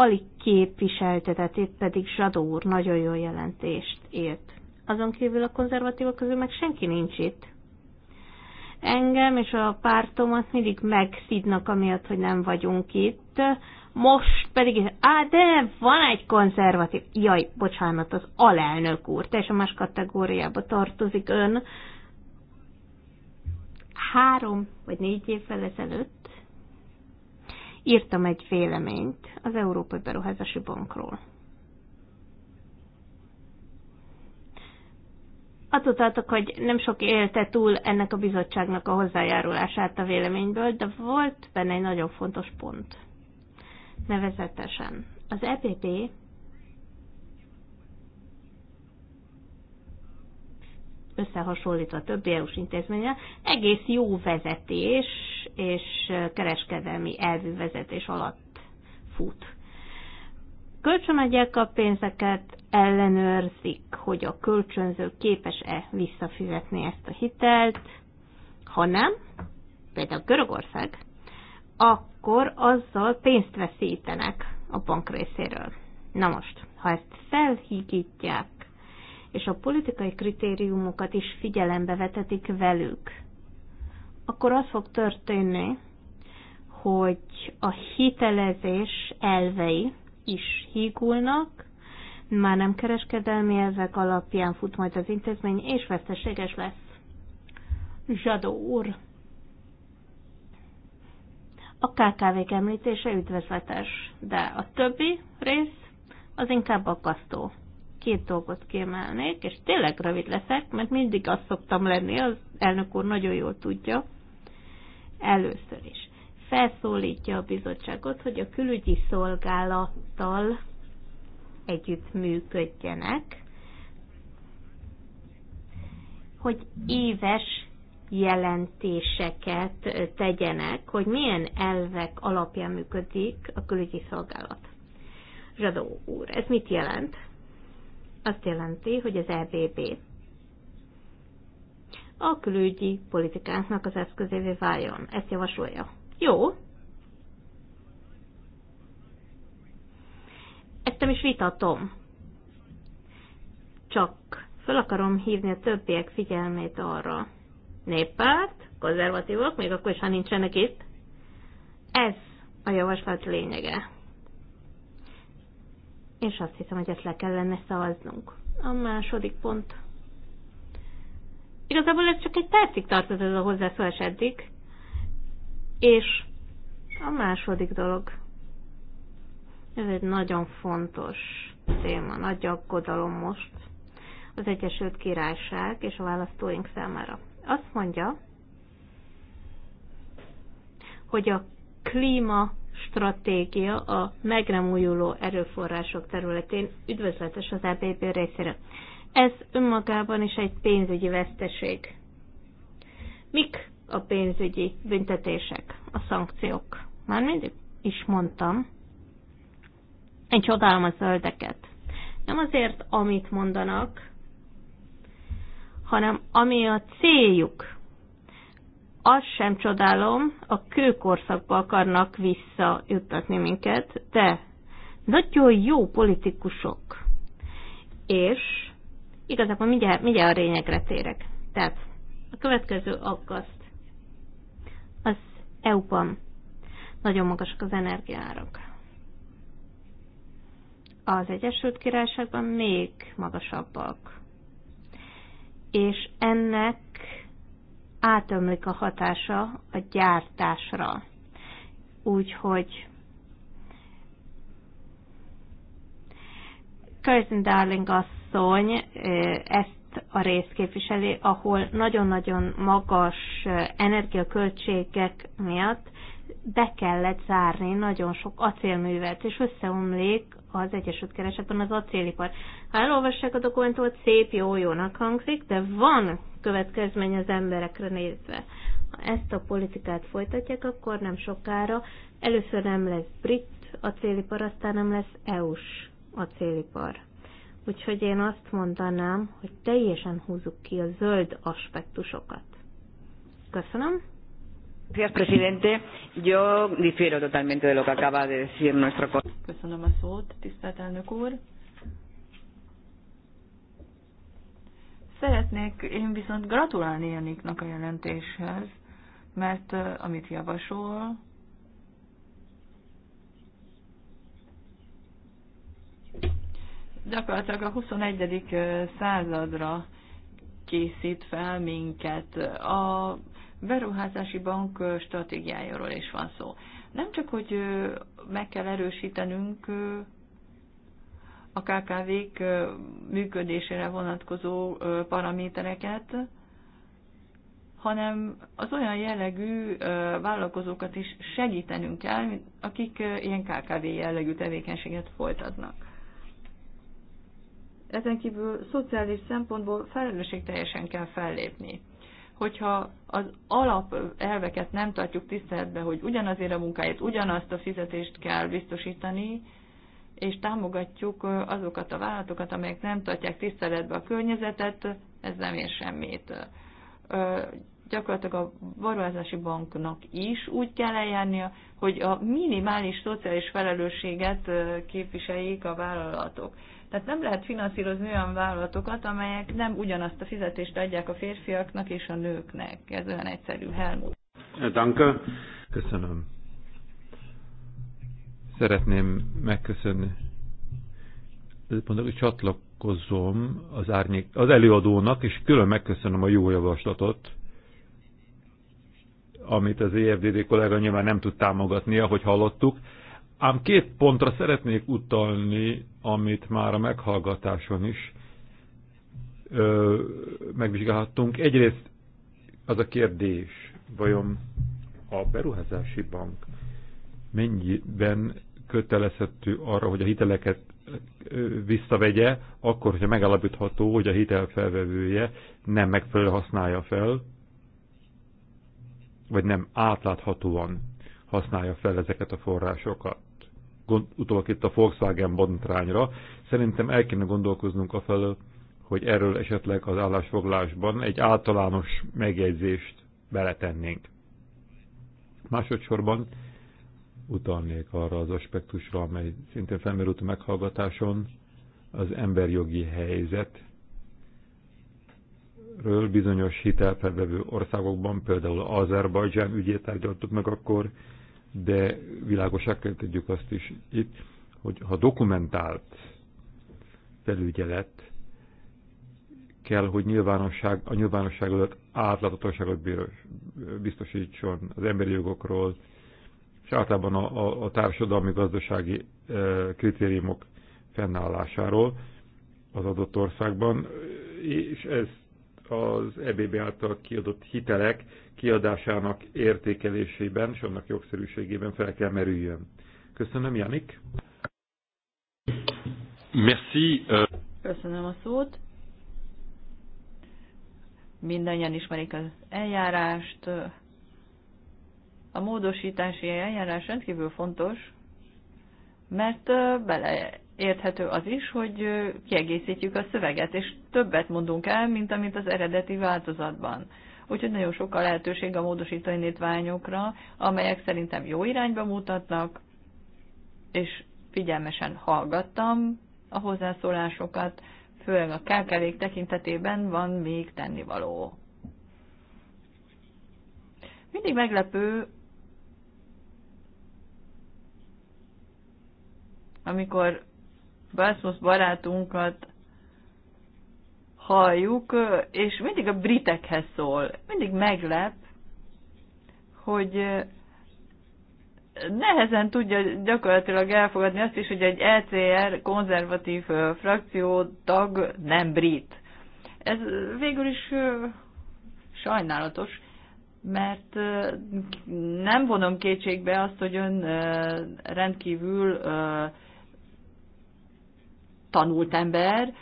[SPEAKER 2] alig képviseltetett, itt pedig Zsadó úr nagyon jó jelentést írt. Azon kívül a konzervatívok közül meg senki nincs itt. Engem és a pártomat mindig megszidnak, amiatt, hogy nem vagyunk itt. Most pedig, á, de van egy konzervatív. Jaj, bocsánat, az alelnök úr, teljesen más kategóriába tartozik ön. Három vagy négy évvel ezelőtt írtam egy véleményt az Európai Beruházási Bankról. Attudtátok, hogy nem sok élte túl ennek a bizottságnak a hozzájárulását a véleményből, de volt benne egy nagyon fontos pont. Nevezetesen az EPP összehasonlítva a többi EU-s intézménye, egész jó vezetés és kereskedelmi elvű vezetés alatt fut. Kölcsönadják a pénzeket, ellenőrzik, hogy a kölcsönző képes-e visszafizetni ezt a hitelt, ha nem, például Görögország, akkor azzal pénzt veszítenek a bank részéről. Na most, ha ezt felhigítják és a politikai kritériumokat is figyelembe vetetik velük, akkor az fog történni, hogy a hitelezés elvei is hígulnak, már nem kereskedelmi elvek alapján fut majd az intézmény, és veszteséges lesz. Zsadó úr! A KKV-k említése üdvözletes, de a többi rész az inkább aggasztó két dolgot kiemelnék, és tényleg rövid leszek, mert mindig azt szoktam lenni, az elnök úr nagyon jól tudja, először is. Felszólítja a bizottságot, hogy a külügyi szolgálattal együttműködjenek, hogy éves jelentéseket tegyenek, hogy milyen elvek alapján működik a külügyi szolgálat. Zsadó úr, ez mit jelent? azt jelenti, hogy az EBB a külügyi politikánknak az eszközévé váljon. Ezt javasolja. Jó. Ezt nem is vitatom. Csak föl akarom hívni a többiek figyelmét arra. Néppárt, konzervatívok, még akkor is, ha nincsenek itt. Ez a javaslat lényege és azt hiszem, hogy ezt le kellene szavaznunk. A második pont. Igazából ez csak egy percig tartott ez a hozzászólás eddig, és a második dolog. Ez egy nagyon fontos téma, nagy aggodalom most az Egyesült Királyság és a választóink számára. Azt mondja, hogy a klíma stratégia a megremújuló erőforrások területén üdvözletes az EBB részére. Ez önmagában is egy pénzügyi veszteség. Mik a pénzügyi büntetések, a szankciók? Már mindig is mondtam. Én csodálom a zöldeket. Nem azért, amit mondanak, hanem ami a céljuk, azt sem csodálom, a kőkorszakba akarnak visszajuttatni minket, de nagyon jó politikusok. És igazából mindjárt, mindjárt a lényegre térek. Tehát a következő aggaszt az EU-ban nagyon magasak az energiárak. Az Egyesült Királyságban még magasabbak. És ennek átömlik a hatása a gyártásra. Úgyhogy Kirsten Darling asszony ezt a részt képviseli, ahol nagyon-nagyon magas energiaköltségek miatt be kellett zárni nagyon sok acélművet, és összeomlik az Egyesült Keresetben az acélipar. Ha elolvassák a dokumentumot, szép, jó, jónak hangzik, de van következmény az emberekre nézve. Ha ezt a politikát folytatják, akkor nem sokára először nem lesz brit acélipar, aztán nem lesz EU-s acélipar. Úgyhogy én azt mondanám, hogy teljesen húzzuk ki a zöld aspektusokat. Köszönöm.
[SPEAKER 3] Gracias, presidente. Yo difiero totalmente de lo que acaba de decir nuestro Köszönöm a szót, tisztelt elnök úr. Szeretnék én viszont gratulálni Janiknak a jelentéshez, mert amit javasol, gyakorlatilag a 21. századra készít fel minket. A beruházási bank stratégiájáról is van szó. Nem csak, hogy meg kell erősítenünk a KKV-k működésére vonatkozó paramétereket, hanem az olyan jellegű vállalkozókat is segítenünk kell, akik ilyen KKV jellegű tevékenységet folytatnak. Ezen kívül szociális szempontból felelősségteljesen kell fellépni. Hogyha az alap elveket nem tartjuk tiszteletbe, hogy ugyanazért a munkáért ugyanazt a fizetést kell biztosítani, és támogatjuk azokat a vállalatokat, amelyek nem tartják tiszteletbe a környezetet, ez nem ér semmit. Gyakorlatilag a beruházási banknak is úgy kell eljárnia, hogy a minimális szociális felelősséget képviseljék a vállalatok. Tehát nem lehet finanszírozni olyan vállalatokat, amelyek nem ugyanazt a fizetést adják a férfiaknak és a nőknek. Ez olyan egyszerű, Helmut.
[SPEAKER 1] Danke. Köszönöm. Szeretném megköszönni. Mondok, hogy csatlakozom az, árnyék, az előadónak, és külön megköszönöm a jó javaslatot, amit az EFDD kollega nyilván nem tud támogatni, ahogy hallottuk. Ám két pontra szeretnék utalni, amit már a meghallgatáson is ö, megvizsgálhattunk. Egyrészt az a kérdés, vajon a beruházási bank mennyiben kötelezhető arra, hogy a hiteleket visszavegye, akkor, hogyha megállapítható, hogy a felvevője nem megfelelően használja fel, vagy nem átláthatóan használja fel ezeket a forrásokat. Utólag itt a Volkswagen bontrányra. Szerintem el kéne gondolkoznunk a felől, hogy erről esetleg az állásfoglásban egy általános megjegyzést beletennénk. Másodszorban utalnék arra az aspektusra, amely szintén felmerült a meghallgatáson, az emberjogi helyzet ről bizonyos hitelfelvevő országokban, például Azerbajdzsán ügyét tárgyaltuk meg akkor, de világosá kell tegyük azt is itt, hogy ha dokumentált felügyelet kell, hogy nyilvánosság, a nyilvánosság előtt átláthatóságot biztosítson az emberi jogokról, és általában a, a, a társadalmi-gazdasági e, kritériumok fennállásáról az adott országban, és ez az EBB által kiadott hitelek kiadásának értékelésében és annak jogszerűségében fel kell merüljön. Köszönöm, Janik. Merci.
[SPEAKER 3] Köszönöm a szót. Mindannyian ismerik az eljárást, a módosítási eljárás rendkívül fontos, mert beleérthető az is, hogy kiegészítjük a szöveget, és többet mondunk el, mint amit az eredeti változatban. Úgyhogy nagyon sok a lehetőség a módosító indítványokra, amelyek szerintem jó irányba mutatnak, és figyelmesen hallgattam a hozzászólásokat, főleg a kkv tekintetében van még tennivaló. Mindig meglepő, amikor Basmus barátunkat halljuk, és mindig a britekhez szól. Mindig meglep, hogy nehezen tudja gyakorlatilag elfogadni azt is, hogy egy LCR e konzervatív tag nem brit. Ez végül is sajnálatos, mert nem vonom kétségbe azt, hogy ön rendkívül tanult ember,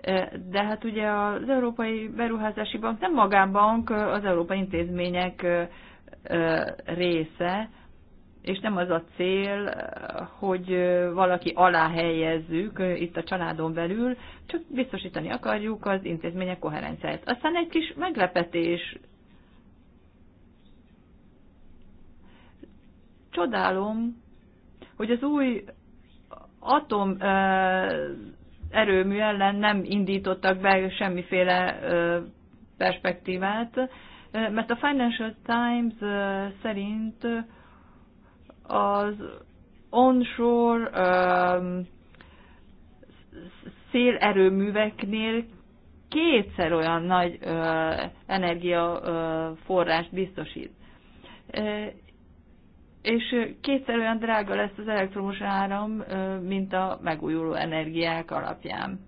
[SPEAKER 3] eh, de hát ugye az Európai Beruházási Bank nem magánbank, eh, az Európai Intézmények eh, része, és nem az a cél, hogy valaki alá helyezzük itt a családon belül, csak biztosítani akarjuk az intézmények koherenciáját. Aztán egy kis meglepetés. Csodálom, hogy az új atom erőmű ellen nem indítottak be semmiféle perspektívát, mert a Financial Times szerint az onshore szélerőműveknél kétszer olyan nagy energiaforrást biztosít és kétszer olyan drága lesz az elektromos áram, mint a megújuló energiák alapján.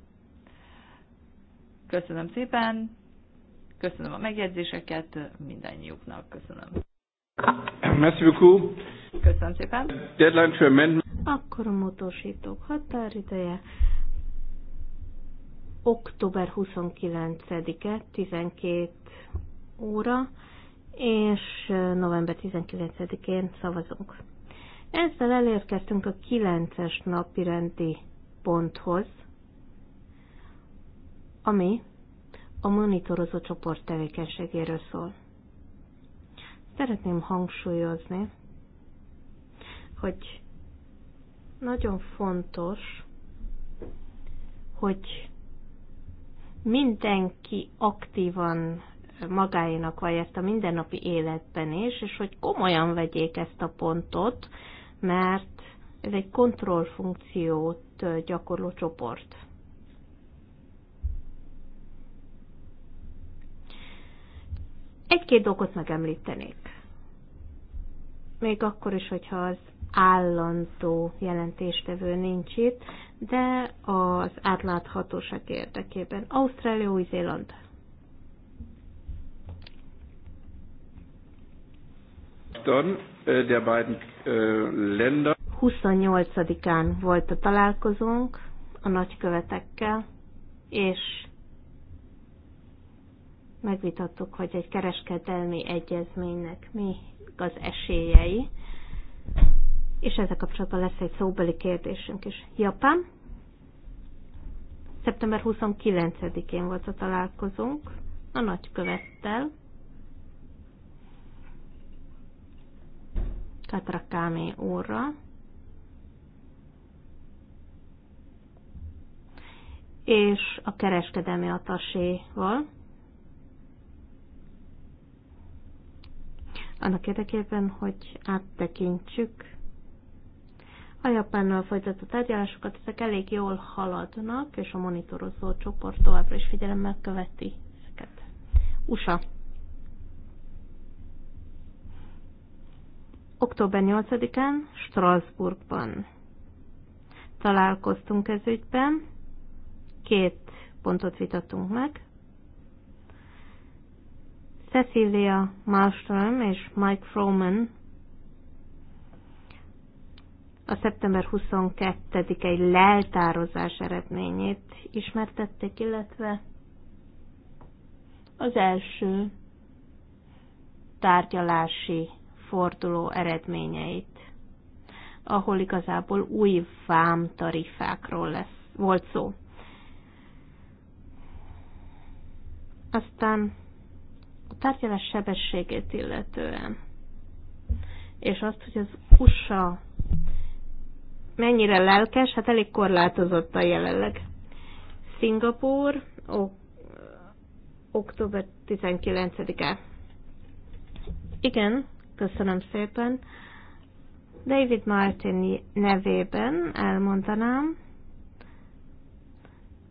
[SPEAKER 3] Köszönöm szépen, köszönöm a megjegyzéseket mindannyiuknak, köszönöm.
[SPEAKER 2] Köszönöm szépen. Deadline for amendment. Akkor a motorsítók határideje október 29-e 12 óra és november 19-én szavazunk. Ezzel elérkeztünk a 9-es napi rendi ponthoz, ami a monitorozó csoport tevékenységéről szól. Szeretném hangsúlyozni, hogy nagyon fontos, hogy mindenki aktívan magáénak ezt a mindennapi életben is, és hogy komolyan vegyék ezt a pontot, mert ez egy kontrollfunkciót gyakorló csoport. Egy-két dolgot megemlítenék. Még akkor is, hogyha az állandó jelentéstevő nincs itt, de az átláthatóság érdekében. Ausztrália, Új-Zéland.
[SPEAKER 1] der beiden Länder.
[SPEAKER 2] 28-án volt a találkozónk a nagykövetekkel, és megvitattuk, hogy egy kereskedelmi egyezménynek mi az esélyei, és ezzel kapcsolatban lesz egy szóbeli kérdésünk is. Japán. Szeptember 29-én volt a találkozónk a nagykövettel, Petra Kámé úrra, és a kereskedelmi ataséval, annak érdekében, hogy áttekintsük a japánnal folytatott tárgyalásokat, ezek elég jól haladnak, és a monitorozó csoport továbbra is figyelemmel követi ezeket. USA. Október 8-án Strasbourgban találkoztunk ez ügyben. Két pontot vitattunk meg. Cecilia Malmström és Mike Froman a szeptember 22-i leltározás eredményét ismertették, illetve az első tárgyalási forduló eredményeit, ahol igazából új vámtarifákról lesz, volt szó. Aztán a tárgyalás sebességét illetően, és azt, hogy az USA mennyire lelkes, hát elég korlátozott a jelenleg. Szingapúr, október 19-e. Igen, Köszönöm szépen. David Martin nevében elmondanám,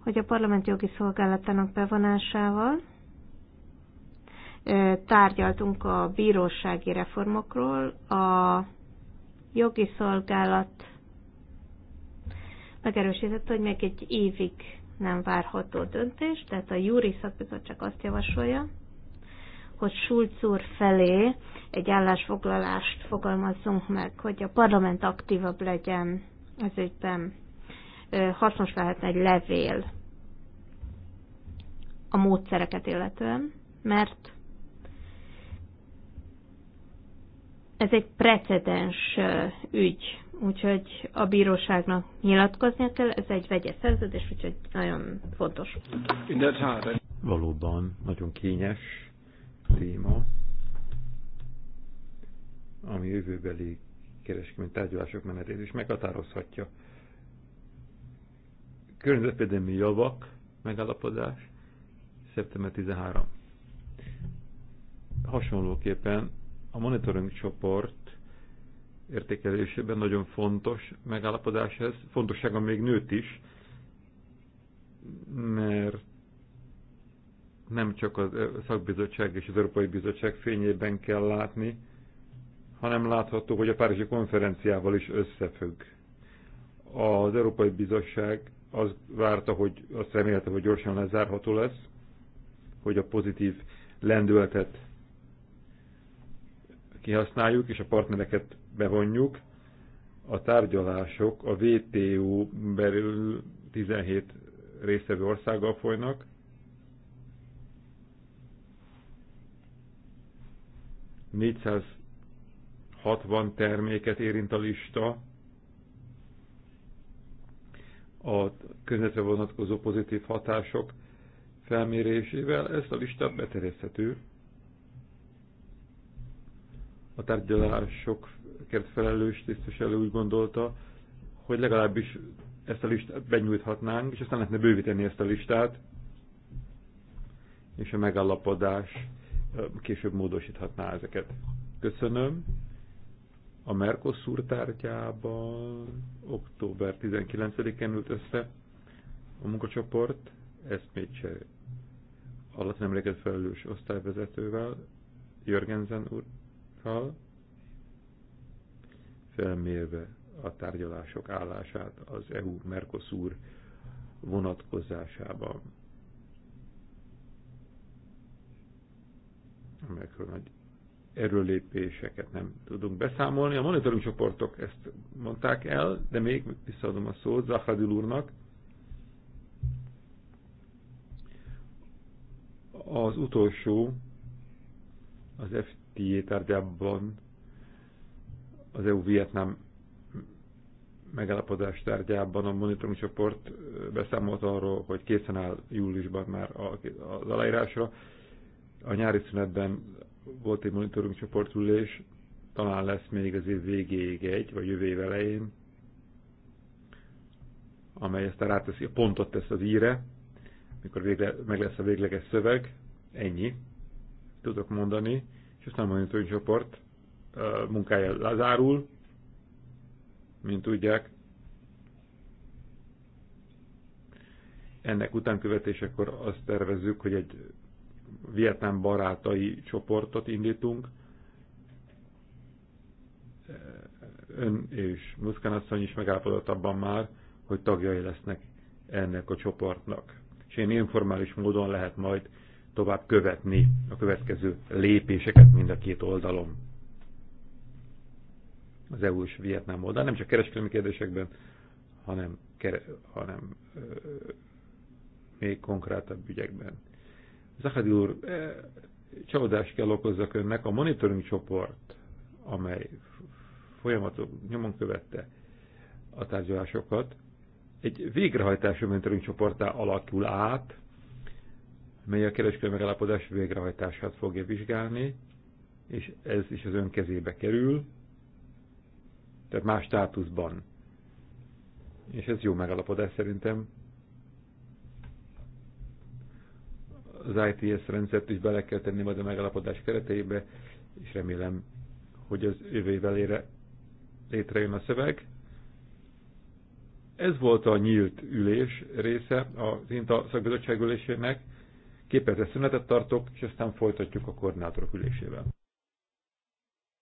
[SPEAKER 2] hogy a parlament jogi szolgálatának bevonásával tárgyaltunk a bírósági reformokról, a jogi szolgálat megerősítette, hogy még egy évig nem várható döntés, tehát a júri szakbizottság azt javasolja, hogy Schulz úr felé egy állásfoglalást fogalmazzunk meg, hogy a parlament aktívabb legyen ez ügyben. Hasznos lehetne egy levél a módszereket illetően, mert ez egy precedens ügy, úgyhogy a bíróságnak nyilatkoznia kell, ez egy vegyes szerződés, úgyhogy nagyon fontos.
[SPEAKER 1] Valóban, nagyon kényes téma, ami jövőbeli kereskedelmi tárgyalások menetét is meghatározhatja. Környezetvédelmi javak megállapodás, szeptember 13. Hasonlóképpen a monitoring csoport értékelésében nagyon fontos megállapodás ez, fontossága még nőtt is, mert nem csak a szakbizottság és az Európai Bizottság fényében kell látni, hanem látható, hogy a Párizsi konferenciával is összefügg. Az Európai Bizottság az várta, hogy azt remélte, hogy gyorsan lezárható lesz, hogy a pozitív lendületet kihasználjuk, és a partnereket bevonjuk. A tárgyalások a WTO belül 17 résztvevő országgal folynak, 460 terméket érint a lista, a környezetre vonatkozó pozitív hatások felmérésével ezt a lista beterjeszthető a tárgyalásokért felelős tisztviselő úgy gondolta, hogy legalábbis ezt a listát benyújthatnánk, és aztán lehetne bővíteni ezt a listát, és a megállapodás később módosíthatná ezeket. Köszönöm. A Mercosur tárgyában október 19 én ült össze a munkacsoport, ezt még cserél. Alatt nemréget felelős osztályvezetővel, Jörgenzen úrral, felmérve a tárgyalások állását az EU-Mercosur vonatkozásában. amelyekről nagy erőlépéseket nem tudunk beszámolni. A monitoring csoportok ezt mondták el, de még visszaadom a szót Zahradil úrnak. Az utolsó az FTA tárgyában az EU-Vietnám megállapodás tárgyában a monitoring csoport beszámolt arról, hogy készen áll júliusban már az aláírásra a nyári szünetben volt egy monitoring csoportülés, talán lesz még az év végéig egy, vagy jövő év elején, amely ezt ráteszi, a pontot tesz az íre, mikor végle, meg lesz a végleges szöveg, ennyi tudok mondani, és aztán a monitoring csoport munkája lezárul, mint tudják. Ennek utánkövetésekor azt tervezzük, hogy egy Vietnám barátai csoportot indítunk. Ön és Muszkán asszony is megállapodott abban már, hogy tagjai lesznek ennek a csoportnak. És én informális módon lehet majd tovább követni a következő lépéseket mind a két oldalon. Az EU és Vietnám oldal, nem csak kereskedelmi kérdésekben, hanem, kere, hanem ö, még konkrétabb ügyekben Zahadi úr, eh, csalódást kell okozzak önnek, a monitoring csoport, amely folyamatos nyomon követte a tárgyalásokat, egy végrehajtási monitoring csoportá alakul át, mely a kereskedelmi megállapodás végrehajtását fogja vizsgálni, és ez is az ön kezébe kerül, tehát más státuszban. És ez jó megállapodás szerintem, az ITS rendszert is bele kell tenni majd a megállapodás kereteibe, és remélem, hogy az jövővel ére létrejön a szöveg. Ez volt a nyílt ülés része az INTA szakbizottság ülésének. Képezett szünetet tartok, és aztán folytatjuk a koordinátorok ülésével.